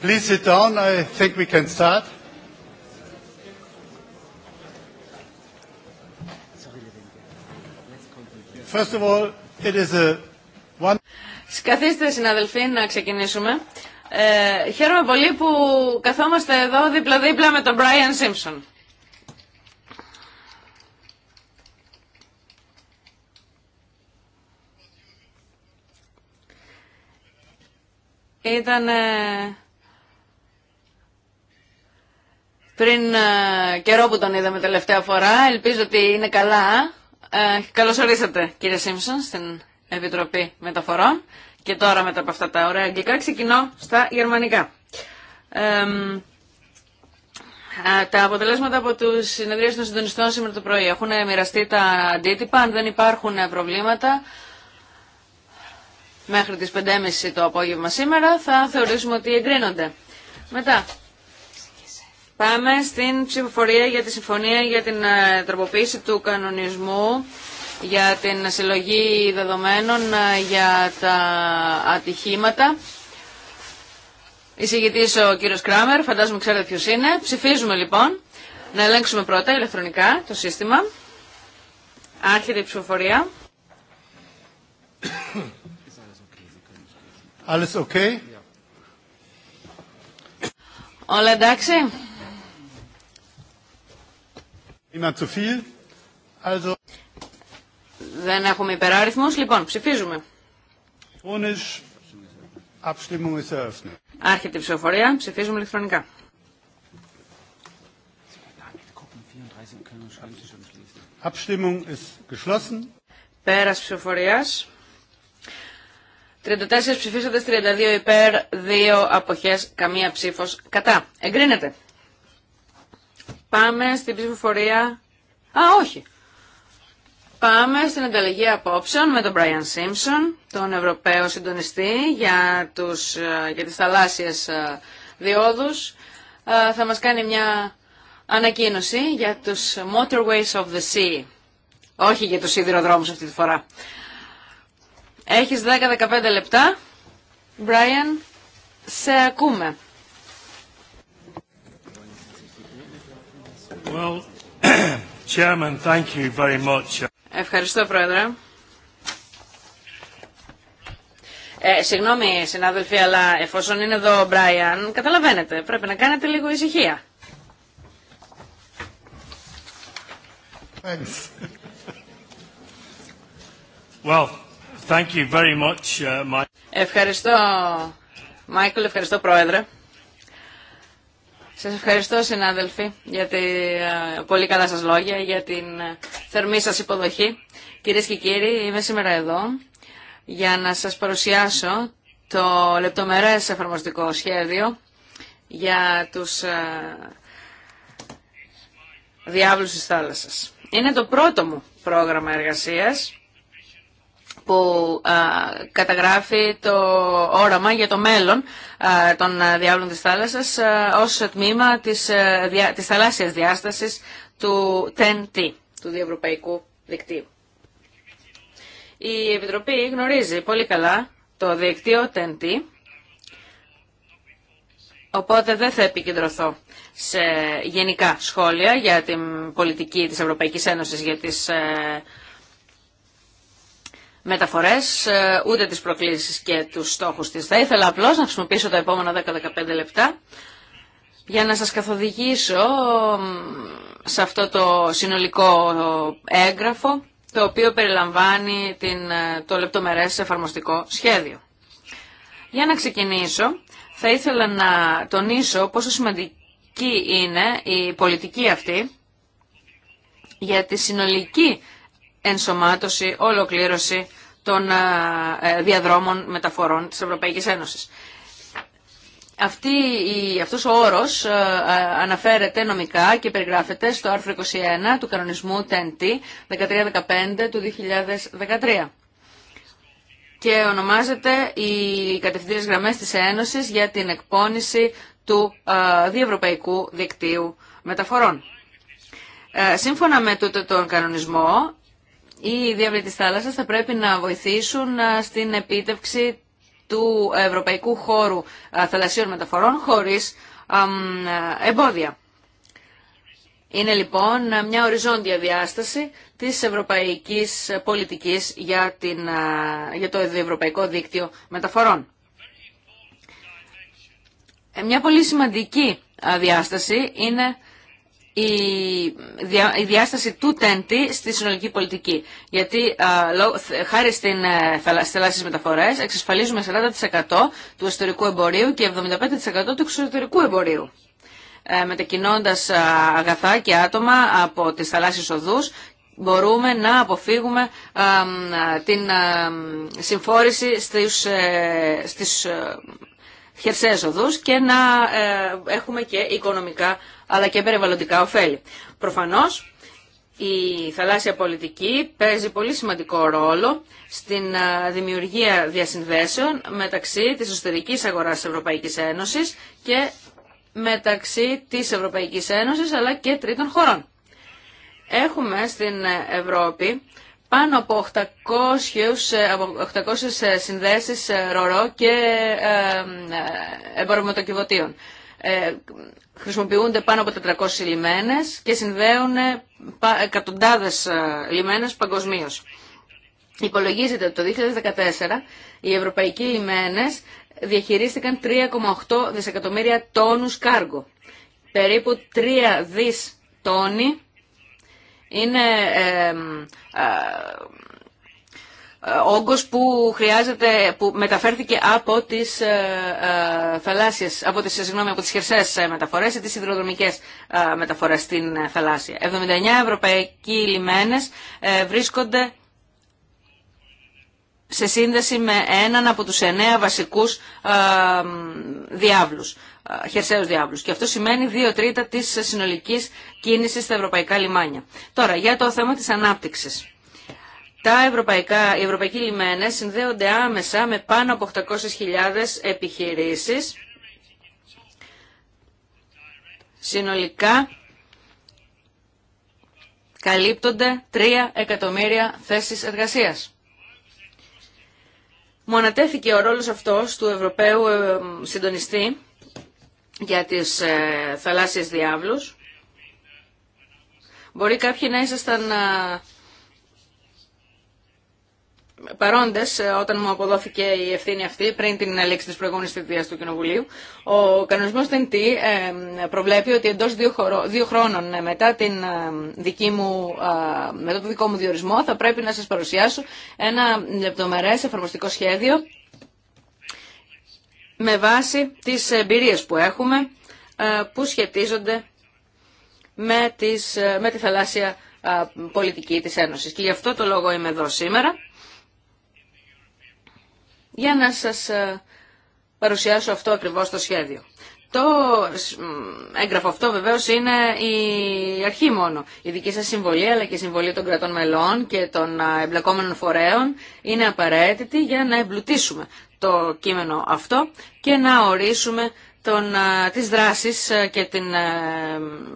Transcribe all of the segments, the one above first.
Please sit down. I think we can start. First of all, it is a one... Σκαθίστε συναδελφοί να ξεκινήσουμε. Ε, χαίρομαι πολύ που καθόμαστε εδώ δίπλα-δίπλα με τον Brian Simpson. Ήταν Πριν ε, καιρό που τον είδαμε τελευταία φορά, ελπίζω ότι είναι καλά. Ε, ε καλώς ορίσατε κύριε Σίμψον στην Επιτροπή Μεταφορών. Και τώρα μετά από αυτά τα ωραία αγγλικά ξεκινώ στα γερμανικά. Ε, τα αποτελέσματα από του συνεδρίε των συντονιστών σήμερα το πρωί έχουν μοιραστεί τα αντίτυπα. Αν δεν υπάρχουν προβλήματα μέχρι τις 5.30 το απόγευμα σήμερα θα θεωρήσουμε ότι εγκρίνονται. Μετά, Πάμε στην ψηφοφορία για τη συμφωνία για την ε, τροποποίηση του κανονισμού για την συλλογή δεδομένων ε, για τα ατυχήματα. Εισηγητή ο κύριο Κράμερ, φαντάζομαι ξέρετε ποιο είναι. Ψηφίζουμε λοιπόν. Να ελέγξουμε πρώτα ηλεκτρονικά το σύστημα. Άρχεται η ψηφοφορία. Όλα εντάξει. Δεν έχουμε υπεράριθμους. Λοιπόν, ψηφίζουμε. Άρχεται η ψηφοφορία. Ψηφίζουμε ηλεκτρονικά. Abstimmung ist Πέρας ψηφοφορίας. 34 ψηφίσατε, 32 υπέρ, 2 αποχές, καμία ψήφος κατά. Εγκρίνεται. Πάμε στην ψηφοφορία... Α, όχι. Πάμε στην ανταλλαγή απόψεων με τον Brian Simpson, τον Ευρωπαίο συντονιστή για, τους, ε, για τις θαλάσσιες ε, διόδους. Ε, θα μας κάνει μια ανακοίνωση για τους Motorways of the Sea. Όχι για τους σιδηροδρόμους αυτή τη φορά. Έχεις 10-15 λεπτά. Brian, σε ακούμε. Ευχαριστώ, Πρόεδρε. Ε, συγγνώμη, συνάδελφοι, αλλά εφόσον είναι εδώ ο Μπράιαν, καταλαβαίνετε, πρέπει να κάνετε λίγο ησυχία. Well, thank you very much, uh, Ευχαριστώ, Μάικλ, ευχαριστώ, Πρόεδρε. Σας ευχαριστώ συνάδελφοι για τα πολύ καλά σας λόγια, για την θερμή σας υποδοχή. Κυρίες και κύριοι, είμαι σήμερα εδώ για να σας παρουσιάσω το λεπτομερές εφαρμοστικό σχέδιο για τους διάβλους της θάλασσας. Είναι το πρώτο μου πρόγραμμα εργασίας που καταγράφει το όραμα για το μέλλον των διάβλων της θάλασσας ως τμήμα της, της θαλάσσιας διάστασης του TEN-T, του Διευρωπαϊκού Δικτύου. Η Επιτροπή γνωρίζει πολύ καλά το δικτύο TEN-T, οπότε δεν θα επικεντρωθώ σε γενικά σχόλια για την πολιτική της Ευρωπαϊκής Ένωσης για τις ε, μεταφορές, ε, ούτε τις προκλήσεις και τους στόχους της. Θα ήθελα απλώς να χρησιμοποιήσω τα επόμενα 10-15 λεπτά για να σας καθοδηγήσω σε αυτό το συνολικό έγγραφο το οποίο περιλαμβάνει την, ε, το λεπτομερές εφαρμοστικό σχέδιο. Για να ξεκινήσω, θα ήθελα να τονίσω πόσο σημαντική είναι η πολιτική αυτή για τη συνολική ενσωμάτωση, ολοκλήρωση των ε, ε, διαδρόμων μεταφορών της Ευρωπαϊκής Ένωσης. Αυτή, αυτός ο όρος ε, αναφέρεται νομικά και περιγράφεται στο άρθρο 21 του κανονισμού TEN-T 1315 του 2013 και ονομάζεται οι κατευθυντήρες γραμμές της Ένωσης για την εκπόνηση του διευρωπαϊκού δικτύου μεταφορών. Σύμφωνα με τούτο τον κανονισμό, οι διάβλοι της θάλασσας θα πρέπει να βοηθήσουν στην επίτευξη του ευρωπαϊκού χώρου θαλασσίων μεταφορών χωρίς εμπόδια. Είναι λοιπόν μια οριζόντια διάσταση της ευρωπαϊκής πολιτικής για, την, για το Ευρωπαϊκό Δίκτυο Μεταφορών. Ε, μια πολύ σημαντική διάσταση είναι η, διάσταση του τέντη στη συνολική πολιτική. Γιατί χάρη στην, ε, στις μεταφορέ, μεταφορές εξασφαλίζουμε 40% του εσωτερικού εμπορίου και 75% του εξωτερικού εμπορίου ε, μετακινώντα αγαθά και άτομα από τις θαλάσσιες οδούς μπορούμε να αποφύγουμε την συμφόρηση ε, στις, στις χερσαίες οδούς και να έχουμε και οικονομικά αλλά και περιβαλλοντικά ωφέλη. Προφανώς, η θαλάσσια πολιτική παίζει πολύ σημαντικό ρόλο στην δημιουργία διασυνδέσεων μεταξύ της εσωτερικής αγοράς της Ευρωπαϊκής Ένωσης και μεταξύ της Ευρωπαϊκής Ένωσης αλλά και τρίτων χωρών. Έχουμε στην Ευρώπη πάνω από 800, 800 ε, ε, συνδέσεις ε, ρορό και εμπορευματοκιβωτίων. Ε, χρησιμοποιούνται πάνω από 400 λιμένες και συνδέουν ε, εκατοντάδες ε, λιμένες παγκοσμίως. Υπολογίζεται ότι το 2014 οι ευρωπαϊκοί λιμένες διαχειρίστηκαν 3,8 δισεκατομμύρια τόνους κάργο. Περίπου 3 δις τόνοι είναι ε, όγκος που που μεταφέρθηκε από τις ε, ε, θαλάσσιες, από τις, συγγνώμη, από τις χερσαίες μεταφορές ή τις υδροδρομικές μεταφορές στην θαλάσσια. 79 ευρωπαϊκοί λιμένες βρίσκονται σε σύνδεση με έναν από τους εννέα βασικούς διάβλους, χερσαίους διάβλους. Και αυτό σημαίνει δύο τρίτα της συνολικής κίνησης στα ευρωπαϊκά λιμάνια. Τώρα, για το θέμα της ανάπτυξης. Τα ευρωπαϊκά, οι ευρωπαϊκοί λιμένες συνδέονται άμεσα με πάνω από 800.000 επιχειρήσεις. Συνολικά καλύπτονται 3 εκατομμύρια θέσεις εργασίας. Μονατέθηκε ο ρόλος αυτός του Ευρωπαίου ε, συντονιστή για τις ε, θαλάσσιες διάβλους. Μπορεί κάποιοι να ήσασταν ε, παρόντε ε, όταν μου αποδόθηκε η ευθύνη αυτή πριν την λήξη τη προηγούμενη θητεία του Κοινοβουλίου. Ο κανονισμό Τεντή ε, προβλέπει ότι εντό δύο, χρόνων ε, μετά, την δική μου, μετά το δικό μου διορισμό θα πρέπει να σα παρουσιάσω ένα λεπτομερέ εφαρμοστικό σχέδιο με βάση τις εμπειρίες που έχουμε που σχετίζονται με, τις, με τη θαλάσσια πολιτική της Ένωσης. Και γι' αυτό το λόγο είμαι εδώ σήμερα για να σας ε, παρουσιάσω αυτό ακριβώς το σχέδιο. Το έγγραφο αυτό βεβαίως είναι η αρχή μόνο. Η δική σας συμβολή αλλά και η συμβολή των κρατών μελών και των εμπλεκόμενων φορέων είναι απαραίτητη για να εμπλουτίσουμε το κείμενο αυτό και να ορίσουμε τον, τις δράσεις και την ε,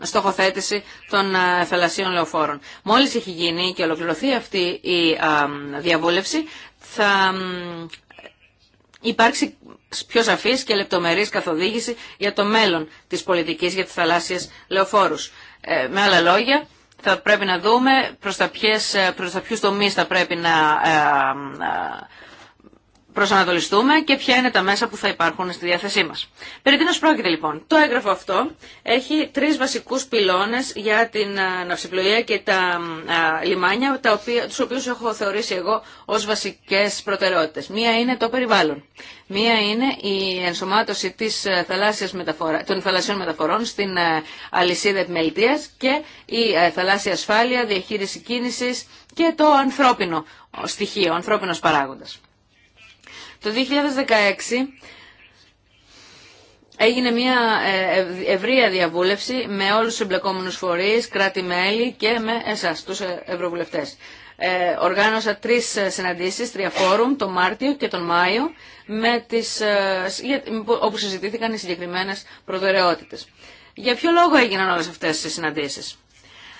στοχοθέτηση των θαλασσίων λεωφόρων. Μόλις έχει γίνει και ολοκληρωθεί αυτή η διαβούλευση, θα υπάρξει πιο σαφής και λεπτομερής καθοδήγηση για το μέλλον της πολιτικής για τις θαλάσσιες λεωφόρους. Ε, με άλλα λόγια, θα πρέπει να δούμε προς τα, ποιου ε, προς τα θα πρέπει να ε, προσανατολιστούμε και ποια είναι τα μέσα που θα υπάρχουν στη διάθεσή μας. Περί τίνος πρόκειται λοιπόν. Το έγγραφο αυτό έχει τρεις βασικούς πυλώνες για την ε, ναυσιπλοεία και τα ε, λιμάνια, τα οποία, τους οποίους έχω θεωρήσει εγώ ως βασικές προτεραιότητες. Μία είναι το περιβάλλον. Μία είναι η ενσωμάτωση της ε, θαλάσσιας μεταφορά, των θαλασσιών μεταφορών στην αλυσίδα επιμελητίας και η θαλάσσια ασφάλεια, διαχείριση κίνησης και το ανθρώπινο στοιχείο, ο ανθρώπινος παράγοντας. Το 2016 έγινε μια ε, ευρεία διαβούλευση με όλους τους εμπλεκόμενους φορείς, κράτη-μέλη και με εσάς, τους ε, ευρωβουλευτές. Ε, οργάνωσα τρεις συναντήσεις, τρία φόρουμ, τον Μάρτιο και τον Μάιο, με τις, όπου συζητήθηκαν οι συγκεκριμένες προτεραιότητες. Για ποιο λόγο έγιναν όλες αυτές οι συναντήσεις.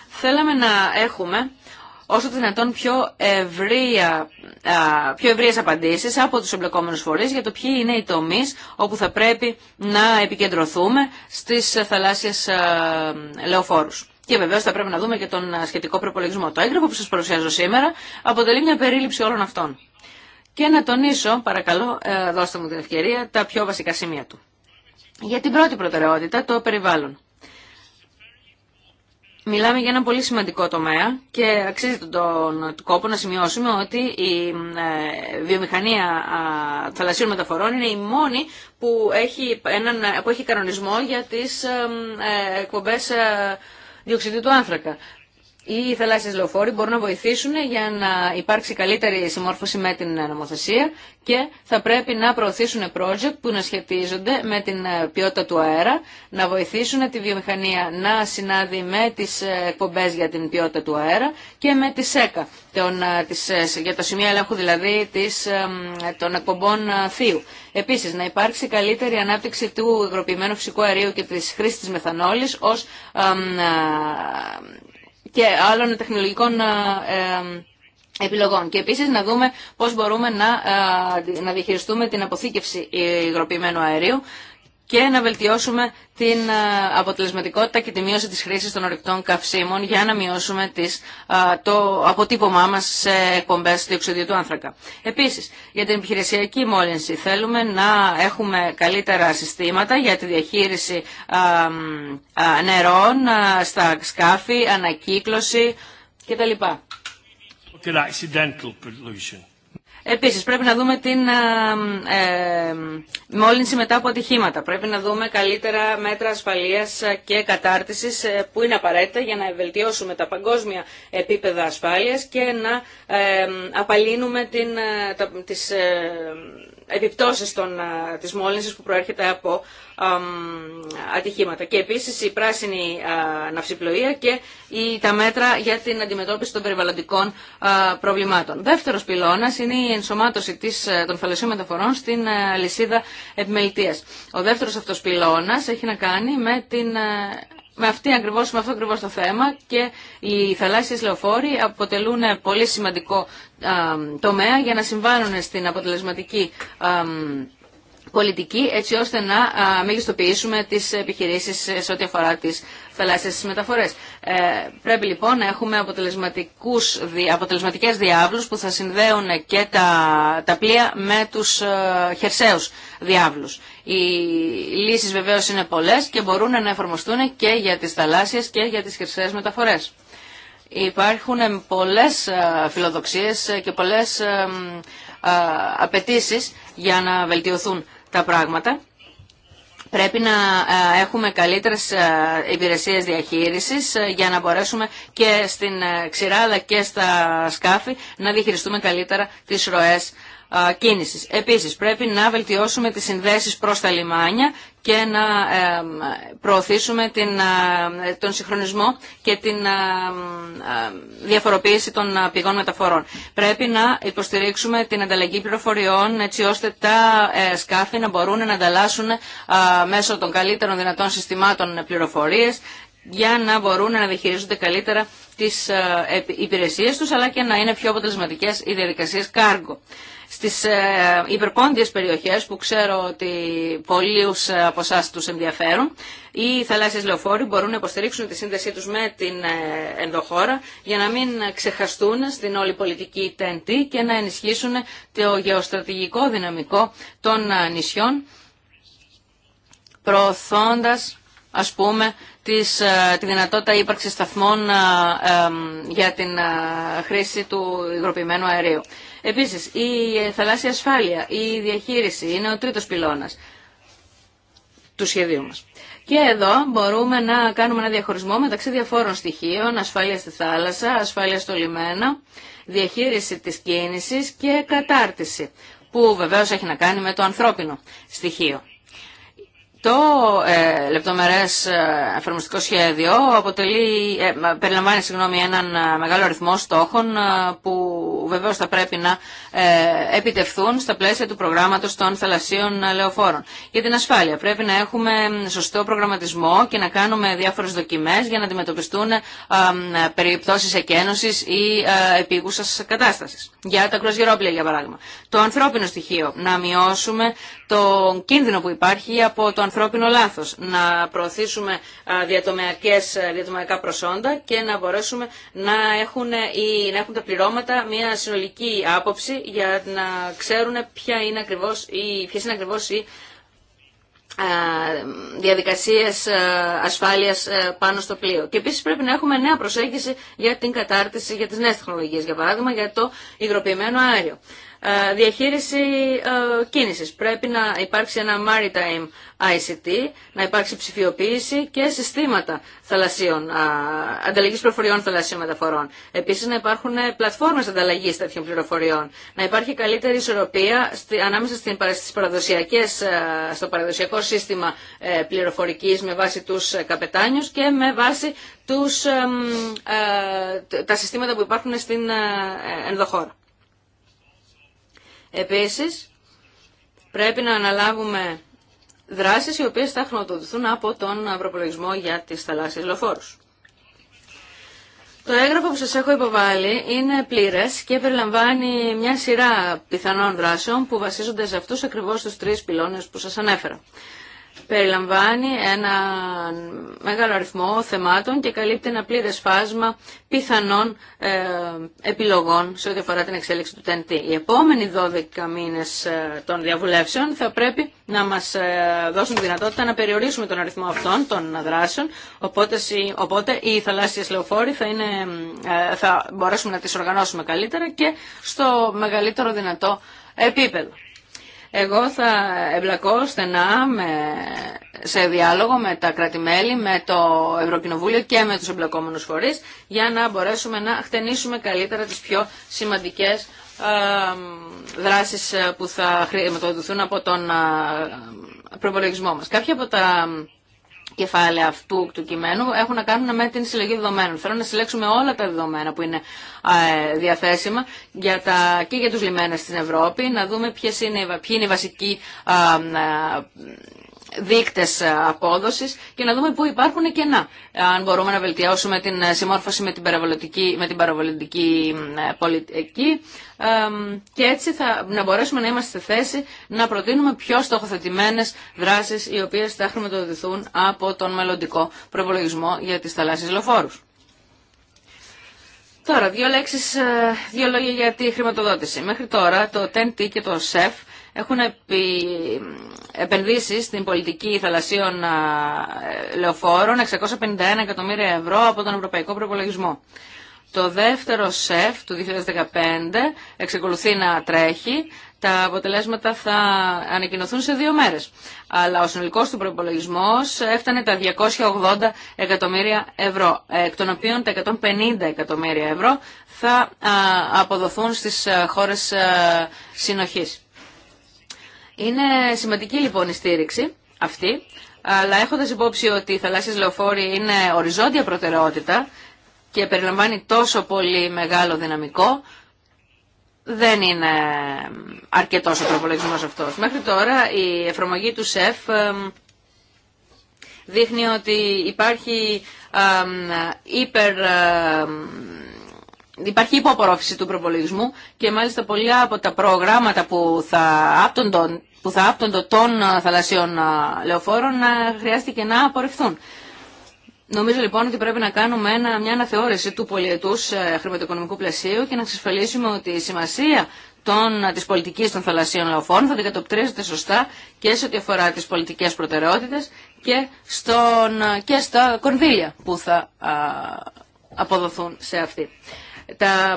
Θέλαμε να έχουμε όσο δυνατόν πιο, α, πιο απαντήσεις από τους εμπλεκόμενους φορείς για το ποιοι είναι οι τομείς όπου θα πρέπει να επικεντρωθούμε στις θαλάσσιες λεωφόρους. Και βεβαίω θα πρέπει να δούμε και τον σχετικό προπολογισμό. Το έγγραφο που σα παρουσιάζω σήμερα αποτελεί μια περίληψη όλων αυτών. Και να τονίσω, παρακαλώ, ε, δώστε μου την ευκαιρία, τα πιο βασικά σημεία του. Για την πρώτη προτεραιότητα, το περιβάλλον. Μιλάμε για ένα πολύ σημαντικό τομέα και αξίζει τον κόπο να σημειώσουμε ότι η ε, βιομηχανία θαλασσίων μεταφορών είναι η μόνη που έχει, έναν, που έχει κανονισμό για τις ε, εκπομπές ε, διοξιδίου του άνθρακα οι θαλάσσιες λεωφόροι μπορούν να βοηθήσουν για να υπάρξει καλύτερη συμμόρφωση με την ε, νομοθεσία και θα πρέπει να προωθήσουν project που να σχετίζονται με την ε, ποιότητα του αέρα, να βοηθήσουν τη βιομηχανία να συνάδει με τις ε, εκπομπές για την ποιότητα του αέρα και με τη ΣΕΚΑ, τον, τις, για το σημείο ελέγχου δηλαδή της, των εκπομπών θείου. Επίσης, να υπάρξει καλύτερη ανάπτυξη του υγροποιημένου φυσικού αερίου και της χρήσης της μεθανόλης ως και άλλων τεχνολογικών ε, επιλογών. Και επίσης να δούμε πώς μπορούμε να, ε, να διαχειριστούμε την αποθήκευση υγροποιημένου αερίου και να βελτιώσουμε την ε, αποτελεσματικότητα και τη μείωση της χρήσης των ορυκτών καυσίμων για να μειώσουμε τις, το αποτύπωμά μας σε εκπομπές οξυδιού του άνθρακα. Επίσης, για την επιχειρησιακή μόλυνση θέλουμε να έχουμε καλύτερα συστήματα για τη διαχείριση νερών στα σκάφη, ανακύκλωση κτλ. Okay, Επίσης πρέπει να δούμε την ε, μόλυνση μετά από ατυχήματα. Πρέπει να δούμε καλύτερα μέτρα ασφαλείας και κατάρτισης ε, που είναι απαραίτητα για να βελτιώσουμε τα παγκόσμια επίπεδα ασφάλειας και να ε, απαλύνουμε την, ε, τις, ε, επιπτώσεις των, της μόλυνσης που προέρχεται από ατυχήματα. Και επίσης η πράσινη ναυσιπλοεία και τα μέτρα για την αντιμετώπιση των περιβαλλοντικών προβλημάτων. Δεύτερος πυλώνας είναι η ενσωμάτωση της, των φαλαισίων μεταφορών στην λυσίδα επιμελητίας. Ο δεύτερος αυτός πυλώνας έχει να κάνει με την με, αυτή ακριβώς, με αυτό ακριβώς το θέμα και οι θαλάσσιες λεωφόροι αποτελούν πολύ σημαντικό τομέα για να συμβάλλουν στην αποτελεσματική πολιτική έτσι ώστε να μεγιστοποιήσουμε τις επιχειρήσεις σε ό,τι αφορά τις θαλάσσιες μεταφορές. Ε, πρέπει λοιπόν να έχουμε αποτελεσματικούς, αποτελεσματικές διάβλους που θα συνδέουν και τα, τα πλοία με τους ε, χερσαίους διάβλους. Οι λύσεις βεβαίως είναι πολλές και μπορούν να εφαρμοστούν και για τις θαλάσσιες και για τις χερσαίες μεταφορές. Υπάρχουν πολλές ε, φιλοδοξίες και πολλές ε, ε, απαιτήσει για να βελτιωθούν τα πράγματα. Πρέπει να ε, έχουμε καλύτερες ε, υπηρεσίες διαχείρισης ε, για να μπορέσουμε και στην ξηράδα και στα σκάφη να διαχειριστούμε καλύτερα τις ροές κίνησης. Επίσης, πρέπει να βελτιώσουμε τις συνδέσεις προ τα λιμάνια και να ε, προωθήσουμε την, τον συγχρονισμό και την διαφοροποίηση των πηγών μεταφορών. Πρέπει να υποστηρίξουμε την ανταλλαγή πληροφοριών έτσι ώστε τα ε, σκάφη να μπορούν να ανταλλάσσουν μέσω των καλύτερων δυνατών συστημάτων πληροφορίες για να μπορούν να διαχειρίζονται καλύτερα τις ε, υπηρεσίες τους αλλά και να είναι πιο αποτελεσματικές οι διαδικασίες cargo στις ε, υπερπόντιες περιοχές που ξέρω ότι πολλοί ε, από εσά τους ενδιαφέρουν. Οι θαλάσσιες λεωφόροι μπορούν να υποστηρίξουν τη σύνδεσή τους με την ε, ενδοχώρα για να μην ξεχαστούν στην όλη πολιτική τέντη και να ενισχύσουν το γεωστρατηγικό δυναμικό των νησιών προωθώντας ας πούμε της, τη δυνατότητα ύπαρξης σταθμών για την χρήση του υγροποιημένου αερίου. Επίση, η θαλάσσια ασφάλεια, η διαχείριση είναι ο τρίτος πυλώνας του σχεδίου μας. Και εδώ μπορούμε να κάνουμε ένα διαχωρισμό μεταξύ διαφόρων στοιχείων, ασφάλεια στη θάλασσα, ασφάλεια στο λιμένα, διαχείριση της κίνησης και κατάρτιση, που βεβαίως έχει να κάνει με το ανθρώπινο στοιχείο. Το ε, λεπτομερές ε, εφαρμοστικό σχέδιο αποτελεί, ε, περιλαμβάνει συγγνώμη, έναν ε, μεγάλο αριθμό στόχων που βεβαίως θα πρέπει να ε, επιτευθούν στα πλαίσια του προγράμματος των θαλασσίων λεωφόρων. Για την ασφάλεια πρέπει να έχουμε σωστό προγραμματισμό και να κάνουμε διάφορες δοκιμές για να αντιμετωπιστούν ε, ε, περιπτώσεις εκένωσης ή ε, επίγουσας κατάστασης. Για τα κρουαζιερόπλια για παράδειγμα. Το ανθρώπινο στοιχείο, να μειώσουμε τον κίνδυνο που υπάρχει από το ανθρώπινο λάθος, να προωθήσουμε διατομεακές, διατομεακά προσόντα και να μπορέσουμε να έχουν, ή, ε, να έχουν τα πληρώματα μια συνολική άποψη για να ξέρουν ποια είναι ακριβώς, ή, ποιες είναι ακριβώς οι διαδικασίες ασφάλειας πάνω στο πλοίο. Και επίσης πρέπει να έχουμε νέα προσέγγιση για την κατάρτιση για τις νέες τεχνολογίες, για παράδειγμα για το υγροποιημένο αέριο. Ε, διαχείριση ε, κίνησης. Πρέπει να υπάρξει ένα maritime ICT, να υπάρξει ψηφιοποίηση και συστήματα θαλασσίων, ε, ανταλλαγής πληροφοριών θαλασσίων μεταφορών. Επίσης να υπάρχουν πλατφόρμες ανταλλαγής τέτοιων πληροφοριών, να υπάρχει καλύτερη ισορροπία ανάμεσα στην, στις παραδοσιακές, στο παραδοσιακό σύστημα πληροφορικής με βάση τους καπετάνιους και με βάση τους, τα συστήματα που υπάρχουν στην ενδοχώρα. Επίσης, πρέπει να αναλάβουμε δράσεις οι οποίες θα χρηματοδοτηθούν από τον προπολογισμό για τις θαλάσσιες λοφόρους. Το έγγραφο που σας έχω υποβάλει είναι πλήρες και περιλαμβάνει μια σειρά πιθανών δράσεων που βασίζονται σε αυτούς ακριβώς τους τρεις πυλώνες που σας ανέφερα περιλαμβάνει ένα μεγάλο αριθμό θεμάτων και καλύπτει ένα πλήρες φάσμα πιθανών ε, επιλογών σε ό,τι αφορά την εξέλιξη του τέντη. Οι επόμενοι 12 μήνες ε, των διαβουλεύσεων θα πρέπει να μας ε, δώσουν τη δυνατότητα να περιορίσουμε τον αριθμό αυτών των δράσεων, οπότε, οπότε οι θαλάσσιες λεωφόροι θα, θα μπορέσουμε να τις οργανώσουμε καλύτερα και στο μεγαλύτερο δυνατό επίπεδο. Εγώ θα εμπλακώ στενά με, σε διάλογο με τα κρατημέλη, με το Ευρωκοινοβούλιο και με τους εμπλακόμενους φορείς για να μπορέσουμε να χτενίσουμε καλύτερα τις πιο σημαντικές ε, δράσεις ε, που θα χρηματοδοτηθούν από τον ε, προπολογισμό μας. Κάποια από τα κεφάλαια αυτού του κειμένου έχουν να κάνουν με την συλλογή δεδομένων. Θέλω να συλλέξουμε όλα τα δεδομένα που είναι διαθέσιμα για τα, και για τους λιμένες στην Ευρώπη, να δούμε ποιες είναι, ποιοι είναι οι βασικοί δείκτε απόδοση και να δούμε πού υπάρχουν κενά. Αν μπορούμε να βελτιώσουμε την ε, συμμόρφωση με την παραβολητική, με την ε, πολιτική και έτσι θα, να μπορέσουμε να είμαστε στη θέση να προτείνουμε πιο στοχοθετημένες δράσεις οι οποίες θα χρηματοδοτηθούν από τον μελλοντικό προπολογισμό για τις θαλάσσιες λοφόρους. Τώρα, δύο, ε, δύο λόγια για τη χρηματοδότηση. Μέχρι τώρα το TEN-T και το SEF έχουν επενδύσει στην πολιτική θαλασσίων λεωφόρων 651 εκατομμύρια ευρώ από τον Ευρωπαϊκό Προπολογισμό. Το δεύτερο ΣΕΦ του 2015 εξεκολουθεί να τρέχει. Τα αποτελέσματα θα ανακοινωθούν σε δύο μέρες. Αλλά ο συνολικός του προϋπολογισμός έφτανε τα 280 εκατομμύρια ευρώ, εκ των οποίων τα 150 εκατομμύρια ευρώ θα αποδοθούν στις χώρες συνοχής. Είναι σημαντική λοιπόν η στήριξη αυτή, αλλά έχοντας υπόψη ότι οι θαλάσσιες λεωφόροι είναι οριζόντια προτεραιότητα και περιλαμβάνει τόσο πολύ μεγάλο δυναμικό, δεν είναι αρκετός ο προπολογισμός αυτός. Μέχρι τώρα η εφαρμογή του ΣΕΦ δείχνει ότι υπάρχει υπερ Υπάρχει υποαπορρόφηση του προπολογισμού και μάλιστα πολλοί από τα προγράμματα που θα άπτοντον, που θα άπτοντο των ε, θαλασσίων ε, λεωφόρων ε, χρειάστηκε να απορριφθούν. Νομίζω λοιπόν ότι πρέπει να κάνουμε ένα, μια αναθεώρηση του πολιετούς χρηματοοικονομικού πλαισίου και να εξασφαλίσουμε ότι η σημασία των, της πολιτικής των θαλασσίων λεωφόρων θα αντικατοπτρίζεται σωστά και σε ό,τι αφορά τις πολιτικές προτεραιότητες και, στον, και στα κονδύλια που θα α, αποδοθούν σε αυτή. Τα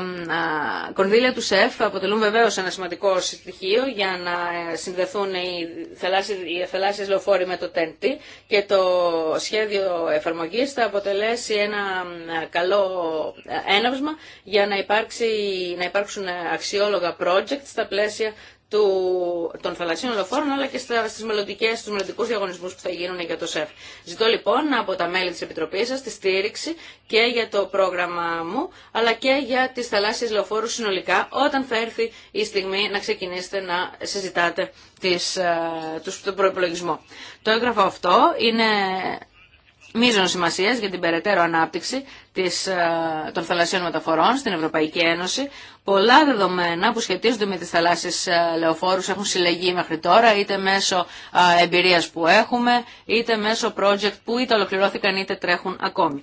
κονδύλια του ΣΕΦ αποτελούν βεβαίω ένα σημαντικό στοιχείο για να ε, συνδεθούν οι θαλάσσιες λεωφόροι με το τέντι και το σχέδιο εφαρμογής θα αποτελέσει ένα ε, καλό ε, έναυσμα για να, υπάρξει, να υπάρξουν αξιόλογα project στα πλαίσια του, των θαλασσίων λεωφόρων αλλά και στι στις μελλοντικές, στους που θα γίνουν για το ΣΕΦ. Ζητώ λοιπόν από τα μέλη της Επιτροπή σα τη στήριξη και για το πρόγραμμα μου αλλά και για τις θαλάσσιες λεωφόρου συνολικά όταν θα έρθει η στιγμή να ξεκινήσετε να συζητάτε τις, ε, τους, τον Το έγγραφο αυτό είναι μείζων σημασία για την περαιτέρω ανάπτυξη της, ε, των θαλασσίων μεταφορών στην Ευρωπαϊκή Ένωση. Πολλά δεδομένα που σχετίζονται με τις θαλάσσιες ε, λεωφόρους έχουν συλλεγεί μέχρι τώρα, είτε μέσω ε, εμπειρία που έχουμε, είτε μέσω project που είτε ολοκληρώθηκαν είτε τρέχουν ακόμη.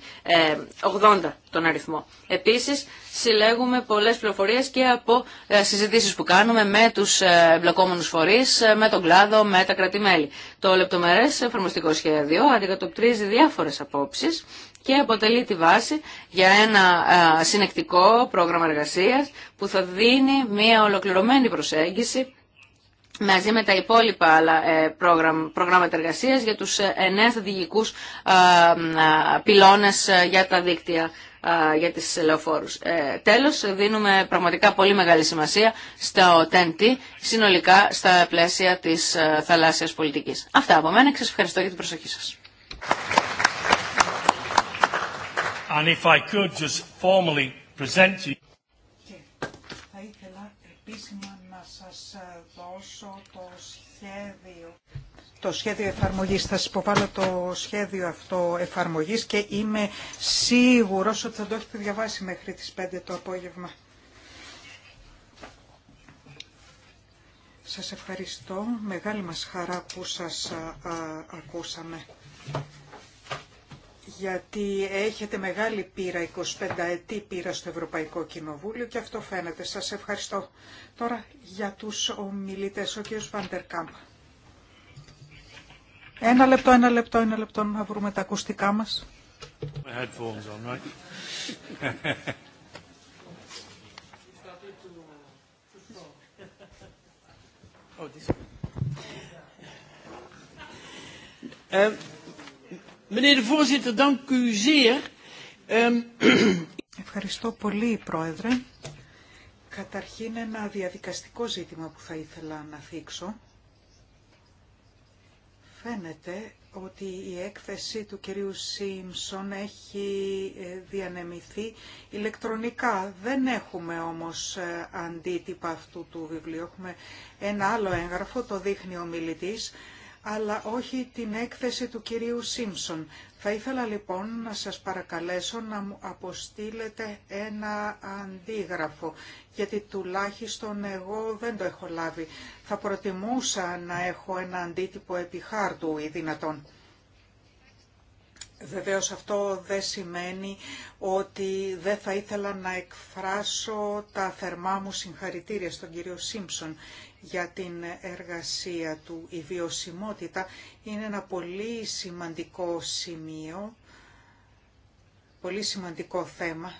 80 τον αριθμό. Επίσης, συλλέγουμε πολλές πληροφορίες και από ε, συζητήσεις που κάνουμε με τους ε, εμπλεκόμενους φορείς, ε, με τον κλάδο, με τα κρατημέλη. Το λεπτομερές εφαρμοστικό σχέδιο αντικατοπτρίζει διάφορες απόψεις και αποτελεί τη βάση για ένα συνεκτικό πρόγραμμα εργασίας που θα δίνει μια ολοκληρωμένη προσέγγιση μαζί με τα υπόλοιπα άλλα προγράμματα εργασίας για τους εννέα στρατηγικούς πυλώνες για τα δίκτυα για τις λεωφόρους. Ε, τέλος, δίνουμε πραγματικά πολύ μεγάλη σημασία στο TNT, συνολικά στα πλαίσια της ε, θαλάσσιας πολιτικής. Αυτά από μένα και σας ευχαριστώ για την προσοχή σας. να σας ε, δώσω το σχέδιο το σχέδιο εφαρμογής. Θα σας υποβάλω το σχέδιο αυτό εφαρμογής και είμαι σίγουρος ότι θα το έχετε διαβάσει μέχρι τις 5 το απόγευμα. Σας ευχαριστώ. Μεγάλη μας χαρά που σας ακούσαμε. Γιατί έχετε μεγάλη πείρα, 25 ετή πείρα στο Ευρωπαϊκό Κοινοβούλιο και αυτό φαίνεται. Σας ευχαριστώ. Τώρα για τους ομιλητές, ο κ. Βαντερκάμπ. Ένα λεπτό, ένα λεπτό, ένα λεπτό να βρούμε τα ακουστικά μας. Ευχαριστώ πολύ, Πρόεδρε. Καταρχήν ένα διαδικαστικό ζήτημα που θα ήθελα να θίξω. Φαίνεται ότι η έκθεση του κυρίου Σίμψον έχει ε, διανεμηθεί ηλεκτρονικά. Δεν έχουμε όμως ε, αντίτυπα αυτού του βιβλίου. Έχουμε ένα άλλο έγγραφο, το δείχνει ο μιλητής, αλλά όχι την έκθεση του κυρίου Σίμψον. Θα ήθελα λοιπόν να σας παρακαλέσω να μου αποστείλετε ένα αντίγραφο, γιατί τουλάχιστον εγώ δεν το έχω λάβει. Θα προτιμούσα να έχω ένα αντίτυπο επιχάρτου ή δυνατόν. Βεβαίως αυτό δεν σημαίνει ότι δεν θα ήθελα να εκφράσω τα θερμά μου συγχαρητήρια στον κύριο Σίμψον για την εργασία του. Η βιωσιμότητα είναι ένα πολύ σημαντικό σημείο, πολύ σημαντικό θέμα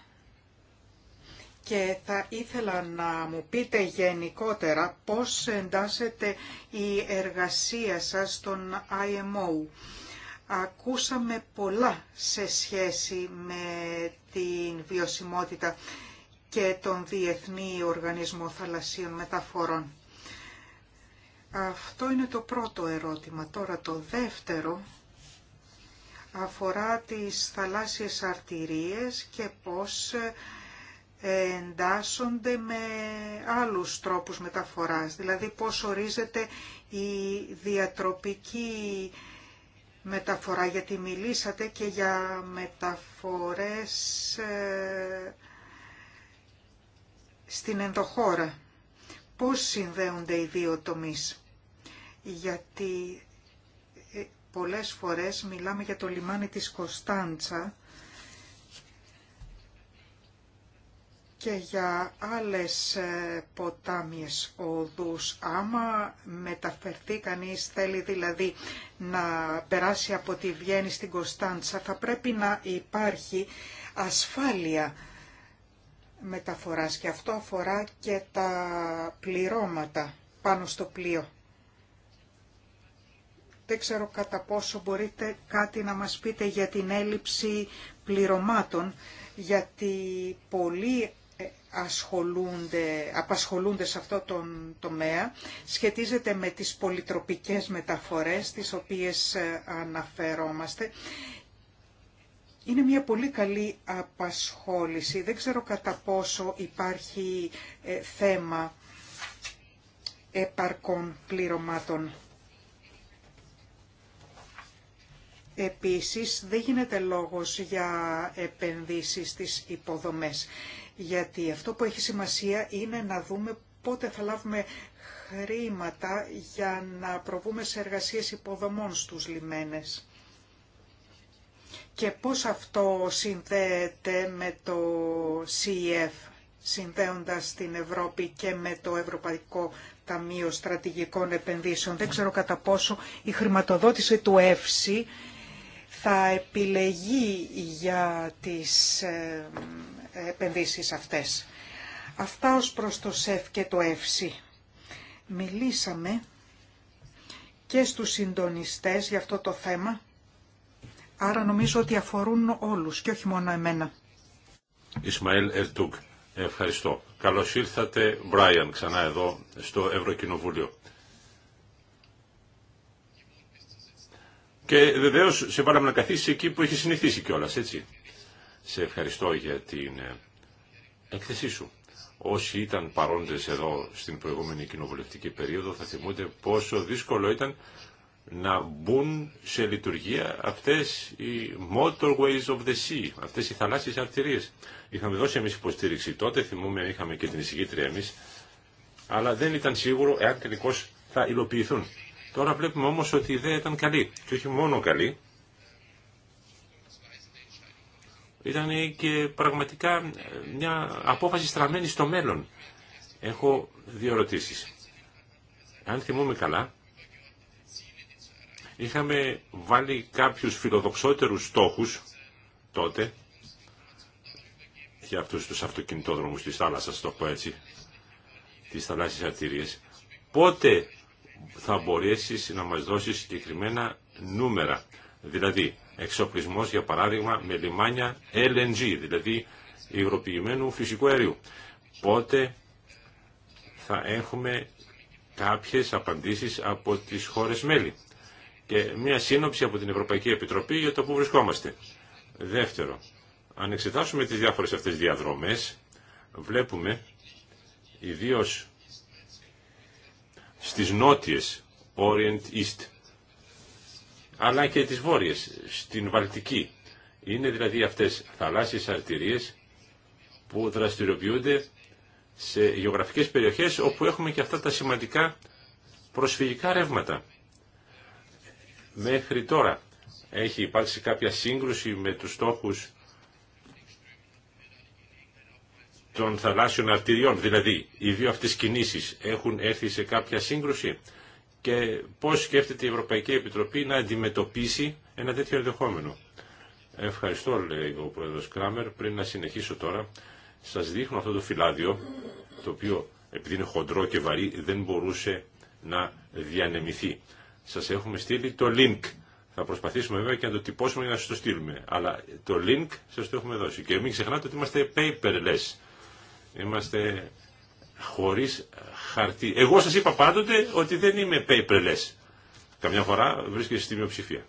και θα ήθελα να μου πείτε γενικότερα πώς εντάσσεται η εργασία σας στον IMO. Ακούσαμε πολλά σε σχέση με την βιωσιμότητα και τον Διεθνή Οργανισμό Θαλασσίων Μεταφορών. Αυτό είναι το πρώτο ερώτημα. Τώρα το δεύτερο αφορά τις θαλάσσιες αρτηρίες και πώς εντάσσονται με άλλους τρόπους μεταφοράς, δηλαδή πώς ορίζεται η διατροπική μεταφορά, γιατί μιλήσατε και για μεταφορές ε, στην ενδοχώρα. Πώς συνδέονται οι δύο τομείς γιατί ε, πολλές φορές μιλάμε για το λιμάνι της Κωνσταντσα και για άλλες ε, ποτάμιες οδούς. Άμα μεταφερθεί κανείς, θέλει δηλαδή να περάσει από τη Βιέννη στην Κωνσταντσα, θα πρέπει να υπάρχει ασφάλεια μεταφοράς και αυτό αφορά και τα πληρώματα πάνω στο πλοίο. Δεν ξέρω κατά πόσο μπορείτε κάτι να μας πείτε για την έλλειψη πληρωμάτων, γιατί πολλοί ε, ασχολούνται, απασχολούνται σε αυτό το τομέα σχετίζεται με τις πολυτροπικές μεταφορές τις οποίες ε, αναφερόμαστε. Είναι μια πολύ καλή απασχόληση. Δεν ξέρω κατά πόσο υπάρχει ε, θέμα επαρκών πληρωμάτων. Επίσης, δεν γίνεται λόγος για επενδύσεις στις υποδομές, γιατί αυτό που έχει σημασία είναι να δούμε πότε θα λάβουμε χρήματα για να προβούμε σε εργασίες υποδομών στους λιμένες. Και πώς αυτό συνδέεται με το CEF, συνδέοντας την Ευρώπη και με το Ευρωπαϊκό Ταμείο Στρατηγικών Επενδύσεων. Δεν ξέρω κατά πόσο η χρηματοδότηση του ΕΦΣΥ θα επιλεγεί για τις ε, επενδύσεις αυτές. Αυτά ως προς το ΣΕΦ και το ΕΦΣΥ. Μιλήσαμε και στους συντονιστές για αυτό το θέμα, άρα νομίζω ότι αφορούν όλους και όχι μόνο εμένα. Ισμαήλ Ερτούκ, ευχαριστώ. Καλώς ήρθατε, Μπράιαν, ξανά εδώ στο Ευρωκοινοβούλιο. Και βεβαίω σε βάλαμε να καθίσει εκεί που έχει συνηθίσει κιόλα, έτσι. Σε ευχαριστώ για την ε, έκθεσή σου. Όσοι ήταν παρόντε εδώ στην προηγούμενη κοινοβουλευτική περίοδο θα θυμούνται πόσο δύσκολο ήταν να μπουν σε λειτουργία αυτές οι motorways of the sea, αυτές οι θαλάσσιες αρτηρίες. Είχαμε δώσει εμείς υποστήριξη τότε, θυμούμε είχαμε και την εισηγήτρια εμείς, αλλά δεν ήταν σίγουρο εάν τελικώ θα υλοποιηθούν. Τώρα βλέπουμε όμως ότι η ιδέα ήταν καλή και όχι μόνο καλή. Ήταν και πραγματικά μια απόφαση στραμμένη στο μέλλον. Έχω δύο ερωτήσει. Αν θυμούμε καλά, είχαμε βάλει κάποιους φιλοδοξότερους στόχους τότε για αυτούς τους αυτοκινητόδρομους της θάλασσας, το πω έτσι, τις θαλάσσιες αρτήριες. Πότε θα μπορέσεις να μας δώσεις συγκεκριμένα νούμερα. Δηλαδή, εξοπλισμός για παράδειγμα με λιμάνια LNG, δηλαδή υγροποιημένου φυσικού αερίου. Πότε θα έχουμε κάποιες απαντήσεις από τις χώρες μέλη και μια σύνοψη από την Ευρωπαϊκή Επιτροπή για το που βρισκόμαστε. Δεύτερο, αν εξετάσουμε τις διάφορες αυτές διαδρομές, βλέπουμε ιδίως στις νότιες, Orient East, αλλά και τις βόρειες, στην Βαλτική. Είναι δηλαδή αυτές θαλάσσιες αρτηρίες που δραστηριοποιούνται σε γεωγραφικές περιοχές όπου έχουμε και αυτά τα σημαντικά προσφυγικά ρεύματα. Μέχρι τώρα έχει υπάρξει κάποια σύγκρουση με τους στόχους των θαλάσσιων αρτηριών. Δηλαδή, οι δύο αυτέ κινήσεις έχουν έρθει σε κάποια σύγκρουση και πώς σκέφτεται η Ευρωπαϊκή Επιτροπή να αντιμετωπίσει ένα τέτοιο ενδεχόμενο. Ευχαριστώ, λέει ο Πρόεδρος Κράμερ. Πριν να συνεχίσω τώρα, σας δείχνω αυτό το φυλάδιο, το οποίο επειδή είναι χοντρό και βαρύ δεν μπορούσε να διανεμηθεί. Σας έχουμε στείλει το link. Θα προσπαθήσουμε βέβαια και να το τυπώσουμε για να σα το στείλουμε. Αλλά το link σα το έχουμε δώσει. Και μην ξεχνάτε ότι είμαστε paperless. Είμαστε χωρίς χαρτί. Εγώ σας είπα πάντοτε ότι δεν είμαι paperless. Καμιά φορά βρίσκεσαι στη μειοψηφία.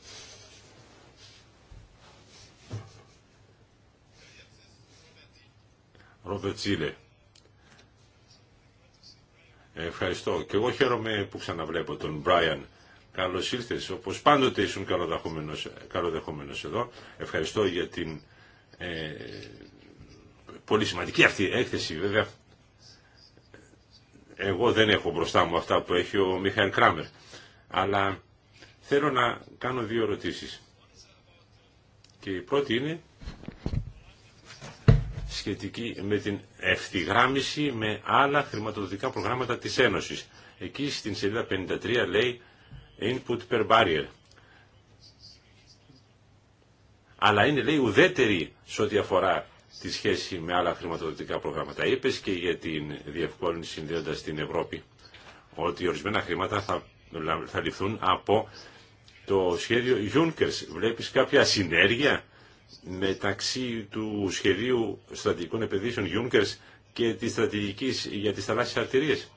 Ρόμπερτ Ευχαριστώ. Και εγώ χαίρομαι που ξαναβλέπω τον Μπράιαν. Καλώ ήρθε, Όπως πάντοτε ήσουν καλοδεχόμενο εδώ. Ευχαριστώ για την ε, πολύ σημαντική αυτή η έκθεση βέβαια. Εγώ δεν έχω μπροστά μου αυτά που έχει ο Μιχαήλ Κράμερ. Αλλά θέλω να κάνω δύο ερωτήσεις. Και η πρώτη είναι σχετική με την ευθυγράμμιση με άλλα χρηματοδοτικά προγράμματα της Ένωσης. Εκεί στην σελίδα 53 λέει input per barrier. Αλλά είναι λέει ουδέτερη σε ό,τι αφορά τη σχέση με άλλα χρηματοδοτικά προγράμματα. Είπε και για την διευκόλυνση συνδέοντα την Ευρώπη ότι ορισμένα χρήματα θα, θα ληφθούν από το σχέδιο Junkers. Βλέπεις κάποια συνέργεια μεταξύ του σχεδίου στρατηγικών επενδύσεων Junckers και τη στρατηγικής για τις θαλάσσιε αρτηρίες.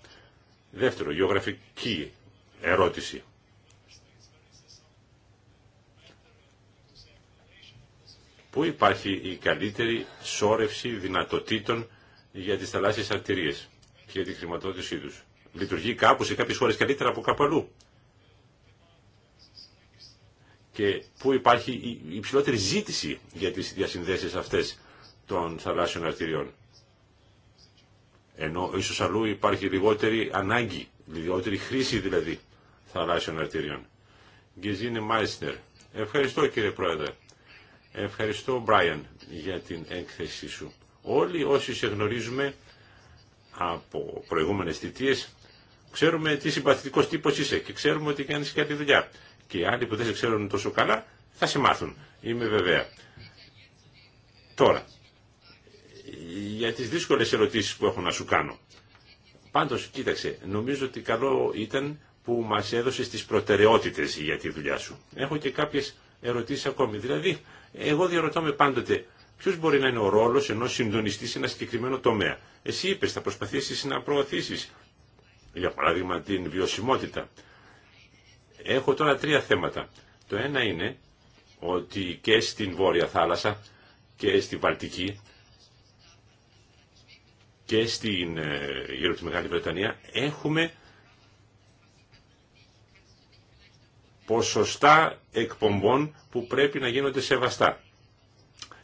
Δεύτερο, γεωγραφική ερώτηση. Πού υπάρχει η καλύτερη σώρευση δυνατοτήτων για τις θαλάσσιες αρτηρίες και τη χρηματοδότησή τους. Λειτουργεί κάπου σε κάποιες χώρες καλύτερα από κάπου αλλού. Και πού υπάρχει η υψηλότερη ζήτηση για τις διασυνδέσεις αυτές των θαλάσσιων αρτηριών. Ενώ ίσως αλλού υπάρχει λιγότερη ανάγκη, λιγότερη χρήση δηλαδή θαλάσσιων αρτηριών. Γκεζίνε Ευχαριστώ κύριε Πρόεδρε. Ευχαριστώ, Μπράιαν, για την έκθεσή σου. Όλοι όσοι σε γνωρίζουμε από προηγούμενες θητείες, ξέρουμε τι συμπαθητικός τύπος είσαι και ξέρουμε ότι κάνεις κάτι δουλειά. Και οι άλλοι που δεν σε ξέρουν τόσο καλά, θα σε μάθουν. Είμαι βεβαία. Τώρα, για τις δύσκολες ερωτήσεις που έχω να σου κάνω. Πάντως, κοίταξε, νομίζω ότι καλό ήταν που μας έδωσες τις προτεραιότητες για τη δουλειά σου. Έχω και κάποιες ερωτήσεις ακόμη. Δηλαδή, εγώ διαρωτώ με πάντοτε ποιο μπορεί να είναι ο ρόλο ενό συντονιστή σε ένα συγκεκριμένο τομέα. Εσύ είπε, θα προσπαθήσει να προωθήσει, για παράδειγμα, την βιωσιμότητα. Έχω τώρα τρία θέματα. Το ένα είναι ότι και στην Βόρεια Θάλασσα και στη Βαλτική και στην ε, Γύρω τη Μεγάλη Βρετανία έχουμε ποσοστά εκπομπών που πρέπει να γίνονται σεβαστά.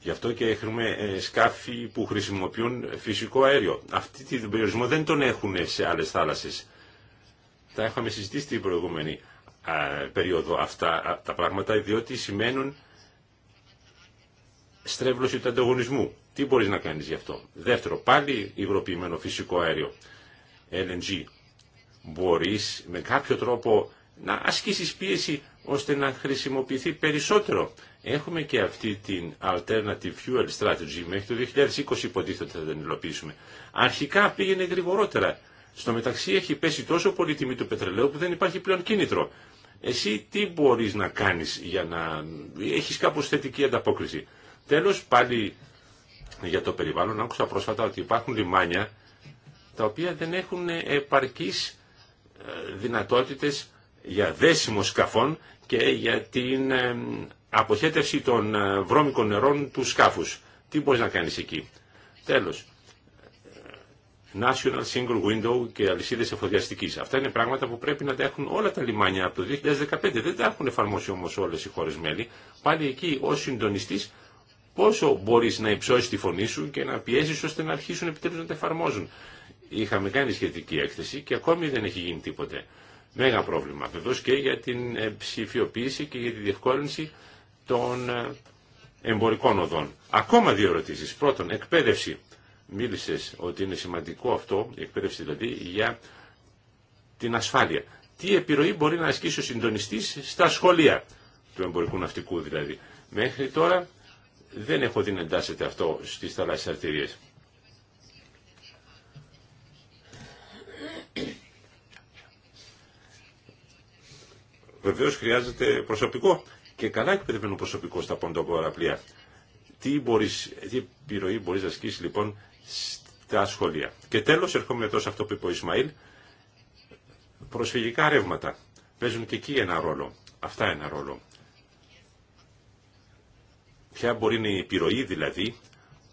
Γι' αυτό και έχουμε ε, σκάφη που χρησιμοποιούν φυσικό αέριο. Αυτή την περιορισμό δεν τον έχουν σε άλλες θάλασσες. Τα είχαμε συζητήσει την προηγούμενη περίοδο αυτά τα πράγματα, διότι σημαίνουν στρέβλωση του ανταγωνισμού. Τι μπορείς να κάνεις γι' αυτό. Δεύτερο, πάλι υγροποιημένο φυσικό αέριο, LNG. Μπορείς με κάποιο τρόπο να ασκήσεις πίεση ώστε να χρησιμοποιηθεί περισσότερο. Έχουμε και αυτή την alternative fuel strategy μέχρι το 2020 υποτίθεται θα την υλοποιήσουμε. Αρχικά πήγαινε γρηγορότερα. Στο μεταξύ έχει πέσει τόσο πολύ τιμή του πετρελαίου που δεν υπάρχει πλέον κίνητρο. Εσύ τι μπορείς να κάνεις για να έχεις κάπως θετική ανταπόκριση. Τέλος πάλι για το περιβάλλον άκουσα πρόσφατα ότι υπάρχουν λιμάνια τα οποία δεν έχουν επαρκείς ε, δυνατότητες για δέσιμο σκαφών και για την ε, αποχέτευση των ε, βρώμικων νερών του σκάφους. Τι μπορείς να κάνεις εκεί. Τέλος. National Single Window και αλυσίδες εφοδιαστικής. Αυτά είναι πράγματα που πρέπει να τα έχουν όλα τα λιμάνια από το 2015. Δεν τα έχουν εφαρμόσει όμως όλες οι χώρες μέλη. Πάλι εκεί ως συντονιστής πόσο μπορείς να υψώσεις τη φωνή σου και να πιέσεις ώστε να αρχίσουν επιτέλους να τα εφαρμόζουν. Είχαμε κάνει σχετική έκθεση και ακόμη δεν έχει γίνει τίποτε μέγα πρόβλημα. Βεβαίω και για την ε, ψηφιοποίηση και για τη διευκόλυνση των ε, εμπορικών οδών. Ακόμα δύο ερωτήσει. Πρώτον, εκπαίδευση. Μίλησε ότι είναι σημαντικό αυτό, η εκπαίδευση δηλαδή, για την ασφάλεια. Τι επιρροή μπορεί να ασκήσει ο συντονιστή στα σχολεία του εμπορικού ναυτικού δηλαδή. Μέχρι τώρα δεν έχω δει να εντάσσεται αυτό στι θαλάσσιε αρτηρίε. Βεβαίω χρειάζεται προσωπικό και καλά εκπαιδευμένο προσωπικό στα ποντοπόρα πλοία. Τι, μπορείς, τι επιρροή μπορεί να ασκήσει λοιπόν στα σχολεία. Και τέλο, ερχόμαι εδώ σε αυτό που είπε ο Ισμαήλ. Προσφυγικά ρεύματα παίζουν και εκεί ένα ρόλο. Αυτά ένα ρόλο. Ποια μπορεί να είναι η επιρροή δηλαδή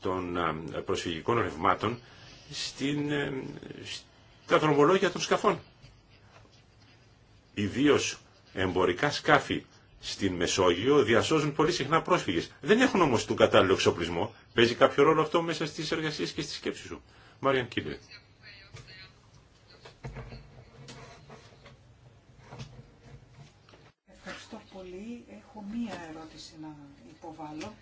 των προσφυγικών ρευμάτων στην, ε, στα δρομολόγια των σκαφών. Ιδίως εμπορικά σκάφη στην Μεσόγειο διασώζουν πολύ συχνά πρόσφυγες. Δεν έχουν όμως τον κατάλληλο εξοπλισμό. Παίζει κάποιο ρόλο αυτό μέσα στις εργασίες και στις σκέψη σου. Μάριαν Κίλε. Ευχαριστώ πολύ. Έχω μία ερώτηση να υποβάλω.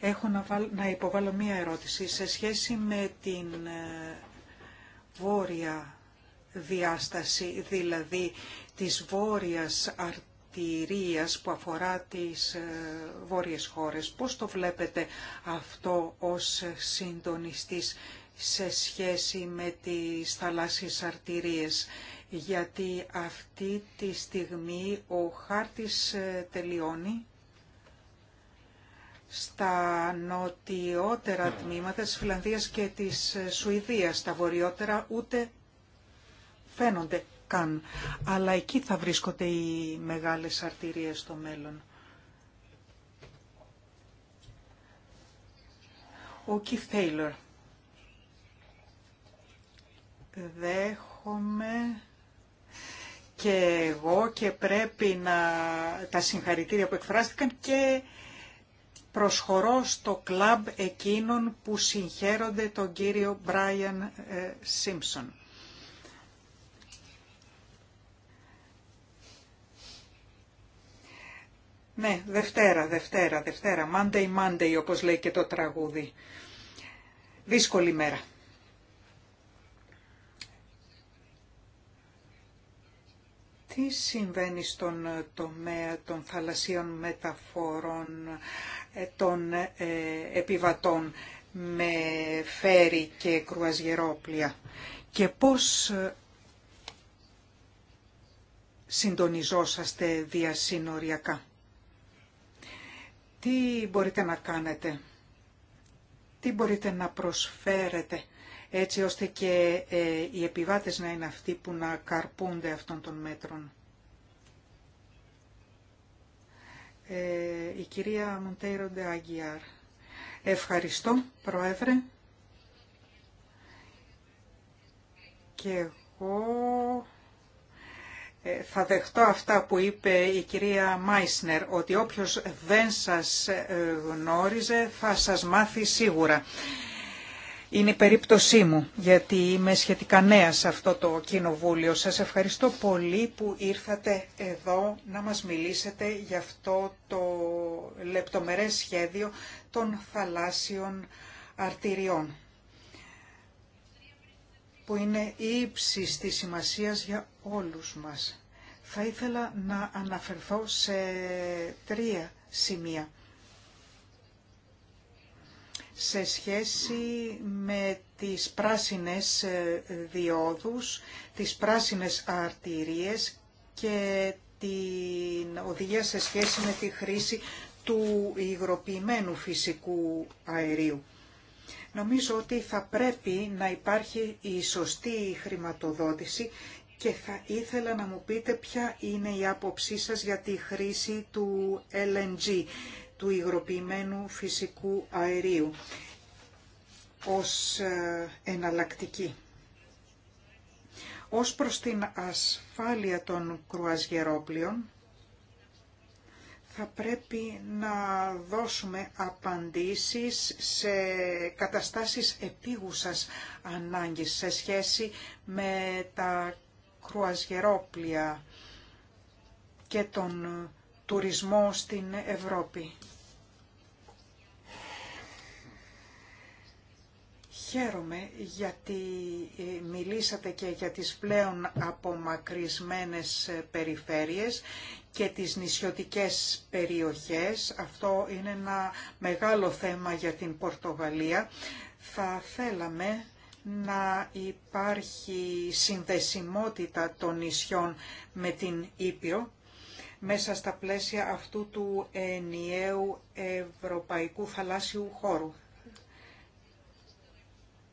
Έχω να, να υποβάλω μία ερώτηση σε σχέση με την ε, βόρεια διάσταση, δηλαδή της βόρειας αρτηρίας που αφορά τις ε, βόρειες χώρες. Πώς το βλέπετε αυτό ως συντονιστής σε σχέση με τις θαλάσσιες αρτηρίες, γιατί αυτή τη στιγμή ο χάρτης ε, τελειώνει στα νοτιότερα ναι. τμήματα της Φιλανδίας και της ε, Σουηδίας. Τα βορειότερα ούτε φαίνονται. Αλλά εκεί θα βρίσκονται οι μεγάλες αρτηρίες στο μέλλον. Ο Keith Taylor. Δέχομαι και εγώ και πρέπει να τα συγχαρητήρια που εκφράστηκαν και προσχωρώ στο κλαμπ εκείνων που συγχαίρονται τον κύριο Μπράιαν Σίμψον. Ε, Ναι, Δευτέρα, Δευτέρα, Δευτέρα. Monday, Monday, όπως λέει και το τραγούδι. Δύσκολη μέρα. Τι συμβαίνει στον ε, τομέα των θαλασσίων μεταφορών ε, των ε, επιβατών με φέρι και κρουαζιερόπλια και πώς συντονιζόσαστε διασύνοριακά. Τι μπορείτε να κάνετε, τι μπορείτε να προσφέρετε έτσι ώστε και ε, οι επιβάτες να είναι αυτοί που να καρπούνται αυτών των μέτρων. Ε, η κυρία Μοντέιρο Αγγιάρ. Ευχαριστώ, Πρόεδρε. Και εγώ ε, θα δεχτώ αυτά που είπε η κυρία Μάισνερ, ότι όποιος δεν σας ε, γνώριζε θα σας μάθει σίγουρα. Είναι η περίπτωσή μου, γιατί είμαι σχετικά νέα σε αυτό το κοινοβούλιο. Σας ευχαριστώ πολύ που ήρθατε εδώ να μας μιλήσετε για αυτό το λεπτομερές σχέδιο των θαλάσσιων αρτηριών που είναι ύψης της σημασίας για όλους μας. Θα ήθελα να αναφερθώ σε τρία σημεία σε σχέση με τις πράσινες ε, διόδους, τις πράσινες αρτηρίες και την οδηγία σε σχέση με τη χρήση του υγροποιημένου φυσικού αερίου. Νομίζω ότι θα πρέπει να υπάρχει η σωστή χρηματοδότηση και θα ήθελα να μου πείτε ποια είναι η άποψή σας για τη χρήση του LNG, του υγροποιημένου φυσικού αερίου, ως ε, εναλλακτική. Ως προς την ασφάλεια των κρουαζιερόπλειων, θα πρέπει να δώσουμε απαντήσεις σε καταστάσεις επίγουσας ανάγκης σε σχέση με τα κρουαζιερόπλια και τον τουρισμό στην Ευρώπη. Χαίρομαι γιατί ε, μιλήσατε και για τις πλέον απομακρυσμένες ε, περιφέρειες και τις νησιωτικές περιοχές. Αυτό είναι ένα μεγάλο θέμα για την Πορτογαλία. Θα θέλαμε να υπάρχει συνδεσιμότητα των νησιών με την Ήπειρο μέσα στα πλαίσια αυτού του ενιαίου ευρωπαϊκού θαλάσσιου χώρου.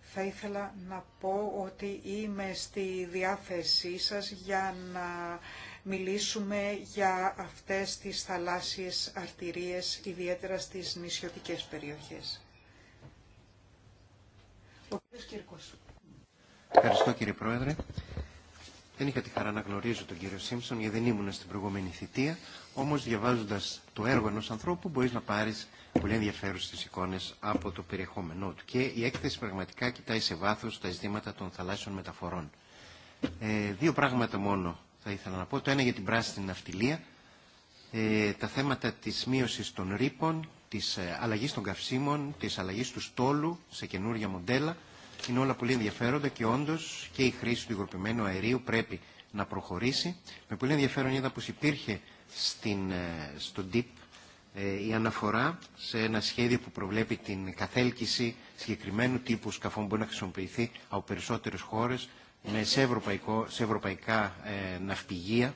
Θα ήθελα να πω ότι είμαι στη διάθεσή σας για να μιλήσουμε για αυτές τις θαλάσσιες αρτηρίες, ιδιαίτερα στις νησιωτικές περιοχές. Ευχαριστώ κύριε Πρόεδρε. Δεν είχα τη χαρά να γνωρίζω τον κύριο Σίμψον γιατί δεν ήμουν στην προηγούμενη θητεία. Όμω διαβάζοντα το έργο ενό ανθρώπου μπορεί να πάρει πολύ ενδιαφέρουσε εικόνε από το περιεχόμενό του. Και η έκθεση πραγματικά κοιτάει σε βάθο τα ζητήματα των θαλάσσιων μεταφορών. Ε, δύο πράγματα μόνο θα ήθελα να πω. Το ένα για την πράσινη ναυτιλία. Ε, τα θέματα τη μείωση των ρήπων της ε, αλλαγής των καυσίμων, της αλλαγής του στόλου σε καινούργια μοντέλα. Είναι όλα πολύ ενδιαφέροντα και όντω και η χρήση του υγροποιημένου αερίου πρέπει να προχωρήσει. Με πολύ ενδιαφέρον είδα πως υπήρχε στην, ε, στο DIP ε, η αναφορά σε ένα σχέδιο που προβλέπει την καθέλκυση συγκεκριμένου τύπου σκαφών που μπορεί να χρησιμοποιηθεί από περισσότερες χώρες σε ευρωπαϊκά ναυπηγεία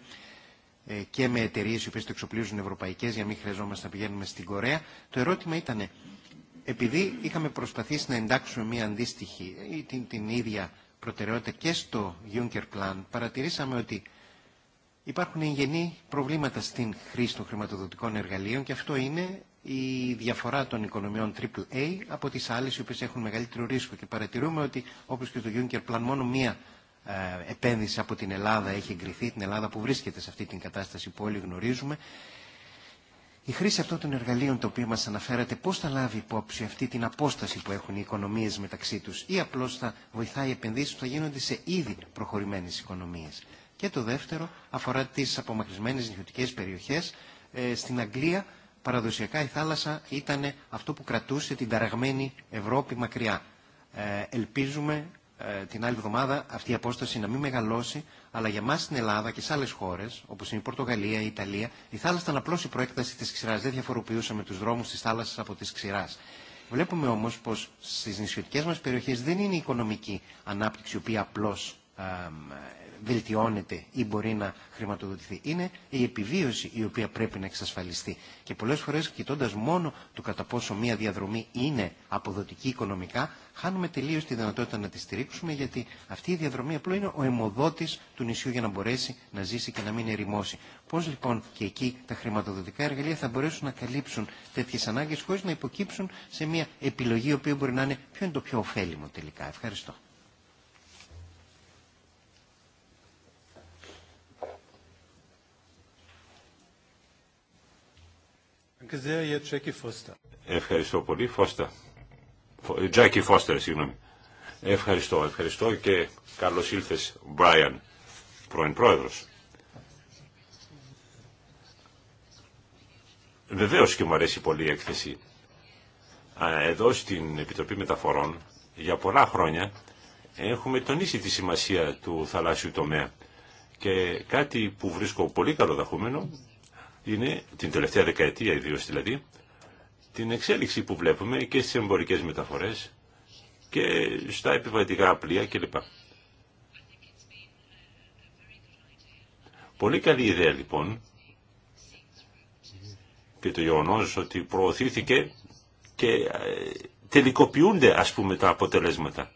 ε, και με εταιρείε οι οποίε το εξοπλίζουν ευρωπαϊκέ για να μην χρειαζόμαστε να πηγαίνουμε στην Κορέα. Το ερώτημα ήταν, επειδή είχαμε προσπαθήσει να εντάξουμε μια αντίστοιχη ή ε, την, την ίδια προτεραιότητα και στο Juncker Plan, παρατηρήσαμε ότι υπάρχουν εγγενή προβλήματα στην χρήση των χρηματοδοτικών εργαλείων και αυτό είναι η διαφορά των οικονομιών AAA από τις άλλες οι οποίες έχουν μεγαλύτερο ρίσκο. Και παρατηρούμε ότι όπως και το Juncker Plan μόνο μία ε, επένδυση από την Ελλάδα έχει εγκριθεί, την Ελλάδα που βρίσκεται σε αυτή την κατάσταση που όλοι γνωρίζουμε. Η χρήση αυτών των εργαλείων το οποίο μας αναφέρατε, πώς θα λάβει υπόψη αυτή την απόσταση που έχουν οι οικονομίες μεταξύ τους ή απλώς θα βοηθάει επενδύσεις που θα γίνονται σε ήδη προχωρημένες οικονομίες. Και το δεύτερο αφορά τις απομακρυσμένες νησιωτικές περιοχές. Ε, στην Αγγλία παραδοσιακά η θάλασσα ήταν αυτό που κρατούσε την ταραγμένη Ευρώπη μακριά. Ε, ελπίζουμε ε, την άλλη εβδομάδα αυτή η απόσταση να μην μεγαλώσει, αλλά για μας στην Ελλάδα και σε άλλες χώρες, όπως είναι η Πορτογαλία, η Ιταλία, η θάλασσα ήταν απλώς η προέκταση της ξηράς. Δεν διαφοροποιούσαμε τους δρόμους της θάλασσας από της ξηράς. Βλέπουμε όμως πως στις νησιωτικές μας περιοχές δεν είναι η οικονομική ανάπτυξη η οποία απλώς βελτιώνεται ή μπορεί να χρηματοδοτηθεί. Είναι η επιβίωση η οποία πρέπει να εξασφαλιστεί. Και πολλές φορές κοιτώντας μόνο το κατά πόσο μία διαδρομή είναι αποδοτική οικονομικά, χάνουμε τελείω τη δυνατότητα να τη στηρίξουμε γιατί αυτή η διαδρομή απλό είναι ο αιμοδότης του νησιού για να μπορέσει να ζήσει και να μην ερημώσει. Πώς λοιπόν και εκεί τα χρηματοδοτικά εργαλεία θα μπορέσουν να καλύψουν τέτοιες ανάγκες χωρίς να υποκύψουν σε μια επιλογή η οποία μπορεί να είναι ποιο είναι το πιο ωφέλιμο τελικά. Ευχαριστώ. Ευχαριστώ πολύ. Φώστα. Τζάκι Φώστερ, συγγνώμη. Ευχαριστώ, ευχαριστώ και καλώς ήλθες, Μπράιαν, πρώην πρόεδρος. Βεβαίως και μου αρέσει πολύ η έκθεση. Εδώ στην Επιτροπή Μεταφορών για πολλά χρόνια έχουμε τονίσει τη σημασία του θαλάσσιου τομέα και κάτι που βρίσκω πολύ καλοδαχούμενο είναι την τελευταία δεκαετία ιδίως δηλαδή την εξέλιξη που βλέπουμε και στις εμπορικές μεταφορές και στα επιβατικά πλοία κλπ. Πολύ καλή ιδέα λοιπόν και το γεγονό ότι προωθήθηκε και ε, τελικοποιούνται ας πούμε τα αποτελέσματα.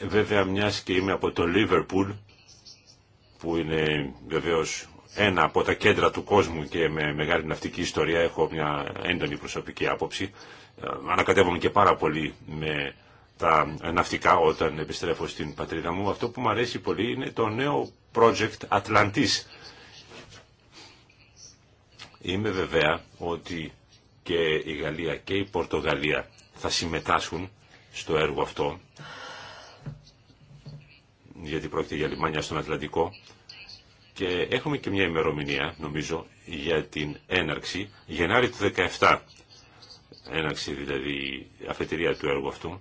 Βέβαια μιας και είμαι από το Λίβερπουλ που είναι βεβαίω ένα από τα κέντρα του κόσμου και με μεγάλη ναυτική ιστορία έχω μια έντονη προσωπική άποψη. Ε, ανακατεύομαι και πάρα πολύ με τα ναυτικά όταν επιστρέφω στην πατρίδα μου. Αυτό που μου αρέσει πολύ είναι το νέο project Ατλαντή. Είμαι βεβαία ότι και η Γαλλία και η Πορτογαλία θα συμμετάσχουν στο έργο αυτό γιατί πρόκειται για λιμάνια στον Ατλαντικό. Και έχουμε και μια ημερομηνία, νομίζω, για την έναρξη, Γενάρη του 17, έναρξη δηλαδή αφετηρία του έργου αυτού.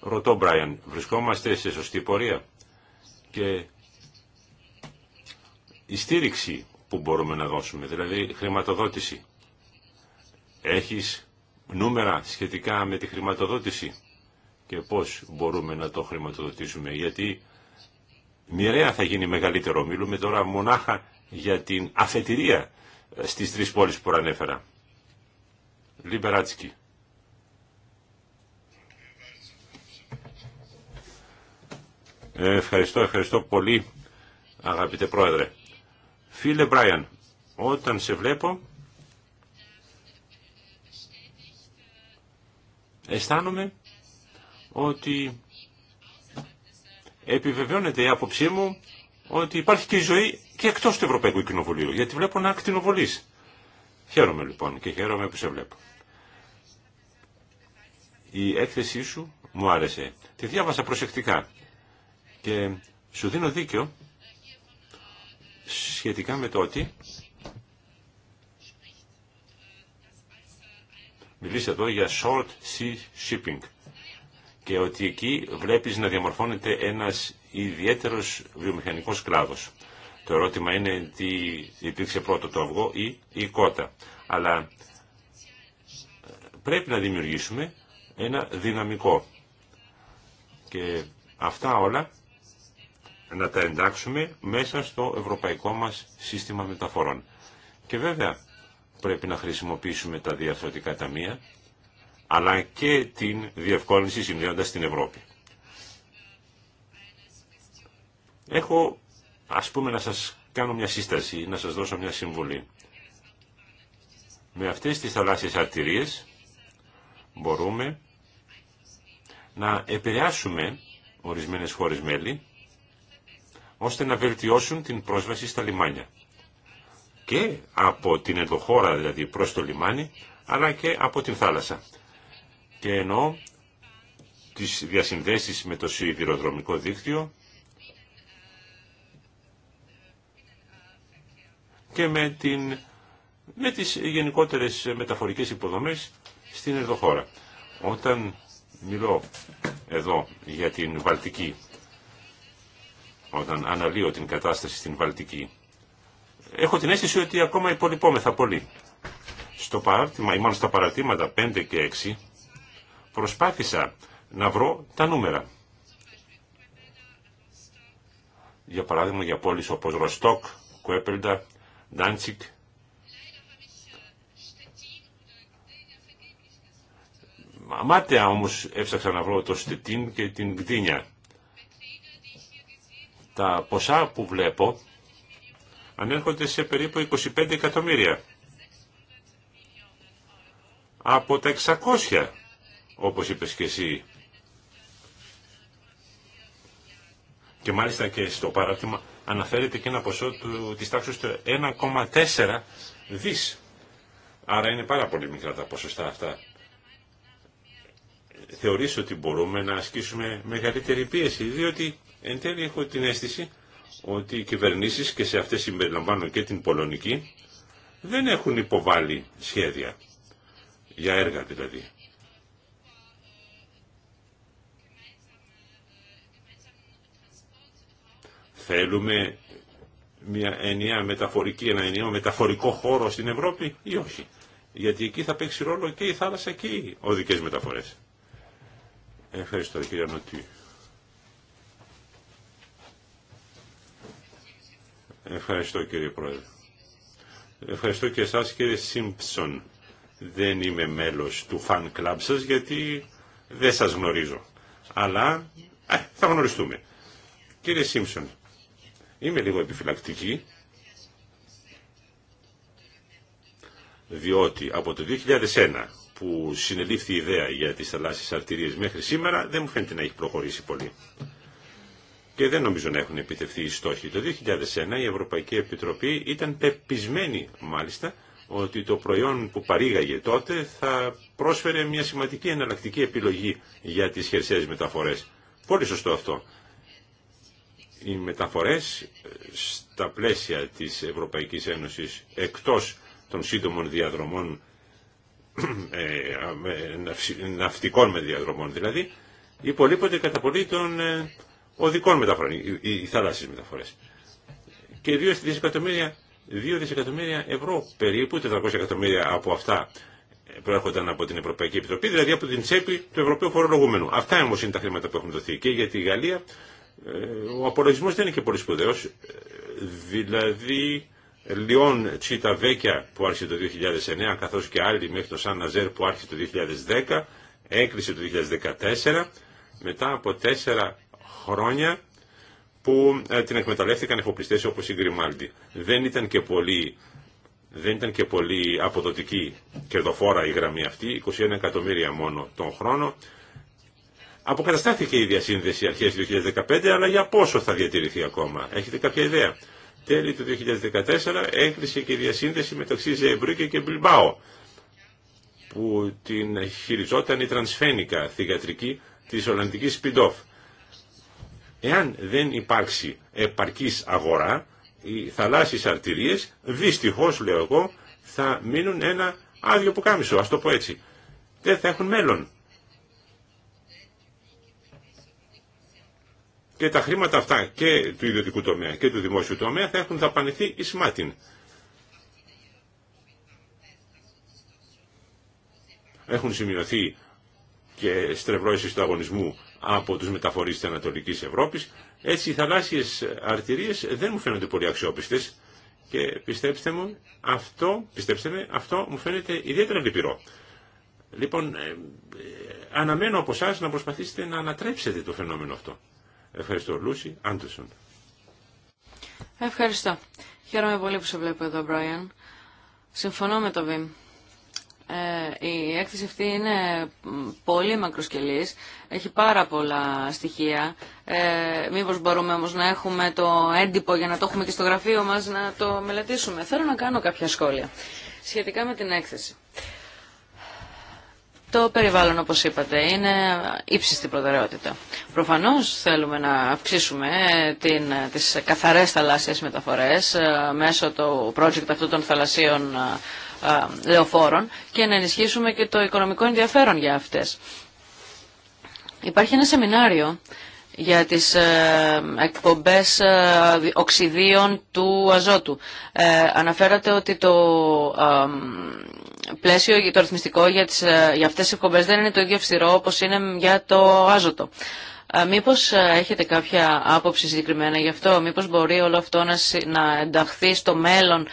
Ρωτώ, Μπράιαν, βρισκόμαστε σε σωστή πορεία και η στήριξη που μπορούμε να δώσουμε, δηλαδή χρηματοδότηση. Έχεις νούμερα σχετικά με τη χρηματοδότηση και πώς μπορούμε να το χρηματοδοτήσουμε. Γιατί μοιραία θα γίνει μεγαλύτερο. Μιλούμε τώρα μονάχα για την αφετηρία ε, στις τρεις πόλεις που προανέφερα. Λιμπεράτσκι. Ε, ευχαριστώ, ευχαριστώ πολύ αγαπητέ πρόεδρε. Φίλε Μπράιαν, όταν σε βλέπω αισθάνομαι ότι επιβεβαιώνεται η άποψή μου ότι υπάρχει και η ζωή και εκτός του Ευρωπαϊκού Κοινοβουλίου, γιατί βλέπω να ακτινοβολείς. Χαίρομαι λοιπόν και χαίρομαι που σε βλέπω. Η έκθεσή σου μου άρεσε. Τη διάβασα προσεκτικά και σου δίνω δίκιο σχετικά με το ότι μιλήσε εδώ για short sea shipping και ότι εκεί βλέπεις να διαμορφώνεται ένας ιδιαίτερος βιομηχανικός κλάδος. Το ερώτημα είναι τι υπήρξε πρώτο το αυγό ή η κότα. Αλλά ε, πρέπει να δημιουργήσουμε ένα δυναμικό. Και αυτά όλα να τα εντάξουμε μέσα στο ευρωπαϊκό μας σύστημα μεταφορών. Και βέβαια πρέπει να χρησιμοποιήσουμε τα διαρθρωτικά ταμεία αλλά και την διευκόλυνση συνδέοντας στην Ευρώπη. Έχω, ας πούμε, να σας κάνω μια σύσταση, να σας δώσω μια συμβουλή. Με αυτές τις θαλάσσιες αρτηρίες μπορούμε να επηρεάσουμε ορισμένες χώρες μέλη, ώστε να βελτιώσουν την πρόσβαση στα λιμάνια. Και από την ενδοχώρα δηλαδή προς το λιμάνι, αλλά και από την θάλασσα και ενώ τις διασυνδέσεις με το σιδηροδρομικό δίκτυο και με, την, με τις γενικότερες μεταφορικές υποδομές στην Ερδοχώρα. Όταν μιλώ εδώ για την Βαλτική, όταν αναλύω την κατάσταση στην Βαλτική, έχω την αίσθηση ότι ακόμα υπολοιπόμεθα πολύ. Στο παράρτημα, ή μάλλον στα παρατήματα 5 και 6, προσπάθησα να βρω τα νούμερα. Για παράδειγμα για πόλεις όπως Ροστόκ, Κουέπελντα, Ντάντσικ. Μάταια όμως έψαξα να βρω το Στετίν και την Γκδίνια. Τα ποσά που βλέπω ανέρχονται σε περίπου 25 εκατομμύρια. Από τα 600 όπως είπες και εσύ. Και μάλιστα και στο παράδειγμα αναφέρεται και ένα ποσό του, της τάξης του 1,4 δις. Άρα είναι πάρα πολύ μικρά τα ποσοστά αυτά. Θεωρείς ότι μπορούμε να ασκήσουμε μεγαλύτερη πίεση, διότι εν τέλει έχω την αίσθηση ότι οι κυβερνήσεις και σε αυτές συμπεριλαμβάνω και την Πολωνική δεν έχουν υποβάλει σχέδια για έργα δηλαδή. Θέλουμε μια ενιαία μεταφορική, ένα ενιαίο μεταφορικό χώρο στην Ευρώπη ή όχι. Γιατί εκεί θα παίξει ρόλο και η θάλασσα και οι οδικές μεταφορές. Ευχαριστώ κύριε Νοτή. Ευχαριστώ κύριε Πρόεδρε. Ευχαριστώ και εσάς κύριε Σίμψον. Δεν είμαι μέλος του φαν κλαμπ σας γιατί δεν σας γνωρίζω. Αλλά ε, θα γνωριστούμε. Κύριε Σίμψον, Είμαι λίγο επιφυλακτική, διότι από το 2001 που συνελήφθη η ιδέα για τις θαλάσσιες αρτηρίες μέχρι σήμερα δεν μου φαίνεται να έχει προχωρήσει πολύ. Και δεν νομίζω να έχουν επιτευθεί οι στόχοι. Το 2001 η Ευρωπαϊκή Επιτροπή ήταν πεπισμένη μάλιστα ότι το προϊόν που παρήγαγε τότε θα πρόσφερε μια σημαντική εναλλακτική επιλογή για τις χερσαίες μεταφορές. Πολύ σωστό αυτό οι μεταφορές στα πλαίσια της Ευρωπαϊκής Ένωσης εκτός των σύντομων διαδρομών ε, ναυτικών με διαδρομών δηλαδή υπολείπονται κατά πολύ των ε, οδικών μεταφορών, οι, οι θαλάσσιες μεταφορές. Και 2 δισεκατομμύρια, δισεκατομμύρια ευρώ περίπου, 400 εκατομμύρια από αυτά προέρχονταν από την Ευρωπαϊκή Επιτροπή, δηλαδή από την τσέπη του Ευρωπαίου Φορολογούμενου. Αυτά όμω είναι τα χρήματα που έχουν δοθεί και για τη Γαλλία ε, ο απολογισμό δεν είναι και πολύ σπουδαίος. Ε, δηλαδή, Λιόν Τσίτα Βέκια που άρχισε το 2009, καθώ και άλλοι μέχρι το Σαν Ναζέρ που άρχισε το 2010, έκλεισε το 2014, μετά από τέσσερα χρόνια που ε, την εκμεταλλεύτηκαν εφοπλιστές όπως η Γκριμάλντι. Δεν ήταν και πολύ δεν ήταν και πολύ αποδοτική κερδοφόρα η γραμμή αυτή, 21 εκατομμύρια μόνο τον χρόνο, Αποκαταστάθηκε η διασύνδεση αρχές 2015, αλλά για πόσο θα διατηρηθεί ακόμα. Έχετε κάποια ιδέα. Τέλη του 2014 έκλεισε και η διασύνδεση μεταξύ Ζεμπρούκε και Μπιλμπάο, που την χειριζόταν η τρανσφένικα θηγατρική της Ολλανδικής Σπιντόφ. Εάν δεν υπάρξει επαρκής αγορά, οι θαλάσσιες αρτηρίες, δυστυχώς λέω εγώ, θα μείνουν ένα άδειο πουκάμισο, ας το πω έτσι. Δεν θα έχουν μέλλον. και τα χρήματα αυτά και του ιδιωτικού τομέα και του δημόσιου τομέα θα έχουν δαπανηθεί ή μάτιν. Έχουν σημειωθεί και στρεβλώσεις του αγωνισμού από τους μεταφορείς της Ανατολικής Ευρώπης. Έτσι οι θαλάσσιες αρτηρίες δεν μου φαίνονται πολύ αξιόπιστες και πιστέψτε μου, αυτό, πιστέψτε με, αυτό μου φαίνεται ιδιαίτερα λυπηρό. Λοιπόν, ε, ε, αναμένω από εσά να προσπαθήσετε να ανατρέψετε το φαινόμενο αυτό. Ευχαριστώ. Λούση Άντερσον. Ευχαριστώ. Χαίρομαι πολύ που σε βλέπω εδώ, Μπράιαν. Συμφωνώ με το Βιμ. Ε, η έκθεση αυτή είναι πολύ μακροσκελής, έχει πάρα πολλά στοιχεία. Ε, μήπως μπορούμε όμως να έχουμε το έντυπο για να το έχουμε και στο γραφείο μας να το μελετήσουμε. Θέλω να κάνω κάποια σχόλια σχετικά με την έκθεση. Το περιβάλλον, όπως είπατε, είναι ύψιστη προτεραιότητα. Προφανώς θέλουμε να αυξήσουμε ε, την, ε, τις καθαρές θαλάσσιες μεταφορές ε, μέσω του project αυτού των θαλασσίων λεωφόρων και να ενισχύσουμε και το οικονομικό ενδιαφέρον για αυτές. Υπάρχει ένα σεμινάριο για τις εκπομπές οξυδίων του αζότου. Αναφέρατε ότι το πλαίσιο το ρυθμιστικό για, τις, ε, για αυτές τις εκπομπές δεν είναι το ίδιο αυστηρό όπως είναι για το άζωτο. Ε, μήπως ε, έχετε κάποια άποψη συγκεκριμένα γι' αυτό, μήπως μπορεί όλο αυτό να ενταχθεί στο μέλλον,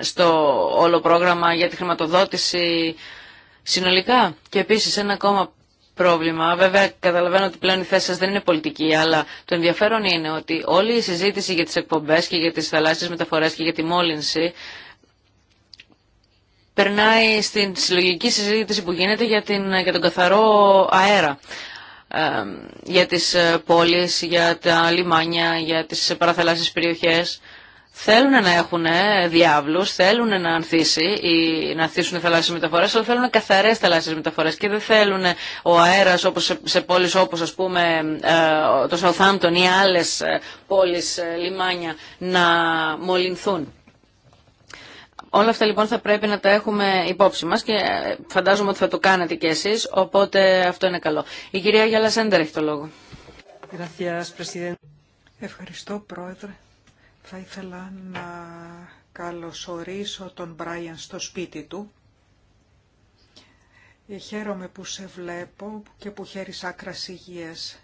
στο όλο πρόγραμμα για τη χρηματοδότηση συνολικά. Και επίσης ένα ακόμα πρόβλημα, βέβαια καταλαβαίνω ότι πλέον η θέση σας δεν είναι πολιτική, αλλά το ενδιαφέρον είναι ότι όλη η συζήτηση για τις εκπομπές και για τις θαλάσσιες μεταφορές και για τη μόλυνση περνάει στην συλλογική συζήτηση που γίνεται για, την, για τον καθαρό αέρα για τις ε, πόλεις, για τα λιμάνια, για τις παραθαλάσσιες περιοχές. Θέλουν να έχουν διάβλους, θέλουν να ανθίσει ή να ανθίσουν θαλάσσιες μεταφορές, αλλά θέλουν καθαρές θαλάσσιες μεταφορές και δεν θέλουν ο αέρας όπως σε, πόλεις όπως ας πούμε ε, το Southampton ή άλλες ε, πόλεις, λιμάνια να μολυνθούν. Όλα αυτά λοιπόν θα πρέπει να τα έχουμε υπόψη μας και ε, φαντάζομαι ότι θα το κάνετε κι εσείς, οπότε αυτό είναι καλό. Η κυρία Γιάλα Σέντερ έχει το λόγο. Ευχαριστώ πρόεδρε. Θα ήθελα να καλωσορίσω τον Μπράιαν στο σπίτι του. Ε, χαίρομαι που σε βλέπω και που χαίρεις άκρα υγείας.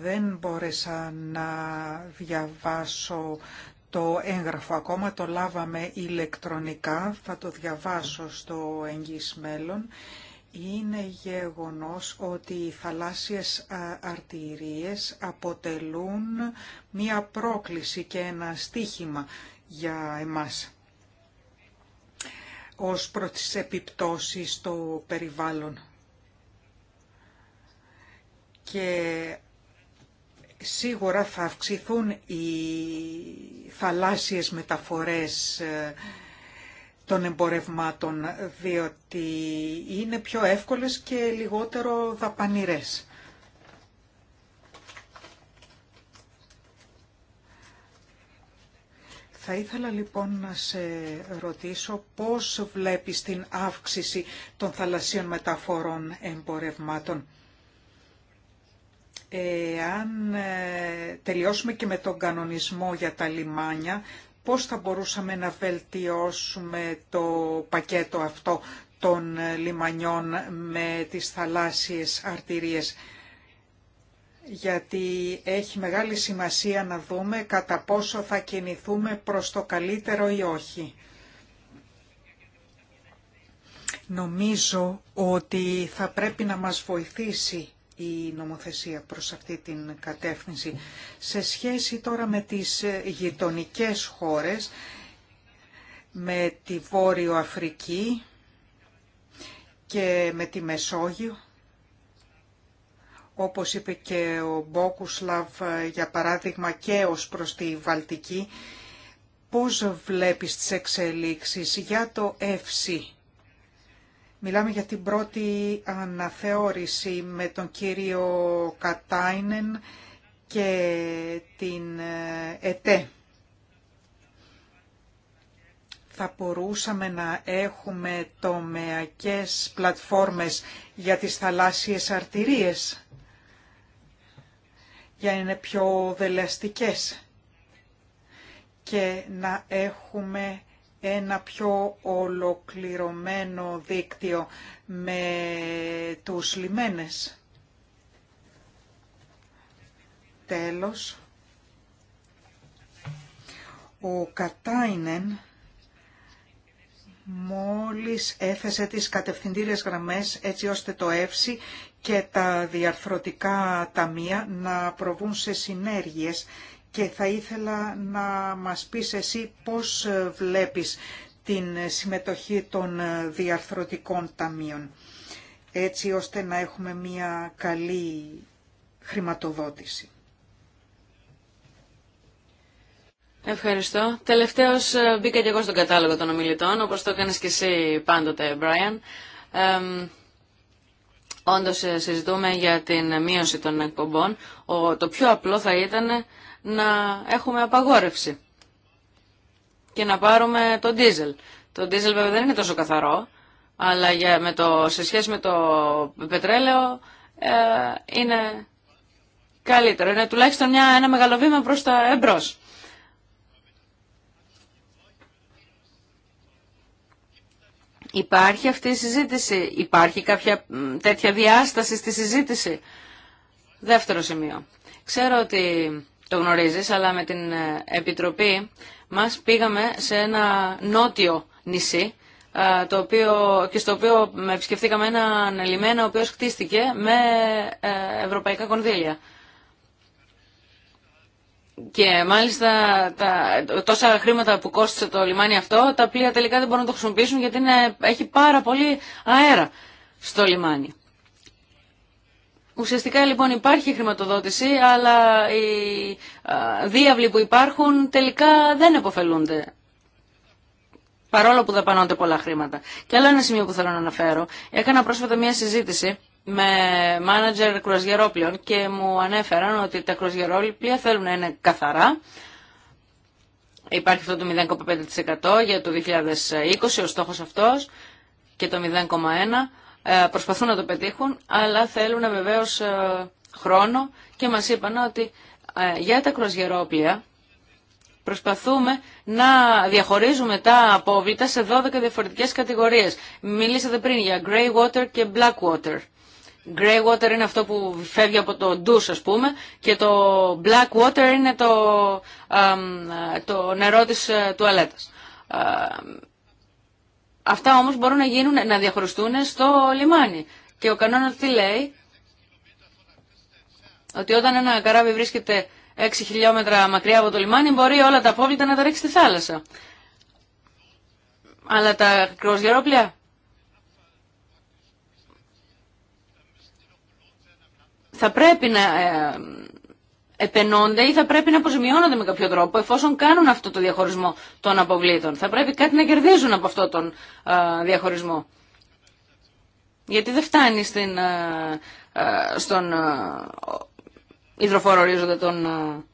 Δεν μπόρεσα να διαβάσω το έγγραφο ακόμα, το λάβαμε ηλεκτρονικά, θα το διαβάσω στο εγγύς μέλλον. Είναι γεγονός ότι οι θαλάσσιες αρτηρίες αποτελούν μία πρόκληση και ένα στίχημα για εμάς ως προ τι επιπτώσεις στο περιβάλλον. Και Σίγουρα θα αυξηθούν οι θαλάσσιες μεταφορές ε, των εμπορευμάτων, διότι είναι πιο εύκολες και λιγότερο δαπανηρές. Θα ήθελα λοιπόν να σε ρωτήσω πώς βλέπεις την αύξηση των θαλασσίων μεταφορών εμπορευμάτων αν ε, τελειώσουμε και με τον κανονισμό για τα λιμάνια, πώς θα μπορούσαμε να βελτιώσουμε το πακέτο αυτό των ε, λιμανιών με τις θαλάσσιες αρτηρίες. Γιατί έχει μεγάλη σημασία να δούμε κατά πόσο θα κινηθούμε προς το καλύτερο ή όχι. Νομίζω ότι θα πρέπει να μας βοηθήσει η νομοθεσία προς αυτή την κατεύθυνση. Σε σχέση τώρα με τις γειτονικές χώρες, με τη Βόρειο Αφρική και με τη Μεσόγειο, όπως είπε και ο Μπόκουσλαβ για παράδειγμα και ως προς τη Βαλτική, πώς βλέπεις τις εξελίξεις για το ΕΦΣΥ Μιλάμε για την πρώτη αναθεώρηση με τον κύριο Κατάινεν και την ε, ΕΤΕ. Θα μπορούσαμε να έχουμε τομεακές πλατφόρμες για τις θαλάσσιες αρτηρίες, για να είναι πιο δελεαστικές και να έχουμε ένα πιο ολοκληρωμένο δίκτυο με τους λιμένες. Τέλος, ο Κατάινεν μόλις έθεσε τις κατευθυντήριες γραμμές έτσι ώστε το ΕΦΣΙ και τα διαρθρωτικά ταμεία να προβούν σε συνέργειες και θα ήθελα να μας πεις εσύ πώς βλέπεις την συμμετοχή των διαρθρωτικών ταμείων, έτσι ώστε να έχουμε μια καλή χρηματοδότηση. Ευχαριστώ. Τελευταίος ε, μπήκα και εγώ στον κατάλογο των ομιλητών, όπως το έκανες και εσύ πάντοτε, Μπράιαν. Ε, όντως συζητούμε για την μείωση των εκπομπών. Ο, το πιο απλό θα ήταν να έχουμε απαγόρευση και να πάρουμε το ντίζελ. Το ντίζελ βέβαια δεν είναι τόσο καθαρό, αλλά για, με το, σε σχέση με το πετρέλαιο ε, είναι καλύτερο. Είναι τουλάχιστον μια, ένα μεγάλο βήμα προς τα εμπρός. Υπάρχει αυτή η συζήτηση, υπάρχει κάποια τέτοια διάσταση στη συζήτηση. Δεύτερο σημείο. Ξέρω ότι το γνωρίζεις, αλλά με την ε, Επιτροπή μας πήγαμε σε ένα νότιο νησί, ε, το οποίο, και στο οποίο επισκεφτήκαμε έναν λιμένα ο οποίος χτίστηκε με ε, ευρωπαϊκά κονδύλια. Και μάλιστα τα, τόσα χρήματα που κόστησε το λιμάνι αυτό, τα πλοία τελικά δεν μπορούν να το χρησιμοποιήσουν γιατί έχει πάρα πολύ αέρα στο λιμάνι. Ουσιαστικά λοιπόν υπάρχει χρηματοδότηση, αλλά οι διάβλοι που υπάρχουν τελικά δεν επωφελούνται. Παρόλο που δαπανώνται πολλά χρήματα. Και άλλο ένα σημείο που θέλω να αναφέρω. Έκανα πρόσφατα μία συζήτηση με μάνατζερ κρουαζιερόπλων και μου ανέφεραν ότι τα κρουαζιερόπλια θέλουν να είναι καθαρά. Υπάρχει αυτό το 0,5% για το 2020, ο στόχος αυτός, και το 0,1% ε, προσπαθούν να το πετύχουν, αλλά θέλουν βεβαίως ε, χρόνο και μας είπαν ότι ε, για τα κροσγερόπλια προσπαθούμε να διαχωρίζουμε τα απόβλητα σε 12 διαφορετικές κατηγορίες. Μιλήσατε πριν για grey water και black water. Grey water είναι αυτό που φεύγει από το ντους ας πούμε και το black water είναι το, το νερό της τουαλέτας. Αυτά όμως μπορούν να, γίνουν, να διαχωριστούν στο λιμάνι. Και ο κανόνας τι λέει, ότι όταν ένα καράβι βρίσκεται 6 χιλιόμετρα μακριά από το λιμάνι μπορεί όλα τα απόβλητα να τα ρίξει στη θάλασσα. Αλλά τα κροσγερόπλια θα πρέπει να ε, επενώνται ή θα πρέπει να αποζημιώνονται με κάποιο τρόπο εφόσον κάνουν αυτό το διαχωρισμό των αποβλήτων. Θα πρέπει κάτι να κερδίζουν από αυτό τον διαχωρισμό. Γιατί δεν φτάνει στην, στον υδροφόρο ορίζοντα των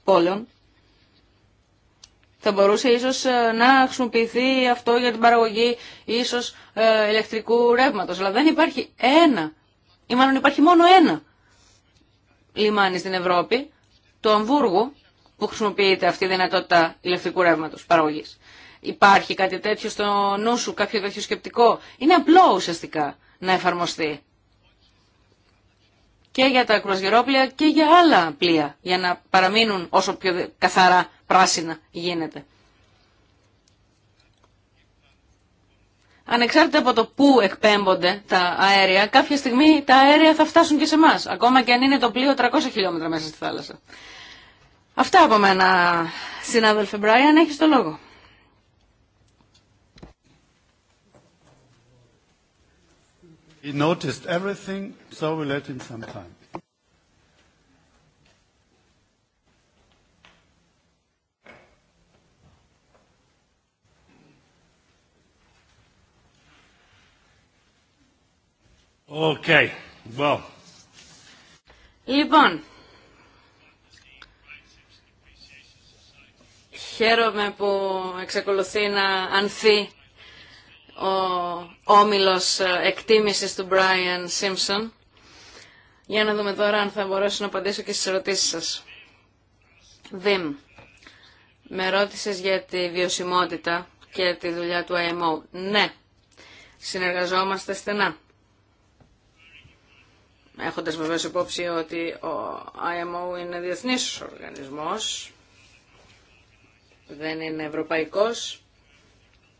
πόλεων. Θα μπορούσε ίσως να χρησιμοποιηθεί αυτό για την παραγωγή ίσως ηλεκτρικού ρεύματος. Αλλά δεν υπάρχει ένα, ή μάλλον υπάρχει μόνο ένα λιμάνι στην Ευρώπη του Αμβούργου που χρησιμοποιείται αυτή η δυνατότητα ηλεκτρικού ρεύματο παραγωγή. Υπάρχει κάτι τέτοιο στο νου σου, κάποιο τέτοιο σκεπτικό. Είναι απλό ουσιαστικά να εφαρμοστεί και για τα κρουαζιερόπλια και για άλλα πλοία για να παραμείνουν όσο πιο καθαρά πράσινα γίνεται. ανεξάρτητα από το πού εκπέμπονται τα αέρια, κάποια στιγμή τα αέρια θα φτάσουν και σε εμά, ακόμα και αν είναι το πλοίο 300 χιλιόμετρα μέσα στη θάλασσα. Αυτά από μένα, συνάδελφε Μπράιαν, έχεις το λόγο. He noticed everything, so we let him Okay. Well. Λοιπόν, χαίρομαι που εξακολουθεί να ανθεί ο όμιλος εκτίμησης του Brian Simpson. Για να δούμε τώρα αν θα μπορέσω να απαντήσω και στις ερωτήσεις σας. Δήμ, με ρώτησες για τη βιωσιμότητα και τη δουλειά του IMO. Ναι, συνεργαζόμαστε στενά έχοντας βεβαίως υπόψη ότι ο IMO είναι διεθνής οργανισμός, δεν είναι ευρωπαϊκός,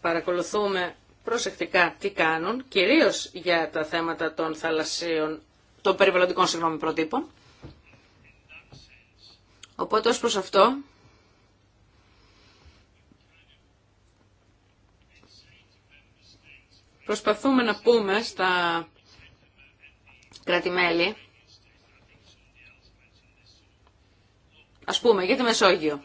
παρακολουθούμε προσεκτικά τι κάνουν, κυρίως για τα θέματα των θαλασσίων, των περιβαλλοντικών συγγνώμη προτύπων. Οπότε ως προς αυτό, προσπαθούμε να πούμε στα κρατημέλη, ας πούμε για τη Μεσόγειο,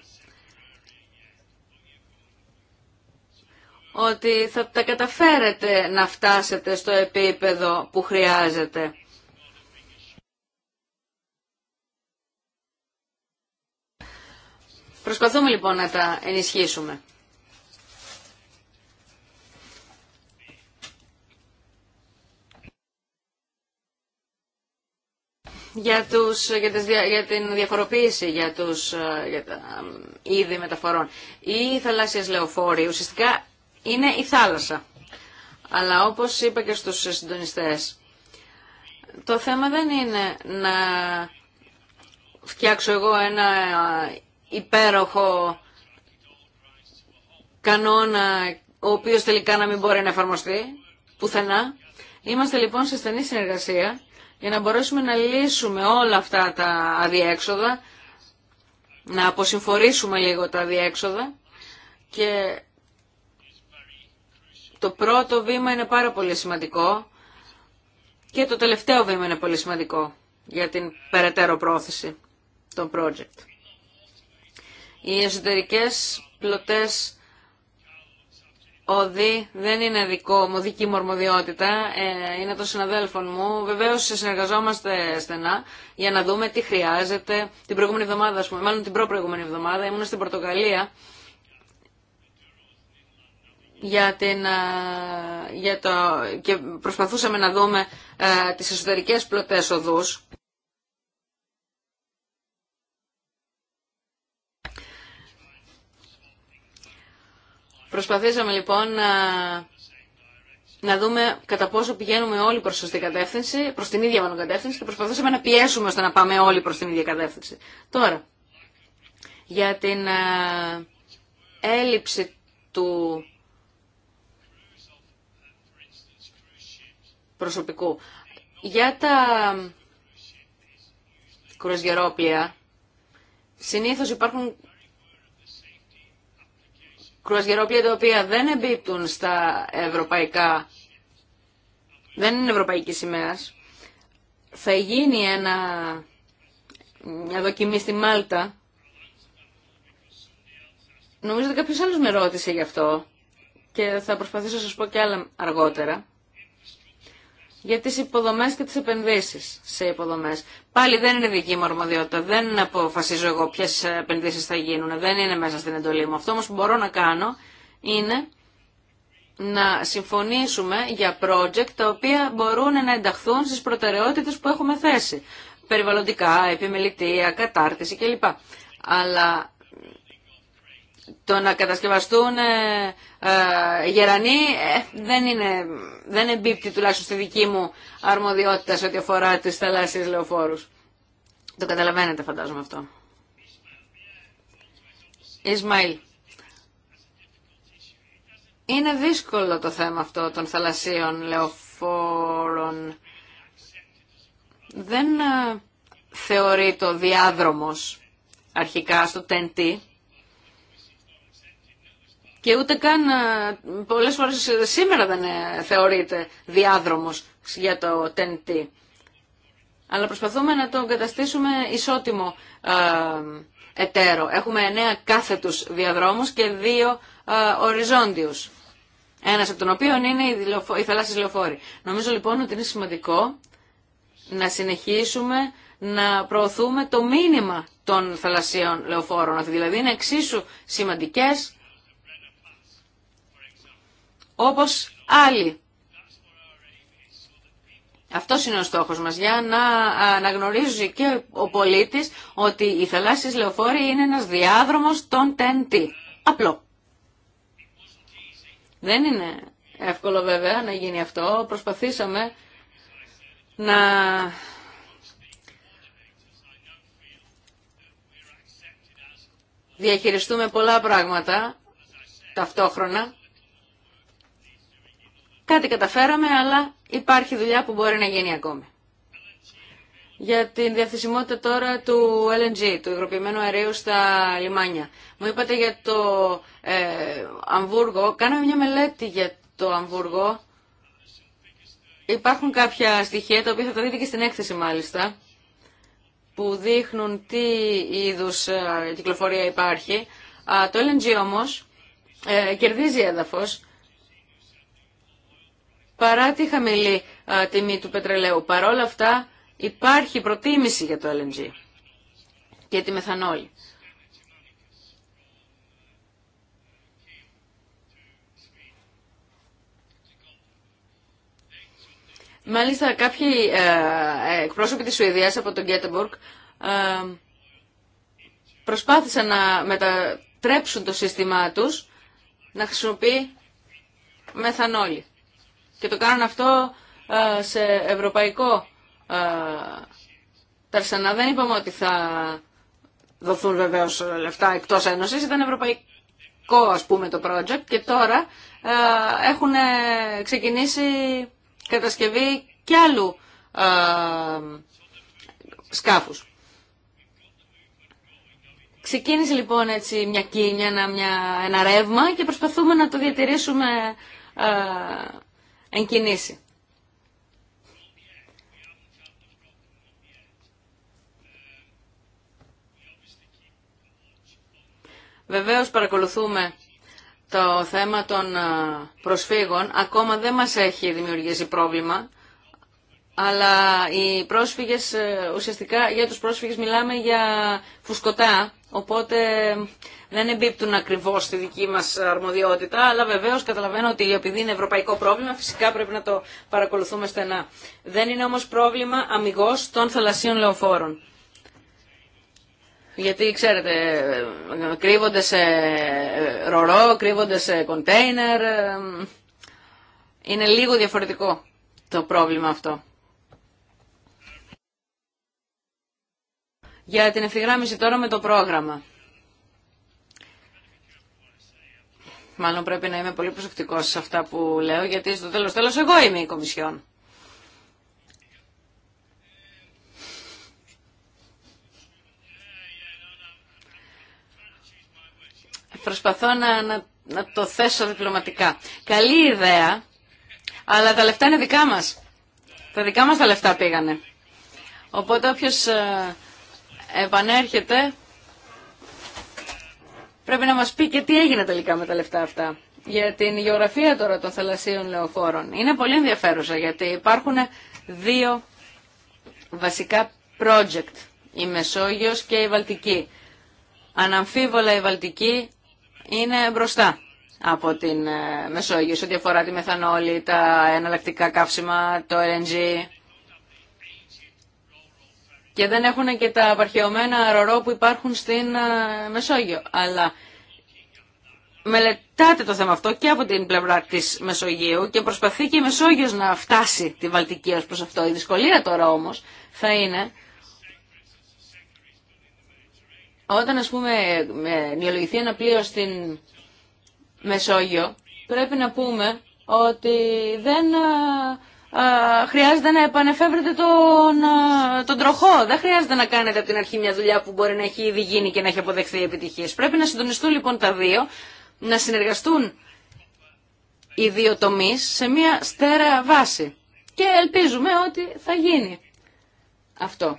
ότι θα τα καταφέρετε να φτάσετε στο επίπεδο που χρειάζεται. Προσπαθούμε λοιπόν να τα ενισχύσουμε. για, τους, για, τις, την διαφοροποίηση για, τους, ε, για τα είδη μεταφορών. Οι θαλάσσιες λεωφόροι ουσιαστικά είναι η θάλασσα. Αλλά όπως είπα και στους συντονιστές, το θέμα δεν είναι να φτιάξω εγώ ένα ε, υπέροχο κανόνα ο οποίος τελικά να μην μπορεί να εφαρμοστεί πουθενά. Είμαστε λοιπόν σε στενή συνεργασία για να μπορέσουμε να λύσουμε όλα αυτά τα αδιέξοδα, να αποσυμφορήσουμε λίγο τα αδιέξοδα και το πρώτο βήμα είναι πάρα πολύ σημαντικό και το τελευταίο βήμα είναι πολύ σημαντικό για την περαιτέρω πρόθεση των project. Οι εσωτερικές πλωτές ΟΔΗ δεν είναι δικό μου, δική μου αρμοδιότητα, ε, είναι των συναδέλφων μου. Βεβαίως συνεργαζόμαστε στενά για να δούμε τι χρειάζεται. Την προηγούμενη εβδομάδα, μάλλον την προπροηγούμενη εβδομάδα, ήμουν στην Πορτογαλία για, την, ε, για το, και προσπαθούσαμε να δούμε ε, τις εσωτερικές πλωτές οδούς. Προσπαθήσαμε λοιπόν να, να δούμε κατά πόσο πηγαίνουμε όλοι προς σωστή κατεύθυνση, προς την ίδια μάλλον κατεύθυνση και προσπαθήσαμε να πιέσουμε ώστε να πάμε όλοι προς την ίδια κατεύθυνση. Τώρα, για την έλλειψη του προσωπικού. Για τα κρουαζιερόπλια συνήθως υπάρχουν κρουαζιερόπλια τα οποία δεν εμπίπτουν στα ευρωπαϊκά, δεν είναι ευρωπαϊκή σημαία. Θα γίνει ένα, μια δοκιμή στη Μάλτα. Νομίζω ότι κάποιος άλλος με ρώτησε γι' αυτό και θα προσπαθήσω να σας πω και άλλα αργότερα για τις υποδομές και τις επενδύσεις σε υποδομές. Πάλι δεν είναι δική μου αρμοδιότητα, δεν αποφασίζω εγώ ποιες επενδύσεις θα γίνουν, δεν είναι μέσα στην εντολή μου. Αυτό όμως που μπορώ να κάνω είναι να συμφωνήσουμε για project τα οποία μπορούν να ενταχθούν στις προτεραιότητες που έχουμε θέσει. Περιβαλλοντικά, επιμελητία, κατάρτιση κλπ. Αλλά το να κατασκευαστούν ε, ε, γερανοί ε, δεν, είναι, δεν εμπίπτει τουλάχιστον στη δική μου αρμοδιότητα σε ό,τι αφορά τις θαλάσσιες λεωφόρους. Το καταλαβαίνετε φαντάζομαι αυτό. Ισμαήλ. Είναι δύσκολο το θέμα αυτό των θαλασσίων λεωφόρων. Δεν θεωρεί το διάδρομος αρχικά στο τεντή και ούτε καν ε, πολλές φορές ε, σήμερα δεν ε, θεωρείται διάδρομος για το TNT. Αλλά προσπαθούμε να το καταστήσουμε ισότιμο εταίρο. Έχουμε εννέα κάθετους διαδρόμους και δύο οριζόντιους. Ένας από τον οποίο είναι οι θαλάσσιες λεωφόροι. Νομίζω λοιπόν ότι είναι σημαντικό να συνεχίσουμε να προωθούμε το μήνυμα των θαλασσίων λεωφόρων. δηλαδή είναι εξίσου σημαντικές όπως άλλοι. αυτό είναι ο στόχος μας, για να αναγνωρίζει και ο πολίτης ότι οι θαλάσσιες λεωφόροι είναι ένας διάδρομος των TNT. Απλό. Δεν είναι εύκολο βέβαια να γίνει αυτό. Προσπαθήσαμε να διαχειριστούμε πολλά πράγματα ταυτόχρονα. Κάτι καταφέραμε, αλλά υπάρχει δουλειά που μπορεί να γίνει ακόμη. Για την διαθεσιμότητα τώρα του LNG, του υγροποιημένου αερίου στα λιμάνια. Μου είπατε για το ε, Αμβούργο. Κάναμε μια μελέτη για το Αμβούργο. Υπάρχουν κάποια στοιχεία, τα οποία θα τα δείτε και στην έκθεση μάλιστα, που δείχνουν τι είδους ε, κυκλοφορία υπάρχει. Το LNG όμως ε, κερδίζει έδαφος παρά τη χαμηλή τιμή του πετρελαίου. Παρόλα αυτά υπάρχει προτίμηση για το LNG και τη μεθανόλη. Μάλιστα κάποιοι ε, εκπρόσωποι της Σουηδίας από τον Γκέτεμπορκ προσπάθησαν να μετατρέψουν το σύστημά τους να χρησιμοποιεί μεθανόλη και το κάνουν αυτό ε, σε ευρωπαϊκό ε, ταρσανά. Δεν είπαμε ότι θα δοθούν βεβαίω λεφτά εκτό Ένωση. ήταν ευρωπαϊκό ας πούμε το project και τώρα ε, έχουν ξεκινήσει κατασκευή και άλλου σκάφους. Ξεκίνησε λοιπόν έτσι μια κίνια, ένα, μια, ένα ρεύμα και προσπαθούμε να το διατηρήσουμε κινήσει. Βεβαίως παρακολουθούμε το θέμα των προσφύγων. Ακόμα δεν μας έχει δημιουργήσει πρόβλημα, αλλά οι πρόσφυγες, ε, ουσιαστικά για τους πρόσφυγες μιλάμε για φουσκωτά, οπότε δεν εμπίπτουν ακριβώ στη δική μας αρμοδιότητα, αλλά βεβαίω καταλαβαίνω ότι επειδή είναι ευρωπαϊκό πρόβλημα φυσικά πρέπει να το παρακολουθούμε στενά. Δεν είναι όμως πρόβλημα αμυγό των θαλασσίων λεωφόρων. Γιατί ξέρετε, κρύβονται σε ρορό, κρύβονται σε κοντέινερ. Ε, είναι λίγο διαφορετικό το πρόβλημα αυτό. Για την ευθυγράμμιση τώρα με το πρόγραμμα. Μάλλον πρέπει να είμαι πολύ προσεκτικός σε αυτά που λέω, γιατί στο τέλος τέλος εγώ είμαι η Κομισιόν. Προσπαθώ να, να, να το θέσω διπλωματικά. Καλή ιδέα, αλλά τα λεφτά είναι δικά μας. Τα δικά μας τα λεφτά πήγανε. Οπότε όποιος ε, επανέρχεται Πρέπει να μας πει και τι έγινε τελικά με τα λεφτά αυτά. Για την γεωγραφία τώρα των θαλασσίων λεωφόρων. Είναι πολύ ενδιαφέρουσα γιατί υπάρχουν δύο βασικά project. Η Μεσόγειος και η Βαλτική. Αναμφίβολα η Βαλτική είναι μπροστά από την ε, Μεσόγειο σε ό,τι αφορά τη μεθανόλη, τα εναλλακτικά καύσιμα, το LNG και δεν έχουν και τα απαρχαιωμένα ρορό που υπάρχουν στην ε, Μεσόγειο. Αλλά μελετάτε το θέμα αυτό και από την πλευρά της Μεσογείου και προσπαθεί και η Μεσόγειος να φτάσει τη Βαλτική ως προς αυτό. Η δυσκολία τώρα όμως θα είναι όταν ας πούμε νεολογηθεί ένα πλοίο στην Μεσόγειο πρέπει να πούμε ότι δεν ε, χρειάζεται να επανεφεύρετε τον, τον τροχό. Δεν χρειάζεται να κάνετε από την αρχή μια δουλειά που μπορεί να έχει ήδη γίνει και να έχει αποδεχθεί επιτυχίες. Πρέπει να συντονιστούν λοιπόν τα δύο, να συνεργαστούν οι δύο τομείς σε μια στέρα βάση. Και ελπίζουμε ότι θα γίνει αυτό.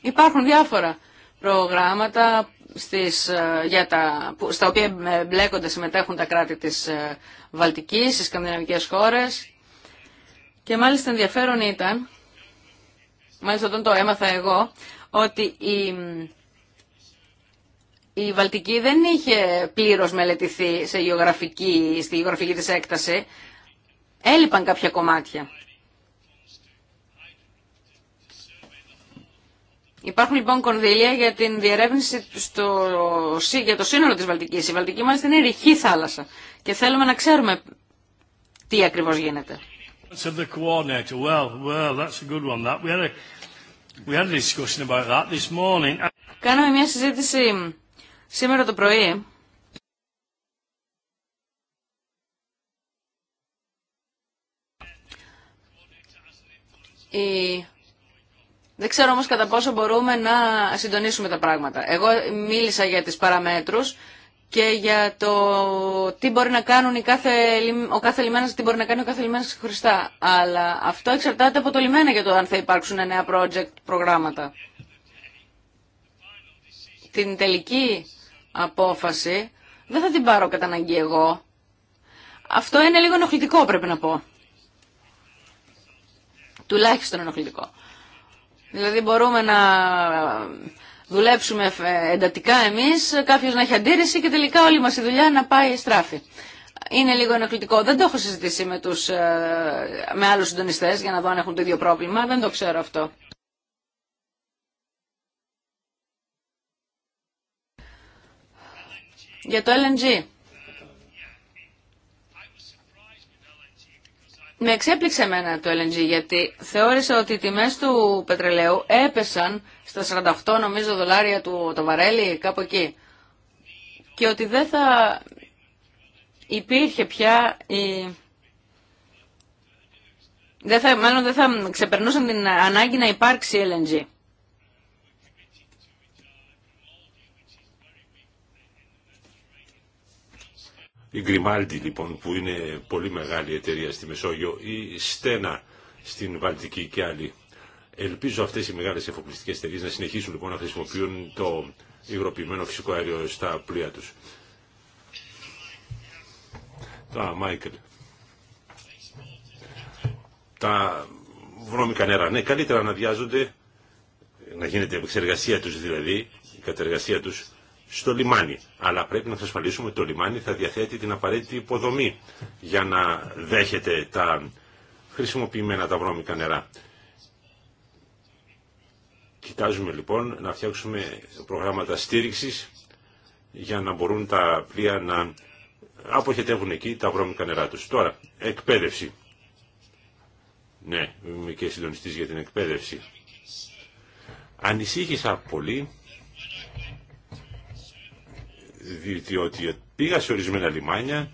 Υπάρχουν διάφορα προγράμματα στις, ε, για τα, στα οποία μπλέκονται, συμμετέχουν τα κράτη της ε, Βαλτικής, στις σκανδιναβικές χώρες. Και μάλιστα ενδιαφέρον ήταν, μάλιστα όταν το έμαθα εγώ, ότι η, η Βαλτική δεν είχε πλήρως μελετηθεί σε γεωγραφική, στη γεωγραφική της έκταση. Έλειπαν κάποια κομμάτια. Υπάρχουν λοιπόν κονδύλια για την διερεύνηση στο, για το σύνολο της Βαλτικής. Η Βαλτική μάλιστα είναι ρηχή θάλασσα και θέλουμε να ξέρουμε τι ακριβώς γίνεται. Κάναμε μια συζήτηση σήμερα το πρωί η δεν ξέρω όμως κατά πόσο μπορούμε να συντονίσουμε τα πράγματα. Εγώ μίλησα για τις παραμέτρους και για το τι μπορεί να κάνουν κάθε, ο κάθε λιμένας, τι μπορεί να κάνει ο κάθε λιμένας χωριστά. Αλλά αυτό εξαρτάται από το λιμένα για το αν θα υπάρξουν νέα project προγράμματα. Την τελική απόφαση δεν θα την πάρω κατά αναγκή εγώ. Αυτό είναι λίγο ενοχλητικό πρέπει να πω. Τουλάχιστον ενοχλητικό. Δηλαδή μπορούμε να δουλέψουμε ε, εντατικά εμείς, κάποιος να έχει αντίρρηση και τελικά όλη μας η δουλειά να πάει στράφη. Είναι λίγο ενοχλητικό. Δεν το έχω συζητήσει με, τους, ε, με άλλους συντονιστές για να δω αν έχουν το ίδιο πρόβλημα. Δεν το ξέρω αυτό. Για το LNG. Με εξέπληξε εμένα το LNG γιατί θεώρησα ότι οι τιμές του πετρελαίου έπεσαν στα 48 νομίζω δολάρια του το βαρέλι κάπου εκεί και ότι δεν θα υπήρχε πια η... Δεν θα, μάλλον δεν θα ξεπερνούσαν την ανάγκη να υπάρξει LNG. η Γκριμάλντι λοιπόν που είναι πολύ μεγάλη εταιρεία στη Μεσόγειο ή Στένα στην Βαλτική και άλλη. Ελπίζω αυτές οι μεγάλες εφοπλιστικές εταιρείε να συνεχίσουν λοιπόν να χρησιμοποιούν το υγροποιημένο φυσικό αέριο στα πλοία τους. Τα Μάικλ, Τα βρώμικα νερά. Ναι, καλύτερα να διάζονται, να γίνεται η εξεργασία τους δηλαδή, η κατεργασία τους, στο λιμάνι. Αλλά πρέπει να ασφαλίσουμε ότι το λιμάνι θα διαθέτει την απαραίτητη υποδομή για να δέχεται τα χρησιμοποιημένα τα βρώμικα νερά. Κοιτάζουμε λοιπόν να φτιάξουμε προγράμματα στήριξης για να μπορούν τα πλοία να αποχετεύουν εκεί τα βρώμικα νερά τους. Τώρα, εκπαίδευση. Ναι, είμαι και συντονιστής για την εκπαίδευση. Ανησύχησα πολύ διότι πήγα σε ορισμένα λιμάνια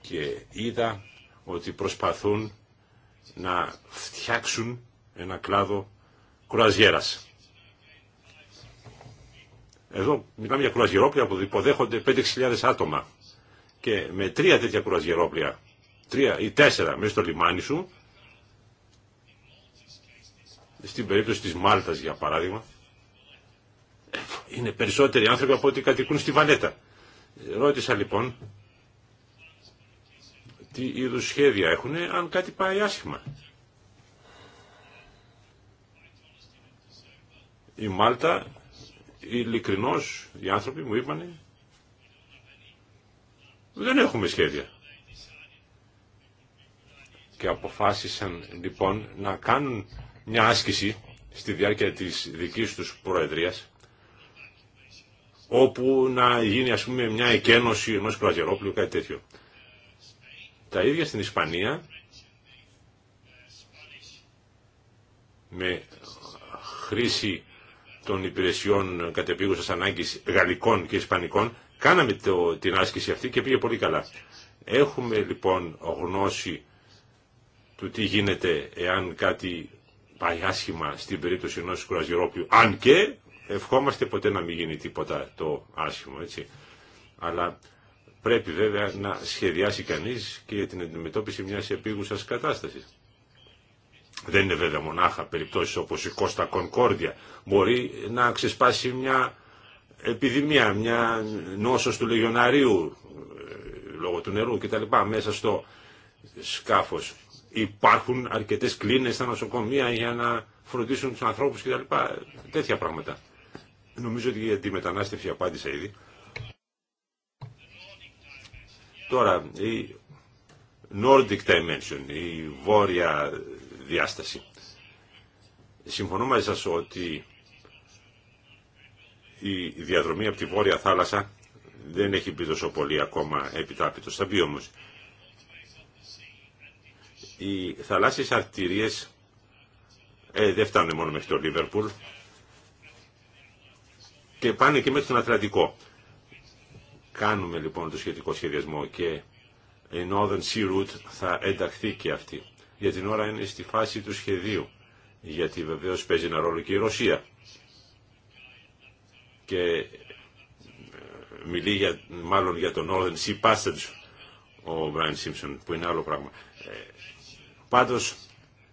και είδα ότι προσπαθούν να φτιάξουν ένα κλάδο κουραζιέρας. Εδώ μιλάμε για κουραζιερόπλια που υποδέχονται 5.000 άτομα και με τρία τέτοια κουραζιερόπλια, τρία ή τέσσερα μέσα στο λιμάνι σου, στην περίπτωση της Μάλτας για παράδειγμα, είναι περισσότεροι άνθρωποι από ό,τι κατοικούν στη Βαλέτα. Ρώτησα λοιπόν τι είδου σχέδια έχουν αν κάτι πάει άσχημα. Η Μάλτα, ειλικρινώς, οι άνθρωποι μου είπανε δεν έχουμε σχέδια. Και αποφάσισαν λοιπόν να κάνουν μια άσκηση στη διάρκεια της δικής τους προεδρίας όπου να γίνει ας πούμε μια εκένωση ενός κρουαζιερόπλου κάτι τέτοιο. Τα ίδια στην Ισπανία με χρήση των υπηρεσιών κατεπίγουσας ανάγκης γαλλικών και ισπανικών κάναμε το, την άσκηση αυτή και πήγε πολύ καλά. Έχουμε λοιπόν γνώση του τι γίνεται εάν κάτι πάει άσχημα στην περίπτωση ενός κουραζιρόπιου, αν και Ευχόμαστε ποτέ να μην γίνει τίποτα το άσχημο, έτσι. Αλλά πρέπει βέβαια να σχεδιάσει κανείς και για την αντιμετώπιση μιας επίγουσας κατάστασης. Δεν είναι βέβαια μονάχα περιπτώσεις όπως η Κώστα Κονκόρδια. Μπορεί να ξεσπάσει μια επιδημία, μια νόσος του λεγιοναρίου ε, λόγω του νερού κτλ. μέσα στο σκάφος. Υπάρχουν αρκετές κλίνες στα νοσοκομεία για να φροντίσουν τους ανθρώπους κτλ. Τέτοια πράγματα. Νομίζω ότι για τη μετανάστευση απάντησα ήδη. Τώρα, η Nordic Dimension, η βόρεια διάσταση. Συμφωνώ μαζί σας ότι η διαδρομή από τη Βόρεια Θάλασσα δεν έχει μπει τόσο πολύ ακόμα επιτάπητος. Θα μπει όμως. Οι θαλάσσιες αρτηρίες ε, δεν φτάνουν μόνο μέχρι το Λίβερπουλ, και πάνε και μέχρι τον Ατλαντικό. Κάνουμε λοιπόν το σχετικό σχεδιασμό και η Northern Sea Route θα ενταχθεί και αυτή. Για την ώρα είναι στη φάση του σχεδίου, γιατί βεβαίως παίζει ένα ρόλο και η Ρωσία. Και ε, μιλεί για, μάλλον για τον Northern Sea Passage ο Brian Simpson, που είναι άλλο πράγμα. Ε, πάντως,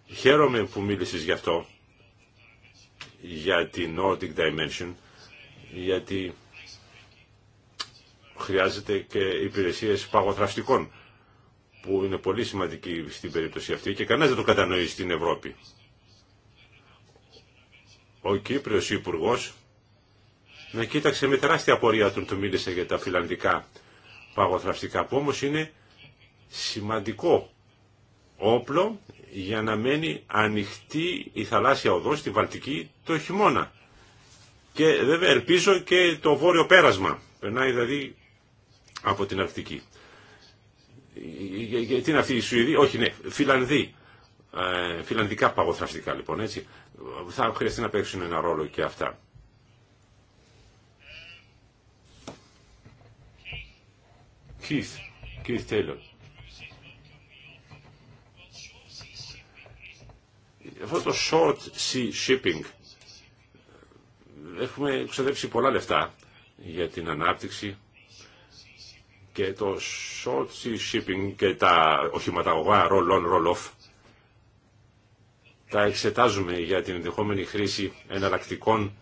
χαίρομαι που μίλησες γι' αυτό, για την Nordic Dimension, γιατί χρειάζεται και υπηρεσίες παγωθραστικών που είναι πολύ σημαντική στην περίπτωση αυτή και κανένας δεν το κατανοεί στην Ευρώπη. Ο Κύπριος υπουργό να κοίταξε με τεράστια απορία όταν του μίλησε για τα φιλανδικά παγωθραστικά που όμως είναι σημαντικό όπλο για να μένει ανοιχτή η θαλάσσια οδός στη Βαλτική το χειμώνα και βέβαια ελπίζω και το βόρειο πέρασμα. Περνάει δηλαδή από την Αρκτική. Γιατί είναι αυτή η Σουηδία, όχι ναι, Φιλανδοί. Ε, φιλανδικά παγωθραστικά λοιπόν έτσι. Θα χρειαστεί να παίξουν ένα ρόλο και αυτά. Keith, Keith Taylor. Αυτό το short sea shipping έχουμε ξοδέψει πολλά λεφτά για την ανάπτυξη και το short shipping και τα οχηματαγωγά roll-on, roll-off τα εξετάζουμε για την ενδεχόμενη χρήση εναλλακτικών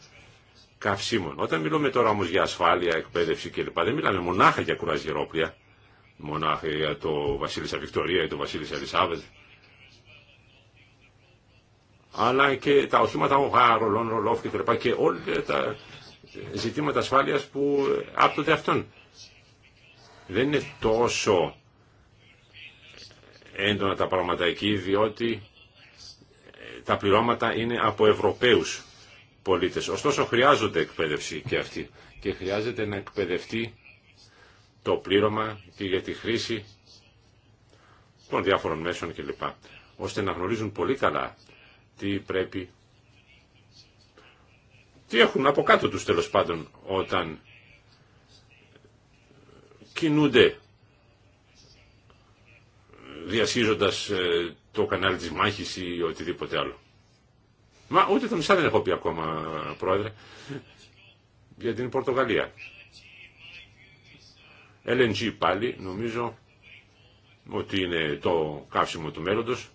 καυσίμων. Όταν μιλούμε τώρα όμως για ασφάλεια, εκπαίδευση κλπ. δεν μιλάμε μονάχα για κουραζιερόπλια, μονάχα για το Βασίλισσα Βικτωρία ή το Βασίλισσα Ελισάβετ αλλά και τα οχήματα ογά, ρολών, ρολόφ και και όλα τα ζητήματα ασφάλειας που άπτονται αυτών. Δεν είναι τόσο έντονα τα πράγματα εκεί, διότι ε, τα πληρώματα είναι από Ευρωπαίους πολίτες. Ωστόσο χρειάζονται εκπαίδευση και αυτή και χρειάζεται να εκπαιδευτεί το πλήρωμα και για τη χρήση των διάφορων μέσων κλπ. ώστε να γνωρίζουν πολύ καλά τι πρέπει, τι έχουν από κάτω τους τέλος πάντων όταν κινούνται διασχίζοντας ε, το κανάλι της μάχης ή οτιδήποτε άλλο. Μα ούτε τα μισά δεν έχω πει ακόμα, πρόεδρε, για την Πορτογαλία. LNG πάλι νομίζω ότι είναι το καύσιμο του μέλλοντος.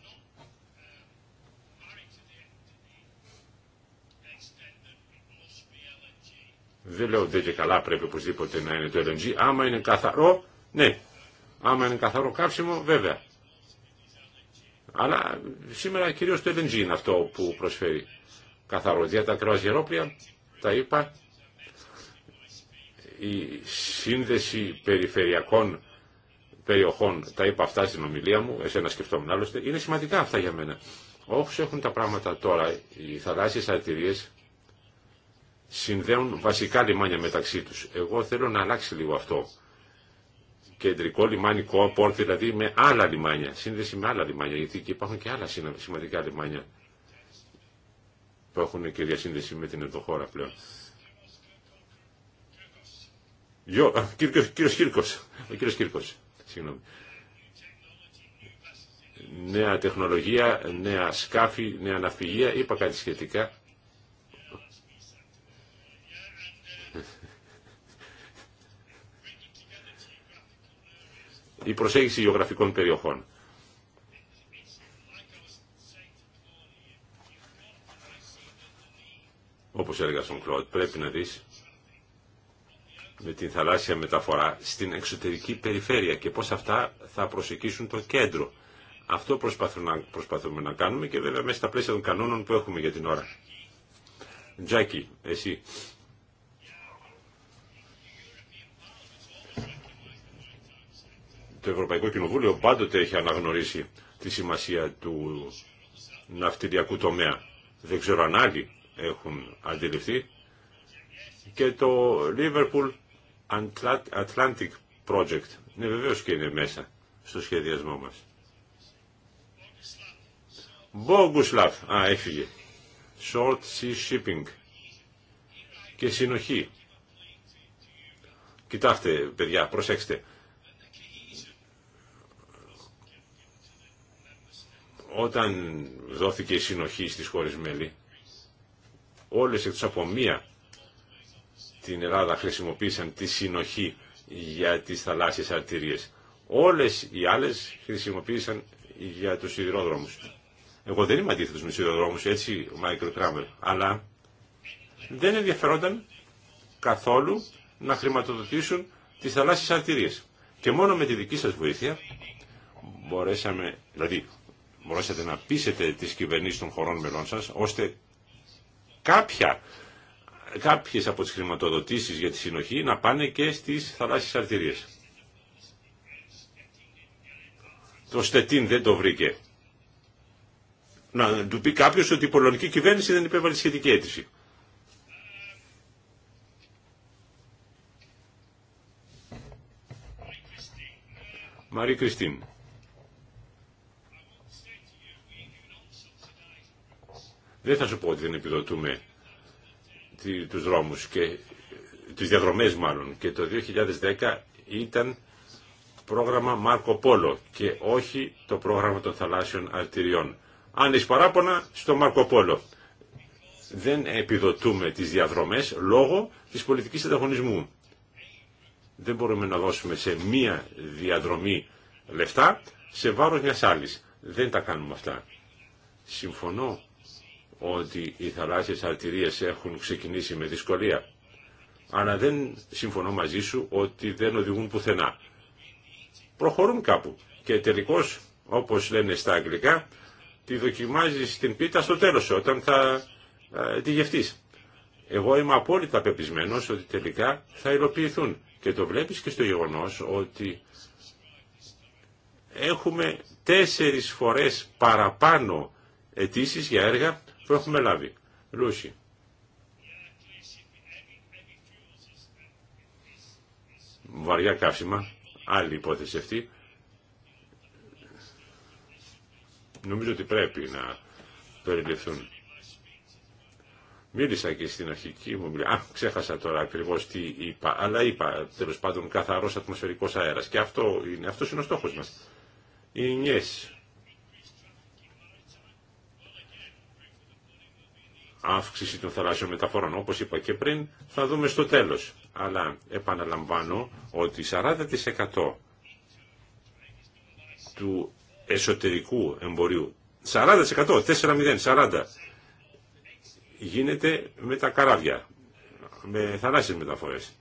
Δεν λέω ότι και καλά πρέπει οπωσδήποτε να είναι το LNG. Άμα είναι καθαρό, ναι. Άμα είναι καθαρό καύσιμο, βέβαια. Αλλά σήμερα κυρίως το LNG είναι αυτό που προσφέρει καθαρό. Για τα τα είπα, η σύνδεση περιφερειακών περιοχών, τα είπα αυτά στην ομιλία μου, εσένα σκεφτόμουν άλλωστε, είναι σημαντικά αυτά για μένα. Όπως έχουν τα πράγματα τώρα, οι θαλάσσιες αρτηρίες συνδέουν βασικά λιμάνια μεταξύ τους. Εγώ θέλω να αλλάξει λίγο αυτό. Κεντρικό λιμάνι, κόπορ, δηλαδή με άλλα λιμάνια, σύνδεση με άλλα λιμάνια, γιατί και υπάρχουν και άλλα σημαντικά λιμάνια που έχουν και διασύνδεση με την ενδοχώρα πλέον. Κύριος, κύριος Κύρκος, ο κύριος Κύρκος, συγγνώμη. Νέα τεχνολογία, νέα σκάφη, νέα ναυπηγεία, είπα κάτι σχετικά. η προσέγγιση γεωγραφικών περιοχών. Όπως έλεγα στον Κλοντ, πρέπει να δεις με την θαλάσσια μεταφορά στην εξωτερική περιφέρεια και πώς αυτά θα προσεκίσουν το κέντρο. Αυτό προσπαθούμε να κάνουμε και βέβαια μέσα στα πλαίσια των κανόνων που έχουμε για την ώρα. Τζάκι, εσύ. το Ευρωπαϊκό Κοινοβούλιο πάντοτε έχει αναγνωρίσει τη σημασία του ναυτιλιακού τομέα. Δεν ξέρω αν άλλοι έχουν αντιληφθεί. Και το Liverpool Atlantic Project. Ναι, βεβαίως και είναι μέσα στο σχεδιασμό μας. Μπόγκουσλαφ. Α, έφυγε. Short Sea Shipping. Και συνοχή. Κοιτάξτε, παιδιά, προσέξτε. όταν δόθηκε η συνοχή στις χώρες μέλη, όλες εκτός από μία την Ελλάδα χρησιμοποίησαν τη συνοχή για τις θαλάσσιες αρτηρίες. Όλες οι άλλες χρησιμοποίησαν για τους σιδηρόδρομους. Εγώ δεν είμαι αντίθετο με τους σιδηρόδρομους, έτσι ο Μάικλ Κράμερ, αλλά δεν ενδιαφερόταν καθόλου να χρηματοδοτήσουν τις θαλάσσιες αρτηρίες. Και μόνο με τη δική σα βοήθεια μπορέσαμε, δηλαδή μπορέσατε να πείσετε τις κυβερνήσεις των χωρών μελών σας, ώστε κάποια, κάποιες από τις χρηματοδοτήσεις για τη συνοχή να πάνε και στις θαλάσσιες αρτηρίες. Το Στετίν δεν το βρήκε. Να του πει κάποιος ότι η πολωνική κυβέρνηση δεν υπέβαλε σχετική αίτηση. Μαρή Κριστίν. Δεν θα σου πω ότι δεν επιδοτούμε τους δρόμους και τις διαδρομές μάλλον και το 2010 ήταν πρόγραμμα Μάρκο Πόλο και όχι το πρόγραμμα των θαλάσσιων αρτηριών. Αν είσαι παράπονα, στο Μάρκο Πόλο. Δεν επιδοτούμε τις διαδρομές λόγω της πολιτικής ανταγωνισμού. Δεν μπορούμε να δώσουμε σε μία διαδρομή λεφτά σε βάρος μιας άλλης. Δεν τα κάνουμε αυτά. Συμφωνώ ότι οι θαλάσσιες αρτηρίες έχουν ξεκινήσει με δυσκολία. Αλλά δεν συμφωνώ μαζί σου ότι δεν οδηγούν πουθενά. Προχωρούν κάπου και τελικώς, όπως λένε στα αγγλικά, τη δοκιμάζεις την πίτα στο τέλος όταν θα ε, τη Εγώ είμαι απόλυτα πεπισμένος ότι τελικά θα υλοποιηθούν. Και το βλέπεις και στο γεγονός ότι έχουμε τέσσερις φορές παραπάνω αιτήσει για έργα που έχουμε λάβει. Λούσι Βαριά καύσιμα. Άλλη υπόθεση αυτή. Νομίζω ότι πρέπει να περιληφθούν. Μίλησα και στην αρχική μου μιλία. Α, ξέχασα τώρα ακριβώ τι είπα. Αλλά είπα τέλο πάντων καθαρό ατμοσφαιρικό αέρα. Και αυτό είναι, αυτός είναι ο στόχο μα. Οι νιές αύξηση των θαλάσσιων μεταφορών. Όπως είπα και πριν, θα δούμε στο τέλος. Αλλά επαναλαμβάνω ότι 40% του εσωτερικού εμπορίου, 40%, 4-0, 40, γίνεται με τα καράβια, με θαλάσσιες μεταφορές.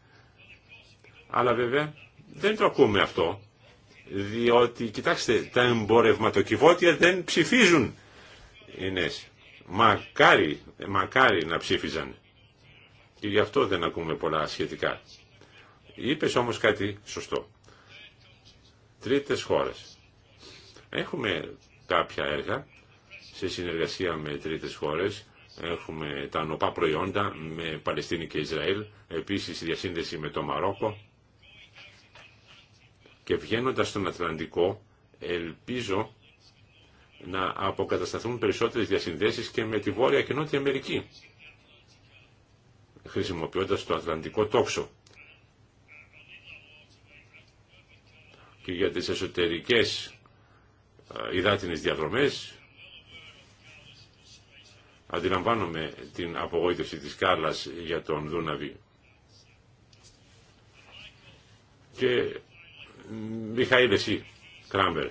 Αλλά βέβαια δεν το ακούμε αυτό, διότι, κοιτάξτε, τα εμπορευματοκιβώτια δεν ψηφίζουν οι νέες. Μακάρι, μακάρι να ψήφιζαν. Και γι' αυτό δεν ακούμε πολλά σχετικά. Είπε όμως κάτι σωστό. Τρίτες χώρες. Έχουμε κάποια έργα σε συνεργασία με τρίτες χώρες. Έχουμε τα νοπά προϊόντα με Παλαιστίνη και Ισραήλ. Επίσης η διασύνδεση με το Μαρόκο. Και βγαίνοντας στον Ατλαντικό ελπίζω να αποκατασταθούν περισσότερες διασυνδέσεις και με τη Βόρεια και Νότια Αμερική, χρησιμοποιώντας το Ατλαντικό τόξο. Και για τις εσωτερικές υδάτινες διαδρομές, αντιλαμβάνομαι την απογοήτευση της Κάρλας για τον Δούναβη. Και Μιχαήλ εσύ, Κράμπερ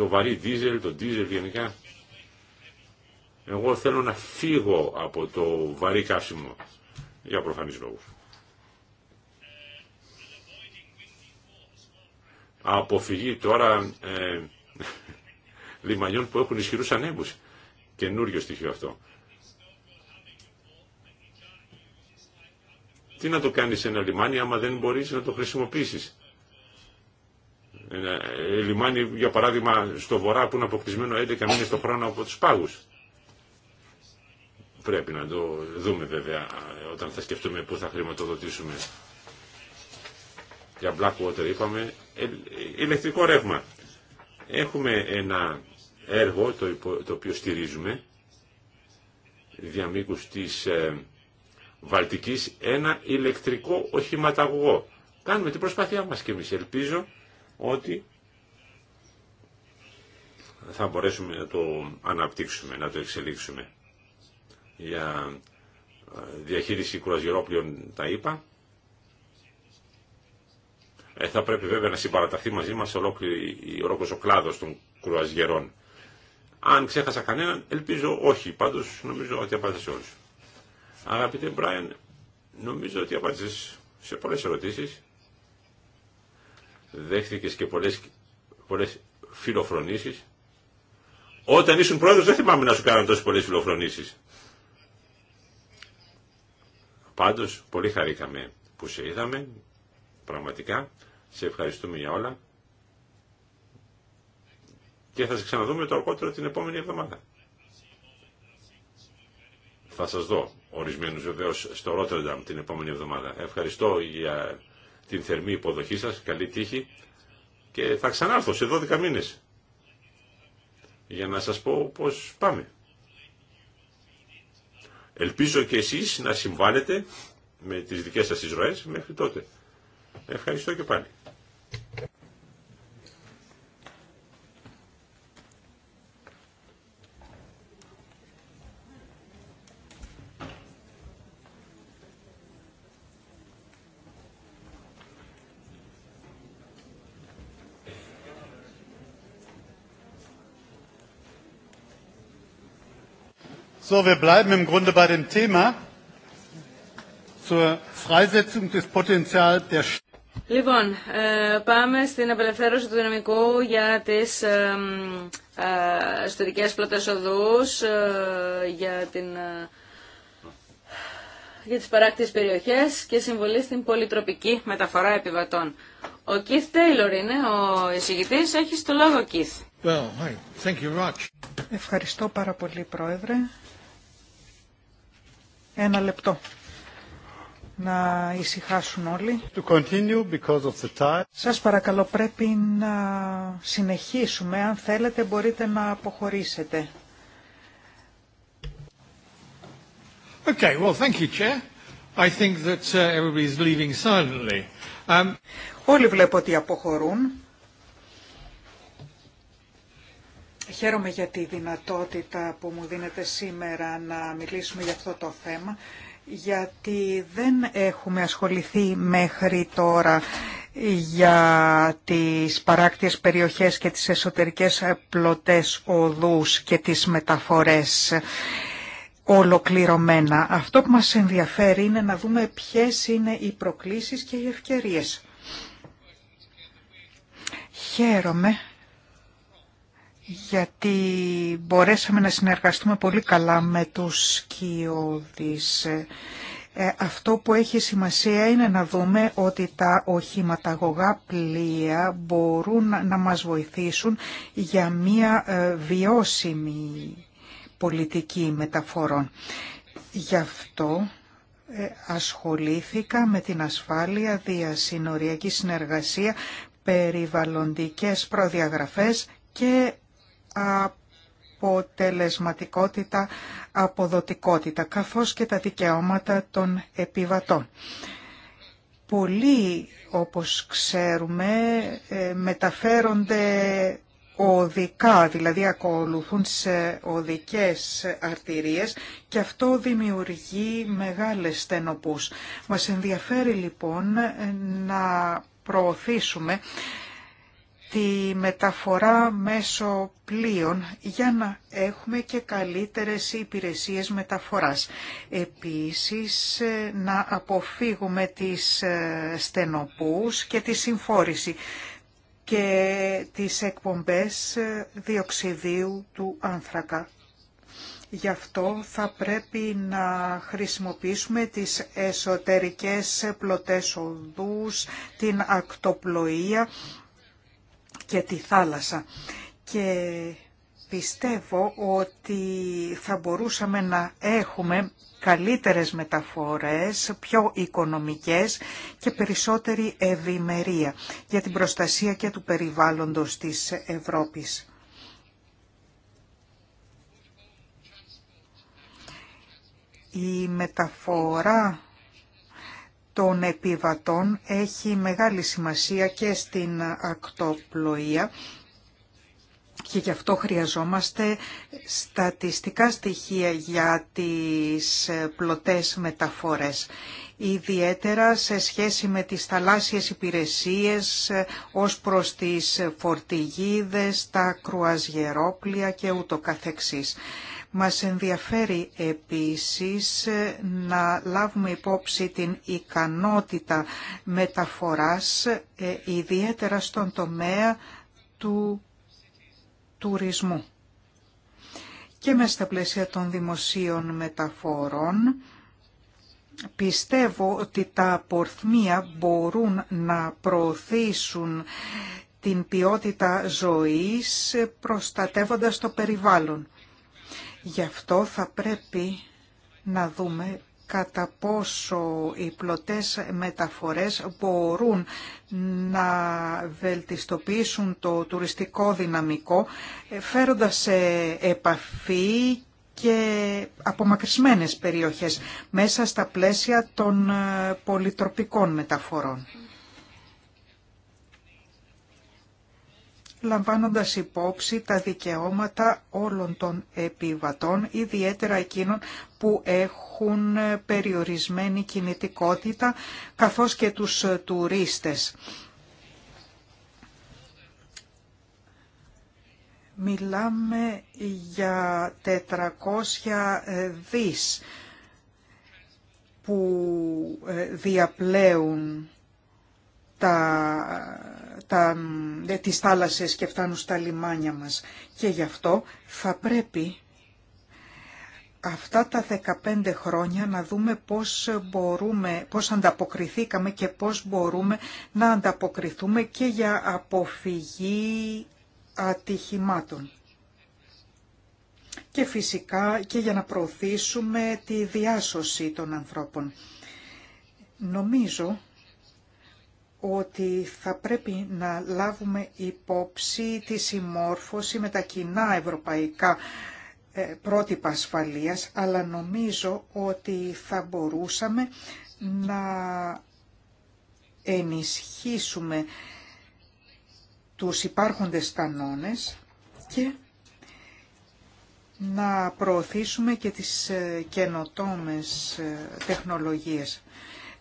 το βαρύ δίζελ, το δίζελ γενικά. Εγώ θέλω να φύγω από το βαρύ καύσιμο για προφανείς λόγους. Αποφυγή τώρα ε, λιμανιών που έχουν ισχυρούς ανέμους. Καινούριο στοιχείο αυτό. Τι να το κάνεις σε ένα λιμάνι άμα δεν μπορείς να το χρησιμοποιήσεις. Ε, ε, λιμάνι για παράδειγμα στο βορρά που είναι αποκτισμένο 11 μήνε το χρόνο από του πάγου. Πρέπει να το δούμε βέβαια όταν θα σκεφτούμε πού θα χρηματοδοτήσουμε. Για Blackwater είπαμε ε, ηλεκτρικό ρεύμα. Έχουμε ένα έργο το, το οποίο στηρίζουμε διαμήκους της Βαλτικής ένα ηλεκτρικό οχηματαγωγό. Κάνουμε την προσπάθειά μας και εμείς. Ελπίζω ότι θα μπορέσουμε να το αναπτύξουμε, να το εξελίξουμε. Για ε, διαχείριση κρουαζιερόπλειων τα είπα. Ε, θα πρέπει βέβαια να συμπαραταχθεί μαζί μας ολόκληρος ο κλάδος των κρουαζιερών. Αν ξέχασα κανέναν, ελπίζω όχι. Πάντως νομίζω ότι απάντησε όλους. Αγαπητέ Μπράιν, νομίζω ότι απάντησες σε πολλές ερωτήσεις δέχθηκες και πολλές, πολλές φιλοφρονήσεις. Όταν ήσουν πρόεδρος δεν θυμάμαι να σου κάναν τόσες πολλές φιλοφρονήσεις. Πάντως, πολύ χαρήκαμε που σε είδαμε, πραγματικά. Σε ευχαριστούμε για όλα. Και θα σε ξαναδούμε το αργότερο την επόμενη εβδομάδα. Θα σας δω ορισμένους βεβαίως στο Ρότερνταμ την επόμενη εβδομάδα. Ευχαριστώ για την θερμή υποδοχή σας, καλή τύχη και θα ξανάρθω σε 12 μήνες για να σας πω πώς πάμε. Ελπίζω και εσείς να συμβάλλετε με τις δικές σας εισρωές μέχρι τότε. Ευχαριστώ και πάλι. So, wir bleiben im Grunde bei dem Thema zur Freisetzung des Potenzials der Λοιπόν, ε, πάμε στην απελευθέρωση του δυναμικού για τις ε, ιστορικές ε, οδούς, ε, για, την, για τις παράκτιες περιοχές και συμβολή στην πολυτροπική μεταφορά επιβατών. Ο Keith Taylor είναι ο εισηγητής. Έχεις το λόγο, Keith. Well, hi. Thank you much. Ευχαριστώ πάρα πολύ, Πρόεδρε. Ένα λεπτό να ησυχάσουν όλοι. To continue because of the time. Σας παρακαλώ πρέπει να συνεχίσουμε. Αν θέλετε μπορείτε να αποχωρήσετε. Okay, well, thank you, Chair. I think that uh, everybody is leaving silently. Um... Όλοι βλέπω ότι αποχωρούν. Χαίρομαι για τη δυνατότητα που μου δίνεται σήμερα να μιλήσουμε για αυτό το θέμα, γιατί δεν έχουμε ασχοληθεί μέχρι τώρα για τις παράκτιες περιοχές και τις εσωτερικές πλωτές οδούς και τις μεταφορές ολοκληρωμένα. Αυτό που μας ενδιαφέρει είναι να δούμε ποιες είναι οι προκλήσεις και οι ευκαιρίες. Χαίρομαι γιατί μπορέσαμε να συνεργαστούμε πολύ καλά με τους σκιώδεις. Ε, αυτό που έχει σημασία είναι να δούμε ότι τα οχηματαγωγά πλοία μπορούν να μας βοηθήσουν για μια ε, βιώσιμη πολιτική μεταφορών. Γι' αυτό ε, ασχολήθηκα με την ασφάλεια, διασυνοριακή συνεργασία, περιβαλλοντικές προδιαγραφές και αποτελεσματικότητα, αποδοτικότητα, καθώς και τα δικαιώματα των επιβατών. Πολλοί, όπως ξέρουμε, ε, μεταφέρονται οδικά, δηλαδή ακολουθούν σε οδικές αρτηρίες και αυτό δημιουργεί μεγάλες στενοπούς. Μας ενδιαφέρει λοιπόν να προωθήσουμε τη μεταφορά μέσω πλοίων για να έχουμε και καλύτερες υπηρεσίες μεταφοράς. Επίσης, ε, να αποφύγουμε τις ε, στενοπούς και τη συμφόρηση και τις εκπομπές ε, διοξιδίου του άνθρακα. Γι' αυτό θα πρέπει να χρησιμοποιήσουμε τις εσωτερικές πλωτές οδούς, την ακτοπλοεία και τη θάλασσα. Και πιστεύω ότι θα μπορούσαμε να έχουμε καλύτερες μεταφορές, πιο οικονομικές και περισσότερη ευημερία για την προστασία και του περιβάλλοντος της Ευρώπης. Η μεταφορά των επιβατών έχει μεγάλη σημασία και στην ακτοπλοεία και γι' αυτό χρειαζόμαστε στατιστικά στοιχεία για τις πλωτές μεταφορές. Ιδιαίτερα σε σχέση με τις θαλάσσιες υπηρεσίες ως προς τις φορτηγίδες, τα κρουαζιερόπλια και ούτω καθεξής. Μας ενδιαφέρει επίσης να λάβουμε υπόψη την ικανότητα μεταφοράς, ε, ιδιαίτερα στον τομέα του τουρισμού. Και μέσα στα πλαίσια των δημοσίων μεταφορών, πιστεύω ότι τα απορθμία μπορούν να προωθήσουν την ποιότητα ζωής προστατεύοντας το περιβάλλον. Γι' αυτό θα πρέπει να δούμε κατά πόσο οι πλωτές μεταφορές μπορούν να βελτιστοποιήσουν το τουριστικό δυναμικό ε, φέροντας σε επαφή και απομακρυσμένες περιοχές μέσα στα πλαίσια των ε, πολυτροπικών μεταφορών. λαμβάνοντας υπόψη τα δικαιώματα όλων των επιβατών, ιδιαίτερα εκείνων που έχουν περιορισμένη κινητικότητα, καθώς και τους τουρίστες. Μιλάμε για 400 δις που ε, διαπλέουν τα τα, τις θάλασσες και φτάνουν στα λιμάνια μας. Και γι' αυτό θα πρέπει αυτά τα 15 χρόνια να δούμε πώς, μπορούμε, πώς ανταποκριθήκαμε και πώς μπορούμε να ανταποκριθούμε και για αποφυγή ατυχημάτων. Και φυσικά και για να προωθήσουμε τη διάσωση των ανθρώπων. Νομίζω ότι θα πρέπει να λάβουμε υπόψη τη συμμόρφωση με τα κοινά ευρωπαϊκά ε, πρότυπα ασφαλείας, αλλά νομίζω ότι θα μπορούσαμε να ενισχύσουμε τους υπάρχοντες κανόνες και να προωθήσουμε και τις ε, καινοτόμες ε, τεχνολογίες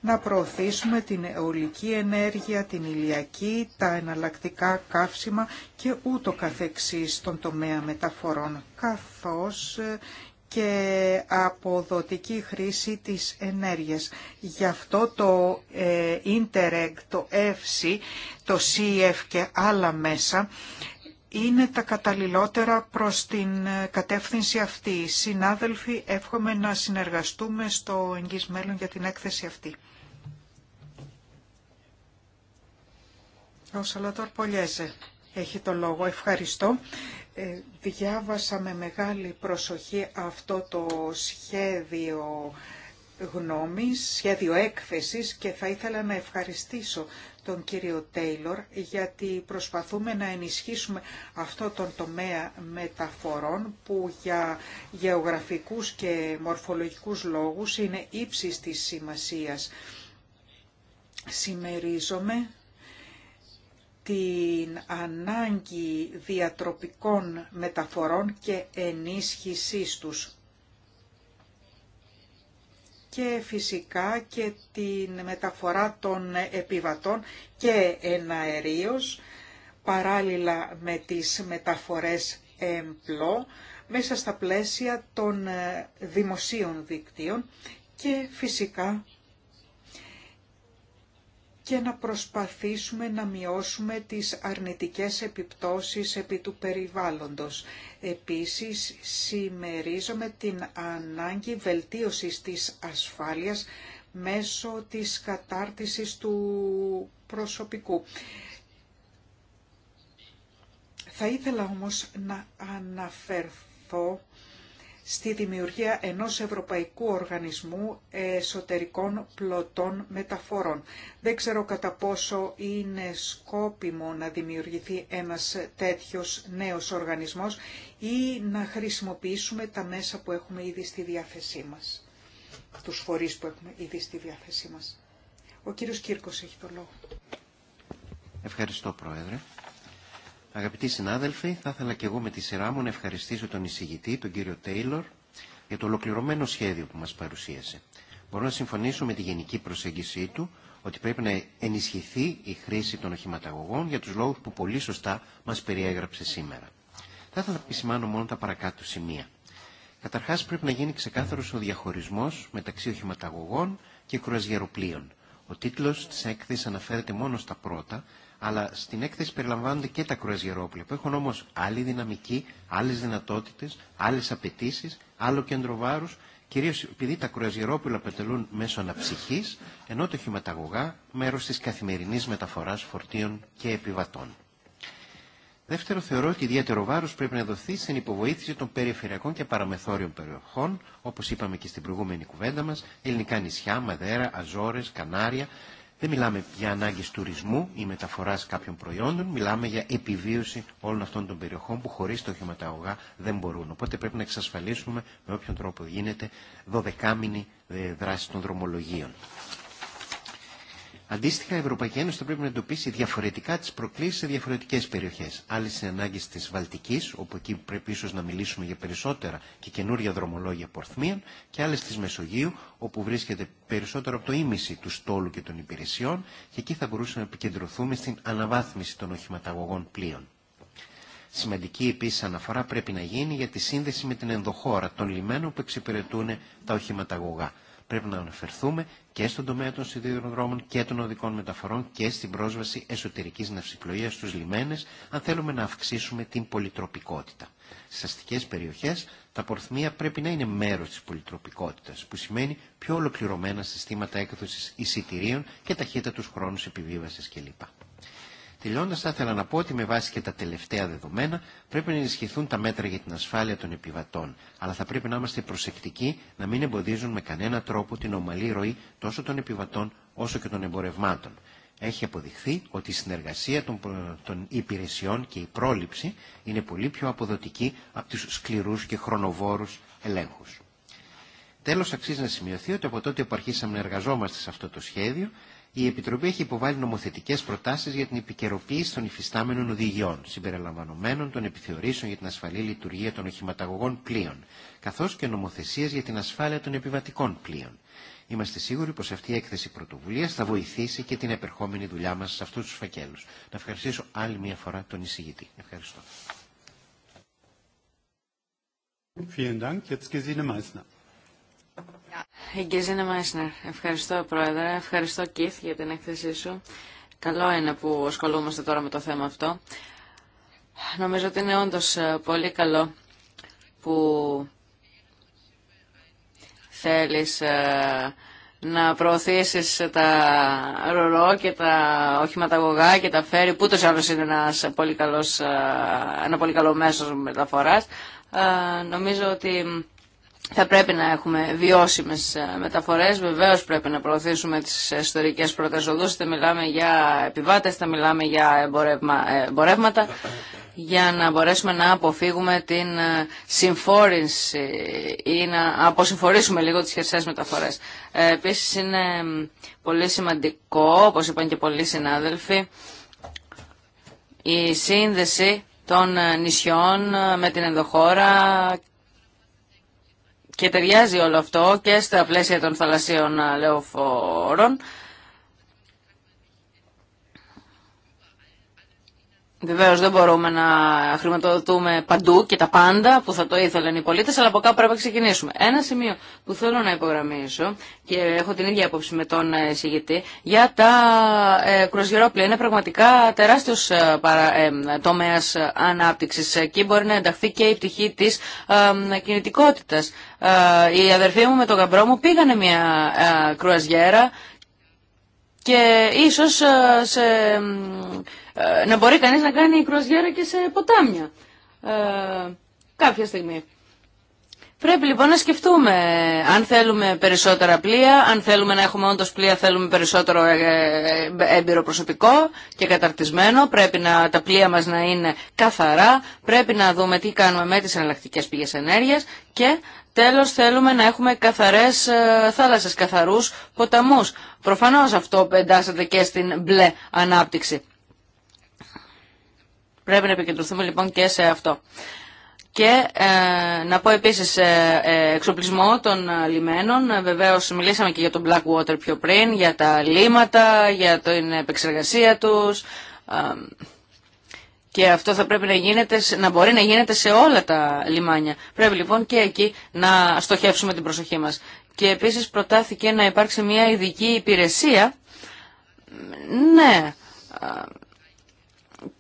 να προωθήσουμε την αιωλική ενέργεια, την ηλιακή, τα εναλλακτικά καύσιμα και ούτω καθεξής στον τομέα μεταφορών, καθώς ε, και αποδοτική χρήση της ενέργειας. Γι' αυτό το ε, Interreg, το EFSI, το CEF και άλλα μέσα είναι τα καταλληλότερα προς την ε, κατεύθυνση αυτή. Συνάδελφοι, εύχομαι να συνεργαστούμε στο εγγύς μέλλον για την έκθεση αυτή. Ο Σαλατόρ Πολιέζε έχει το λόγο. Ευχαριστώ. Ε, διάβασα με μεγάλη προσοχή αυτό το σχέδιο γνώμης, σχέδιο έκθεσης και θα ήθελα να ευχαριστήσω τον κύριο Τέιλορ γιατί προσπαθούμε να ενισχύσουμε αυτό τον τομέα μεταφορών που για γεωγραφικούς και μορφολογικούς λόγους είναι ύψης της σημασίας. Σημερίζομαι την ανάγκη διατροπικών μεταφορών και ενίσχυσής τους. Και φυσικά και την μεταφορά των επιβατών και εναερίως, παράλληλα με τις μεταφορές εμπλό, μέσα στα πλαίσια των δημοσίων δικτύων και φυσικά και να προσπαθήσουμε να μειώσουμε τις αρνητικές επιπτώσεις επί του περιβάλλοντος. Επίσης, συμμερίζομαι την ανάγκη βελτίωσης της ασφάλειας μέσω της κατάρτισης του προσωπικού. Θα ήθελα όμως να αναφερθώ στη δημιουργία ενός ευρωπαϊκού οργανισμού εσωτερικών πλωτών μεταφορών. Δεν ξέρω κατά πόσο είναι σκόπιμο να δημιουργηθεί ένας τέτοιος νέος οργανισμός ή να χρησιμοποιήσουμε τα μέσα που έχουμε ήδη στη διάθεσή μας, τους φορείς που έχουμε ήδη στη διάθεσή μας. Ο κύριος Κύρκος έχει το λόγο. Ευχαριστώ, Πρόεδρε. Αγαπητοί συνάδελφοι, θα ήθελα και εγώ με τη σειρά μου να ευχαριστήσω τον εισηγητή, τον κύριο Τέιλορ, για το ολοκληρωμένο σχέδιο που μας παρουσίασε. Μπορώ να συμφωνήσω με τη γενική προσέγγιση του ότι πρέπει να ενισχυθεί η χρήση των οχηματαγωγών για τους λόγους που πολύ σωστά μας περιέγραψε σήμερα. Θα ήθελα να επισημάνω μόνο τα παρακάτω σημεία. Καταρχάς πρέπει να γίνει ξεκάθαρος ο διαχωρισμός μεταξύ οχηματαγωγών και κρουαζιεροπλοίων. Ο τίτλος της έκθεσης αναφέρεται μόνο στα πρώτα, αλλά στην έκθεση περιλαμβάνονται και τα κρουαζιερόπλαια που έχουν όμως άλλη δυναμική, άλλες δυνατότητες, άλλες απαιτήσει, άλλο κέντρο βάρους, κυρίως επειδή τα κρουαζιερόπλαια αποτελούν μέσω αναψυχής, ενώ το χηματαγωγά μέρος της καθημερινής μεταφοράς φορτίων και επιβατών. Δεύτερο, θεωρώ ότι ιδιαίτερο βάρο πρέπει να δοθεί στην υποβοήθηση των περιφερειακών και παραμεθόριων περιοχών, όπω είπαμε και στην προηγούμενη κουβέντα μα, ελληνικά νησιά, Μαδέρα, Αζόρε, Κανάρια, δεν μιλάμε για ανάγκε τουρισμού ή μεταφοράς κάποιων προϊόντων, μιλάμε για επιβίωση όλων αυτών των περιοχών που χωρίς το χηματαγωγά δεν μπορούν. Οπότε πρέπει να εξασφαλίσουμε με όποιον τρόπο γίνεται δωδεκάμινη ε, δράση των δρομολογίων. Αντίστοιχα, η Ευρωπαϊκή Ένωση θα πρέπει να εντοπίσει διαφορετικά τι προκλήσει σε διαφορετικέ περιοχέ. Άλλε είναι ανάγκε τη Βαλτική, όπου εκεί πρέπει ίσω να μιλήσουμε για περισσότερα και καινούργια δρομολόγια πορθμίων, και άλλε τη Μεσογείου, όπου βρίσκεται περισσότερο από το ίμιση του στόλου και των υπηρεσιών, και εκεί θα μπορούσαμε να επικεντρωθούμε στην αναβάθμιση των οχηματαγωγών πλοίων. Σημαντική επίση αναφορά πρέπει να γίνει για τη σύνδεση με την ενδοχώρα των λιμένων που εξυπηρετούν τα οχηματαγωγά πρέπει να αναφερθούμε και στον τομέα των σιδηροδρόμων και των οδικών μεταφορών και στην πρόσβαση εσωτερικής ναυσιπλοείας στους λιμένες, αν θέλουμε να αυξήσουμε την πολυτροπικότητα. Στι αστικές περιοχές τα πορθμία πρέπει να είναι μέρος της πολυτροπικότητας, που σημαίνει πιο ολοκληρωμένα συστήματα έκδοσης εισιτηρίων και τους χρόνους επιβίβασης κλπ. Τελειώντα, θα ήθελα να πω ότι με βάση και τα τελευταία δεδομένα πρέπει να ενισχυθούν τα μέτρα για την ασφάλεια των επιβατών, αλλά θα πρέπει να είμαστε προσεκτικοί να μην εμποδίζουν με κανένα τρόπο την ομαλή ροή τόσο των επιβατών όσο και των εμπορευμάτων. Έχει αποδειχθεί ότι η συνεργασία των, των υπηρεσιών και η πρόληψη είναι πολύ πιο αποδοτική από του σκληρού και χρονοβόρου ελέγχου. Τέλο, αξίζει να σημειωθεί ότι από τότε που αρχίσαμε να εργαζόμαστε σε αυτό το σχέδιο, η Επιτροπή έχει υποβάλει νομοθετικέ προτάσει για την επικαιροποίηση των υφιστάμενων οδηγιών, συμπεριλαμβανομένων των επιθεωρήσεων για την ασφαλή λειτουργία των οχηματαγωγών πλοίων, καθώ και νομοθεσίε για την ασφάλεια των επιβατικών πλοίων. Είμαστε σίγουροι πω αυτή η έκθεση πρωτοβουλία θα βοηθήσει και την επερχόμενη δουλειά μα σε αυτού του φακέλου. Να ευχαριστήσω άλλη μια φορά τον εισηγητή. Ευχαριστώ. Vielen Dank. Jetzt ευχαριστώ Πρόεδρε, ευχαριστώ Κίθ για την έκθεσή σου. Καλό είναι που ασχολούμαστε τώρα με το θέμα αυτό. Νομίζω ότι είναι όντως ε, πολύ καλό που θέλεις ε, να προωθήσεις τα ρορό και τα οχηματαγωγά και τα φέρει, που ούτως άλλως είναι ένας πολύ καλός, ε, ένα πολύ καλό μέσο μεταφοράς. Νομίζω ότι θα πρέπει να έχουμε βιώσιμες ε, μεταφορές, βεβαίως πρέπει να προωθήσουμε τις ιστορικές πρώτες μιλάμε για επιβάτες, είτε μιλάμε για ε, εμπορεύματα, για να μπορέσουμε να αποφύγουμε την ε, συμφόρηση ή να αποσυμφορήσουμε λίγο τις χερσές μεταφορές. Επίσης είναι πολύ σημαντικό, όπως είπαν και πολλοί συνάδελφοι, η σύνδεση των νησιών με την ενδοχώρα και ταιριάζει όλο αυτό και στα πλαίσια των θαλασσίων λεωφόρων Βεβαίω δεν μπορούμε να χρηματοδοτούμε παντού και τα πάντα που θα το ήθελαν οι πολίτε, αλλά από κάπου πρέπει να ξεκινήσουμε. Ένα σημείο που θέλω να υπογραμμίσω και έχω την ίδια άποψη με τον ε, εισηγητή για τα ε, Είναι πραγματικά τεράστιο ε, ε τομέα ανάπτυξη. Εκεί μπορεί να ενταχθεί και η πτυχή τη ε, κινητικότητα. Ε, οι αδερφοί μου με τον γαμπρό μου πήγανε μια ε, κρουαζιέρα και ίσω σε ε, να μπορεί κανείς να κάνει κρουαζιέρα και σε ποτάμια ε, κάποια στιγμή. Πρέπει λοιπόν να σκεφτούμε αν θέλουμε περισσότερα πλοία, αν θέλουμε να έχουμε όντω πλοία θέλουμε περισσότερο ε, έμπειρο προσωπικό και καταρτισμένο, πρέπει να, τα πλοία μας να είναι καθαρά, πρέπει να δούμε τι κάνουμε με τις εναλλακτικές πηγές ενέργειας και τέλος θέλουμε να έχουμε καθαρές θάλασσες, καθαρούς ποταμούς. Προφανώς αυτό εντάσσεται και στην μπλε ανάπτυξη. Πρέπει να επικεντρωθούμε λοιπόν και σε αυτό. Και ε, να πω επίσης ε, ε εξοπλισμό των ε, λιμένων. Βεβαίως μιλήσαμε και για τον Blackwater πιο πριν, για τα λίματα, για την επεξεργασία τους. Και αυτό θα πρέπει να, γίνεται, να μπορεί να γίνεται σε όλα τα λιμάνια. Πρέπει λοιπόν και εκεί να στοχεύσουμε την προσοχή μας. Και επίσης προτάθηκε να υπάρξει μια ειδική υπηρεσία. Ναι,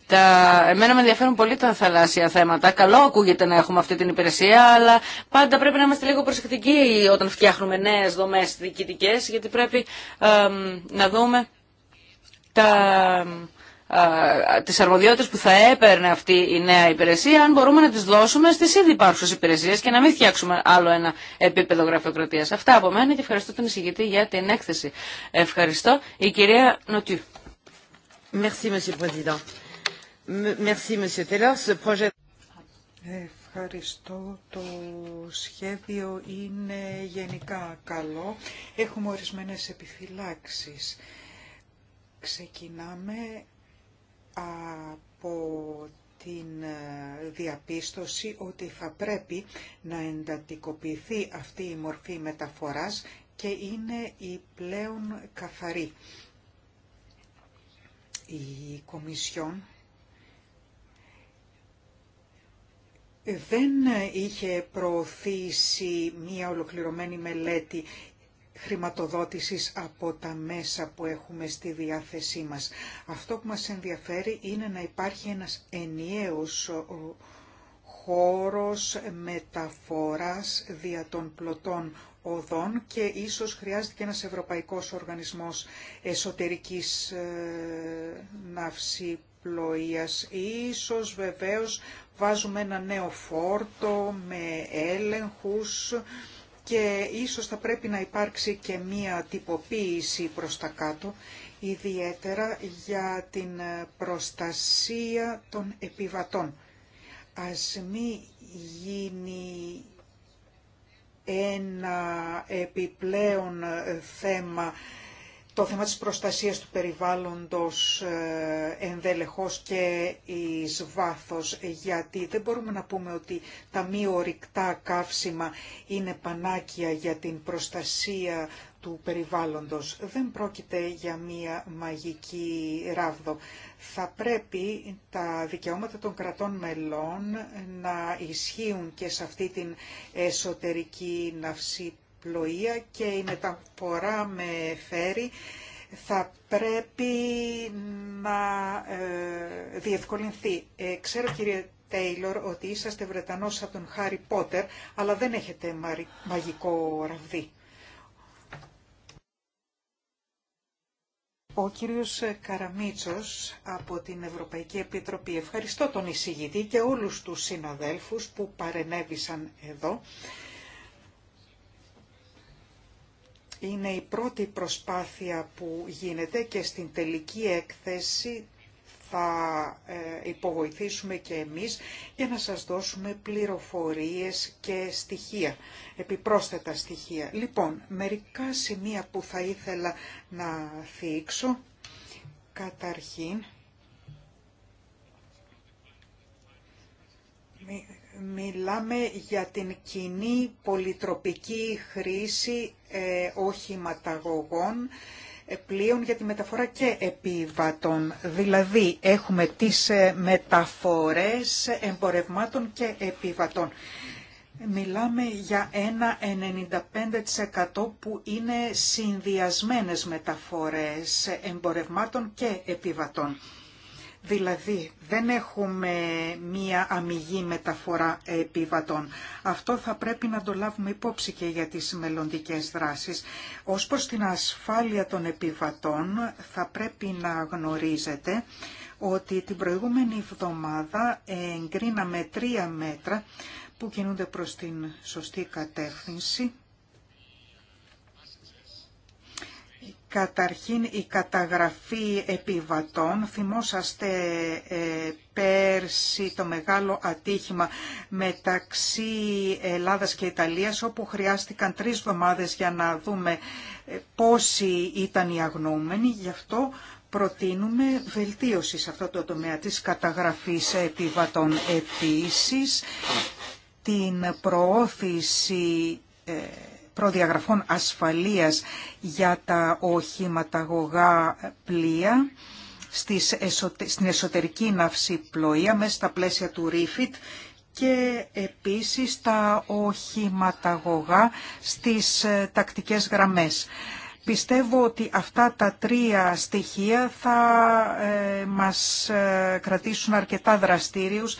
τα... Εμένα με ενδιαφέρουν πολύ τα θαλάσσια θέματα. Καλό ακούγεται να έχουμε αυτή την υπηρεσία, αλλά πάντα πρέπει να είμαστε λίγο προσεκτικοί όταν φτιάχνουμε νέε δομέ διοικητικέ, γιατί πρέπει ε, να δούμε τα τις αρμοδιότητες που θα έπαιρνε αυτή η νέα υπηρεσία αν μπορούμε να τις δώσουμε στις ήδη υπάρχουσες υπηρεσίες και να μην φτιάξουμε άλλο ένα επίπεδο γραφειοκρατίας. Αυτά από μένα και ευχαριστώ τον εισηγητή για την έκθεση. Ευχαριστώ. Η κυρία Νοτιού. Merci, Monsieur le Ευχαριστώ. Το σχέδιο είναι γενικά καλό. Έχουμε ορισμένες επιφυλάξεις. Ξεκινάμε από την ε, διαπίστωση ότι θα πρέπει να εντατικοποιηθεί αυτή η μορφή μεταφοράς και είναι η πλέον καθαρή. Η Κομισιόν δεν είχε προωθήσει μία ολοκληρωμένη μελέτη χρηματοδότησης από τα μέσα που έχουμε στη διάθεσή μας. Αυτό που μας ενδιαφέρει είναι να υπάρχει ένας ενιαίος χώρος μεταφοράς δια των πλωτών οδών και ίσως χρειάζεται και ένας ευρωπαϊκός οργανισμός εσωτερικής ε, ναύση πλοίας. Ίσως βεβαίως βάζουμε ένα νέο φόρτο με έλεγχους και ίσως θα πρέπει να υπάρξει και μία τυποποίηση προς τα κάτω, ιδιαίτερα για την προστασία των επιβατών. Ας μην γίνει ένα επιπλέον θέμα το θέμα της προστασίας του περιβάλλοντος ε, ενδελεχώς και εις βάθος, γιατί δεν μπορούμε να πούμε ότι τα μη ορυκτά καύσιμα είναι πανάκια για την προστασία του περιβάλλοντος. Δεν πρόκειται για μία μαγική ράβδο. Θα πρέπει τα δικαιώματα των κρατών μελών να ισχύουν και σε αυτή την εσωτερική ναυσή πλοία και η μεταφορά με φέρει θα πρέπει να ε, διευκολυνθεί. Ε, ξέρω κύριε Τέιλορ ότι είσαστε Βρετανός από τον Χάρι Πότερ, αλλά δεν έχετε μαγικό ραβδί. Ο κύριος Καραμίτσος από την Ευρωπαϊκή Επιτροπή. Ευχαριστώ τον εισηγητή και όλους τους συναδέλφους που παρενέβησαν εδώ Είναι η πρώτη προσπάθεια που γίνεται και στην τελική έκθεση θα ε, υποβοηθήσουμε και εμείς για να σας δώσουμε πληροφορίες και στοιχεία, επιπρόσθετα στοιχεία. Λοιπόν, μερικά σημεία που θα ήθελα να θίξω. Καταρχήν, Μιλάμε για την κοινή πολυτροπική χρήση ε, οχηματαγωγών ε, πλοίων για τη μεταφορά και επιβατών. Δηλαδή έχουμε τις ε, μεταφορές εμπορευμάτων και επιβατών. Μιλάμε για ένα 95% που είναι συνδυασμένες μεταφορές εμπορευμάτων και επιβατών. Δηλαδή δεν έχουμε μία αμυγή μεταφορά επιβατών. Αυτό θα πρέπει να το λάβουμε υπόψη και για τις μελλοντικές δράσεις. Ως προς την ασφάλεια των επιβατών θα πρέπει να γνωρίζετε ότι την προηγούμενη εβδομάδα εγκρίναμε τρία μέτρα που κινούνται προς την σωστή κατεύθυνση Καταρχήν η καταγραφή επιβατών. Θυμόσαστε ε, πέρσι το μεγάλο ατύχημα μεταξύ Ελλάδας και Ιταλίας όπου χρειάστηκαν τρεις εβδομάδες για να δούμε ε, πόσοι ήταν οι αγνοούμενοι. Γι' αυτό προτείνουμε βελτίωση σε αυτό το τομέα της καταγραφής επιβατών. Επίσης την προώθηση ε, προδιαγραφών ασφαλείας για τα οχηματαγωγά πλοία στην εσωτερική πλοία μέσα στα πλαίσια του Ρίφιτ και επίσης τα οχηματαγωγά στις ε, τακτικές γραμμές. Πιστεύω ότι αυτά τα τρία στοιχεία θα ε, μας ε, κρατήσουν αρκετά δραστήριους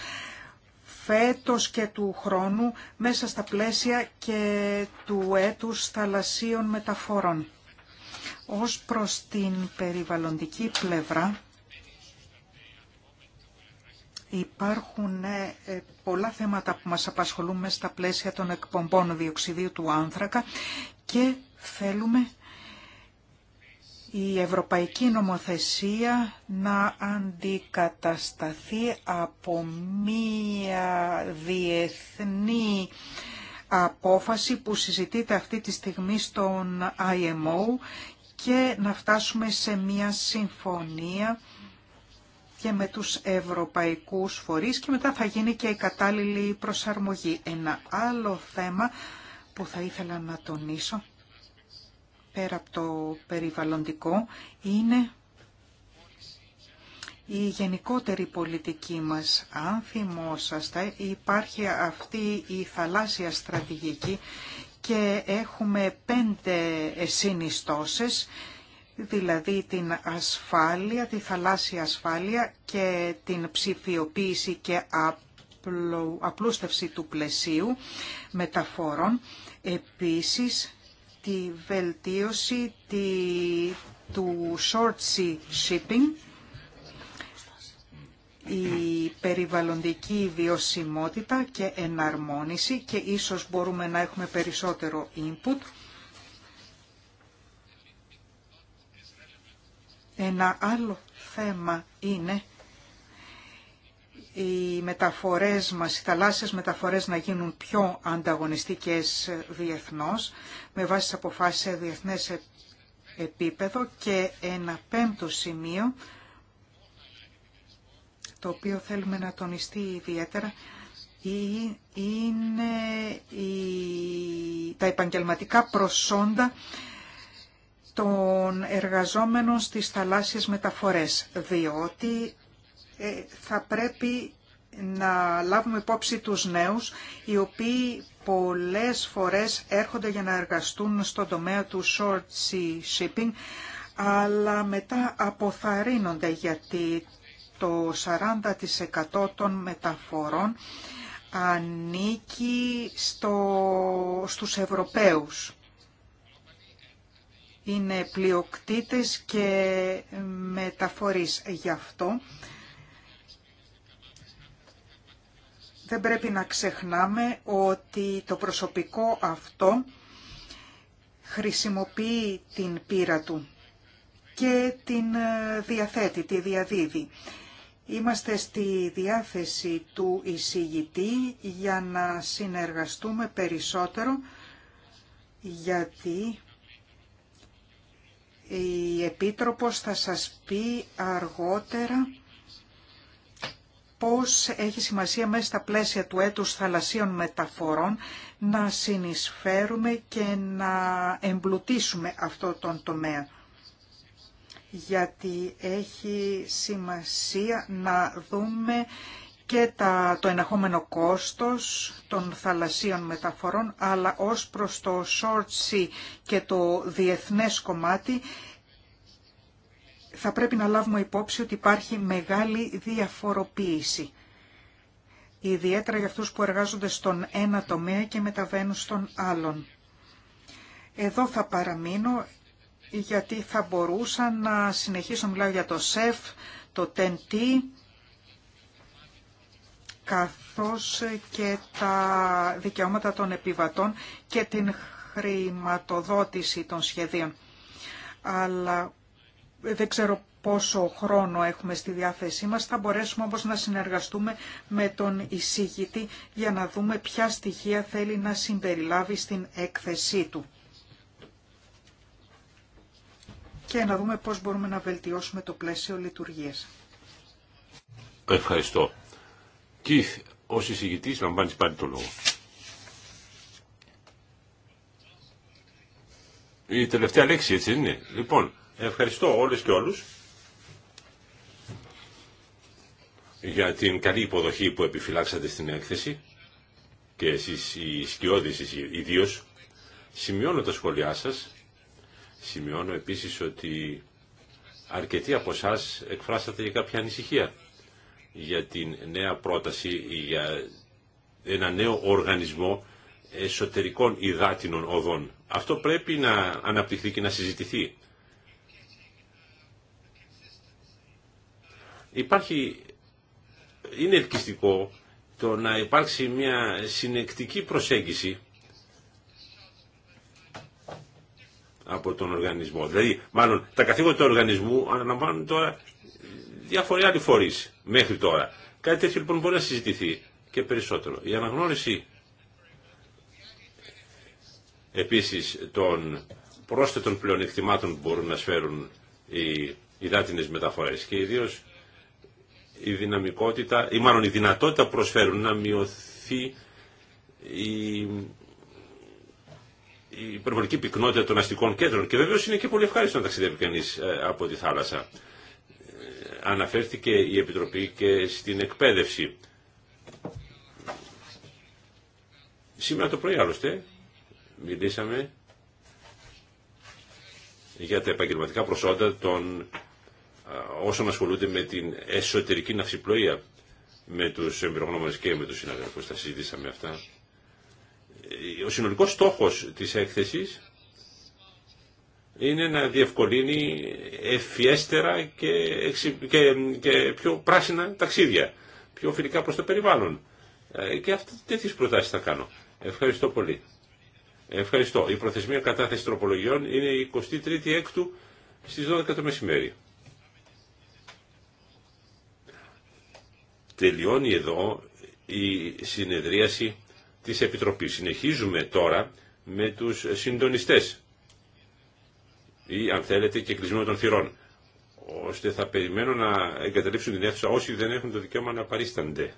φέτος και του χρόνου μέσα στα πλαίσια και του έτους θαλασσίων μεταφορών. Ως προς την περιβαλλοντική πλευρά υπάρχουν ε, ε, πολλά θέματα που μας απασχολούν μέσα στα πλαίσια των εκπομπών διοξιδίου του άνθρακα και θέλουμε η ευρωπαϊκή νομοθεσία να αντικατασταθεί από μία διεθνή απόφαση που συζητείται αυτή τη στιγμή στον IMO και να φτάσουμε σε μία συμφωνία και με τους ευρωπαϊκούς φορείς και μετά θα γίνει και η κατάλληλη προσαρμογή. Ένα άλλο θέμα που θα ήθελα να τονίσω πέρα από το περιβαλλοντικό είναι η γενικότερη πολιτική μας. Αν θυμόσαστε υπάρχει αυτή η θαλάσσια στρατηγική και έχουμε πέντε συνιστώσεις δηλαδή την ασφάλεια, τη θαλάσσια ασφάλεια και την ψηφιοποίηση και απλούστευση του πλαισίου μεταφόρων. Επίσης, τη βελτίωση του short sea shipping, η περιβαλλοντική βιωσιμότητα και εναρμόνιση και ίσως μπορούμε να έχουμε περισσότερο input. Ένα άλλο θέμα είναι οι μεταφορές μας, οι θαλάσσιες μεταφορές να γίνουν πιο ανταγωνιστικές διεθνώς, με βάση τις αποφάσεις σε διεθνές επίπεδο και ένα πέμπτο σημείο, το οποίο θέλουμε να τονιστεί ιδιαίτερα, είναι τα επαγγελματικά προσόντα των εργαζόμενων στις θαλάσσιες μεταφορές, διότι ε, θα πρέπει να λάβουμε υπόψη τους νέους, οι οποίοι πολλές φορές έρχονται για να εργαστούν στον τομέα του short sea shipping, αλλά μετά αποθαρρύνονται γιατί το 40% των μεταφορών ανήκει στο, στους Ευρωπαίους. Είναι πλειοκτήτες και μεταφορείς. Γι' αυτό δεν πρέπει να ξεχνάμε ότι το προσωπικό αυτό χρησιμοποιεί την πείρα του και την ε, διαθέτει, τη διαδίδει. Είμαστε στη διάθεση του εισηγητή για να συνεργαστούμε περισσότερο γιατί η Επίτροπος θα σας πει αργότερα πώς έχει σημασία μέσα στα πλαίσια του έτους θαλασσίων μεταφορών να συνεισφέρουμε και να εμπλουτίσουμε αυτό τον τομέα. Γιατί έχει σημασία να δούμε και τα, το εναχόμενο κόστος των θαλασσίων μεταφορών, αλλά ως προς το short sea και το διεθνές κομμάτι θα πρέπει να λάβουμε υπόψη ότι υπάρχει μεγάλη διαφοροποίηση. Ιδιαίτερα για αυτούς που εργάζονται στον ένα τομέα και μεταβαίνουν στον άλλον. Εδώ θα παραμείνω γιατί θα μπορούσα να συνεχίσω, μιλάω για το ΣΕΦ, το ΤΕΝΤΗ, καθώς και τα δικαιώματα των επιβατών και την χρηματοδότηση των σχεδίων. Αλλά δεν ξέρω πόσο χρόνο έχουμε στη διάθεσή μας, θα μπορέσουμε όμως να συνεργαστούμε με τον εισηγητή για να δούμε ποια στοιχεία θέλει να συμπεριλάβει στην έκθεσή του. Και να δούμε πώς μπορούμε να βελτιώσουμε το πλαίσιο λειτουργίας. Ευχαριστώ. Κιθ, ως εισηγητής λαμβάνεις πάλι το λόγο. Η τελευταία λέξη, έτσι είναι. Λοιπόν, Ευχαριστώ όλες και όλους για την καλή υποδοχή που επιφυλάξατε στην έκθεση και εσείς οι σκιώδεις ιδίω. Σημειώνω τα σχόλιά σας. Σημειώνω επίσης ότι αρκετοί από εσά εκφράσατε για κάποια ανησυχία για την νέα πρόταση για ένα νέο οργανισμό εσωτερικών υδάτινων οδών. Αυτό πρέπει να αναπτυχθεί και να συζητηθεί. Υπάρχει, είναι ελκυστικό το να υπάρξει μια συνεκτική προσέγγιση από τον οργανισμό. Δηλαδή, μάλλον τα καθήκοντα του οργανισμού αναλαμβάνουν τώρα διάφοροι άλλοι φορεί μέχρι τώρα. Κάτι τέτοιο λοιπόν μπορεί να συζητηθεί και περισσότερο. Η αναγνώριση επίσης των πρόσθετων πλεονεκτημάτων που μπορούν να σφέρουν οι υδάτινες μεταφορές και ιδίως η δυναμικότητα, ή μάλλον η δυνατότητα που προσφέρουν να μειωθεί η, η υπερβολική πυκνότητα των αστικών κέντρων. Και βέβαια είναι και πολύ ευχάριστο να ταξιδεύει κανει ε, από τη θάλασσα. Ε, αναφέρθηκε η Επιτροπή και στην εκπαίδευση. Σήμερα το πρωί άλλωστε μιλήσαμε για τα επαγγελματικά προσόντα των ε, όσων ασχολούνται με την εσωτερική ναυσιπλοεία με τους εμπειρογνώμονες και με τους συναδέλφους. Τα συζητήσαμε αυτά. Ε, ο συνολικός στόχος της έκθεσης είναι να διευκολύνει ευφιέστερα και, και, και πιο πράσινα ταξίδια, πιο φιλικά προς το περιβάλλον. Ε, και αυτές τέτοιες προτάσεις θα κάνω. Ευχαριστώ πολύ. Ευχαριστώ. Η προθεσμία κατάθεση τροπολογιών είναι η 23η έκτου στις 12 το μεσημέρι. Τελειώνει εδώ η συνεδρίαση της Επιτροπής. Συνεχίζουμε τώρα με τους συντονιστές ή αν θέλετε και κλεισμένο των θυρών ώστε θα περιμένω να εγκαταλείψουν την αίθουσα όσοι δεν έχουν το δικαίωμα να παρίστανται.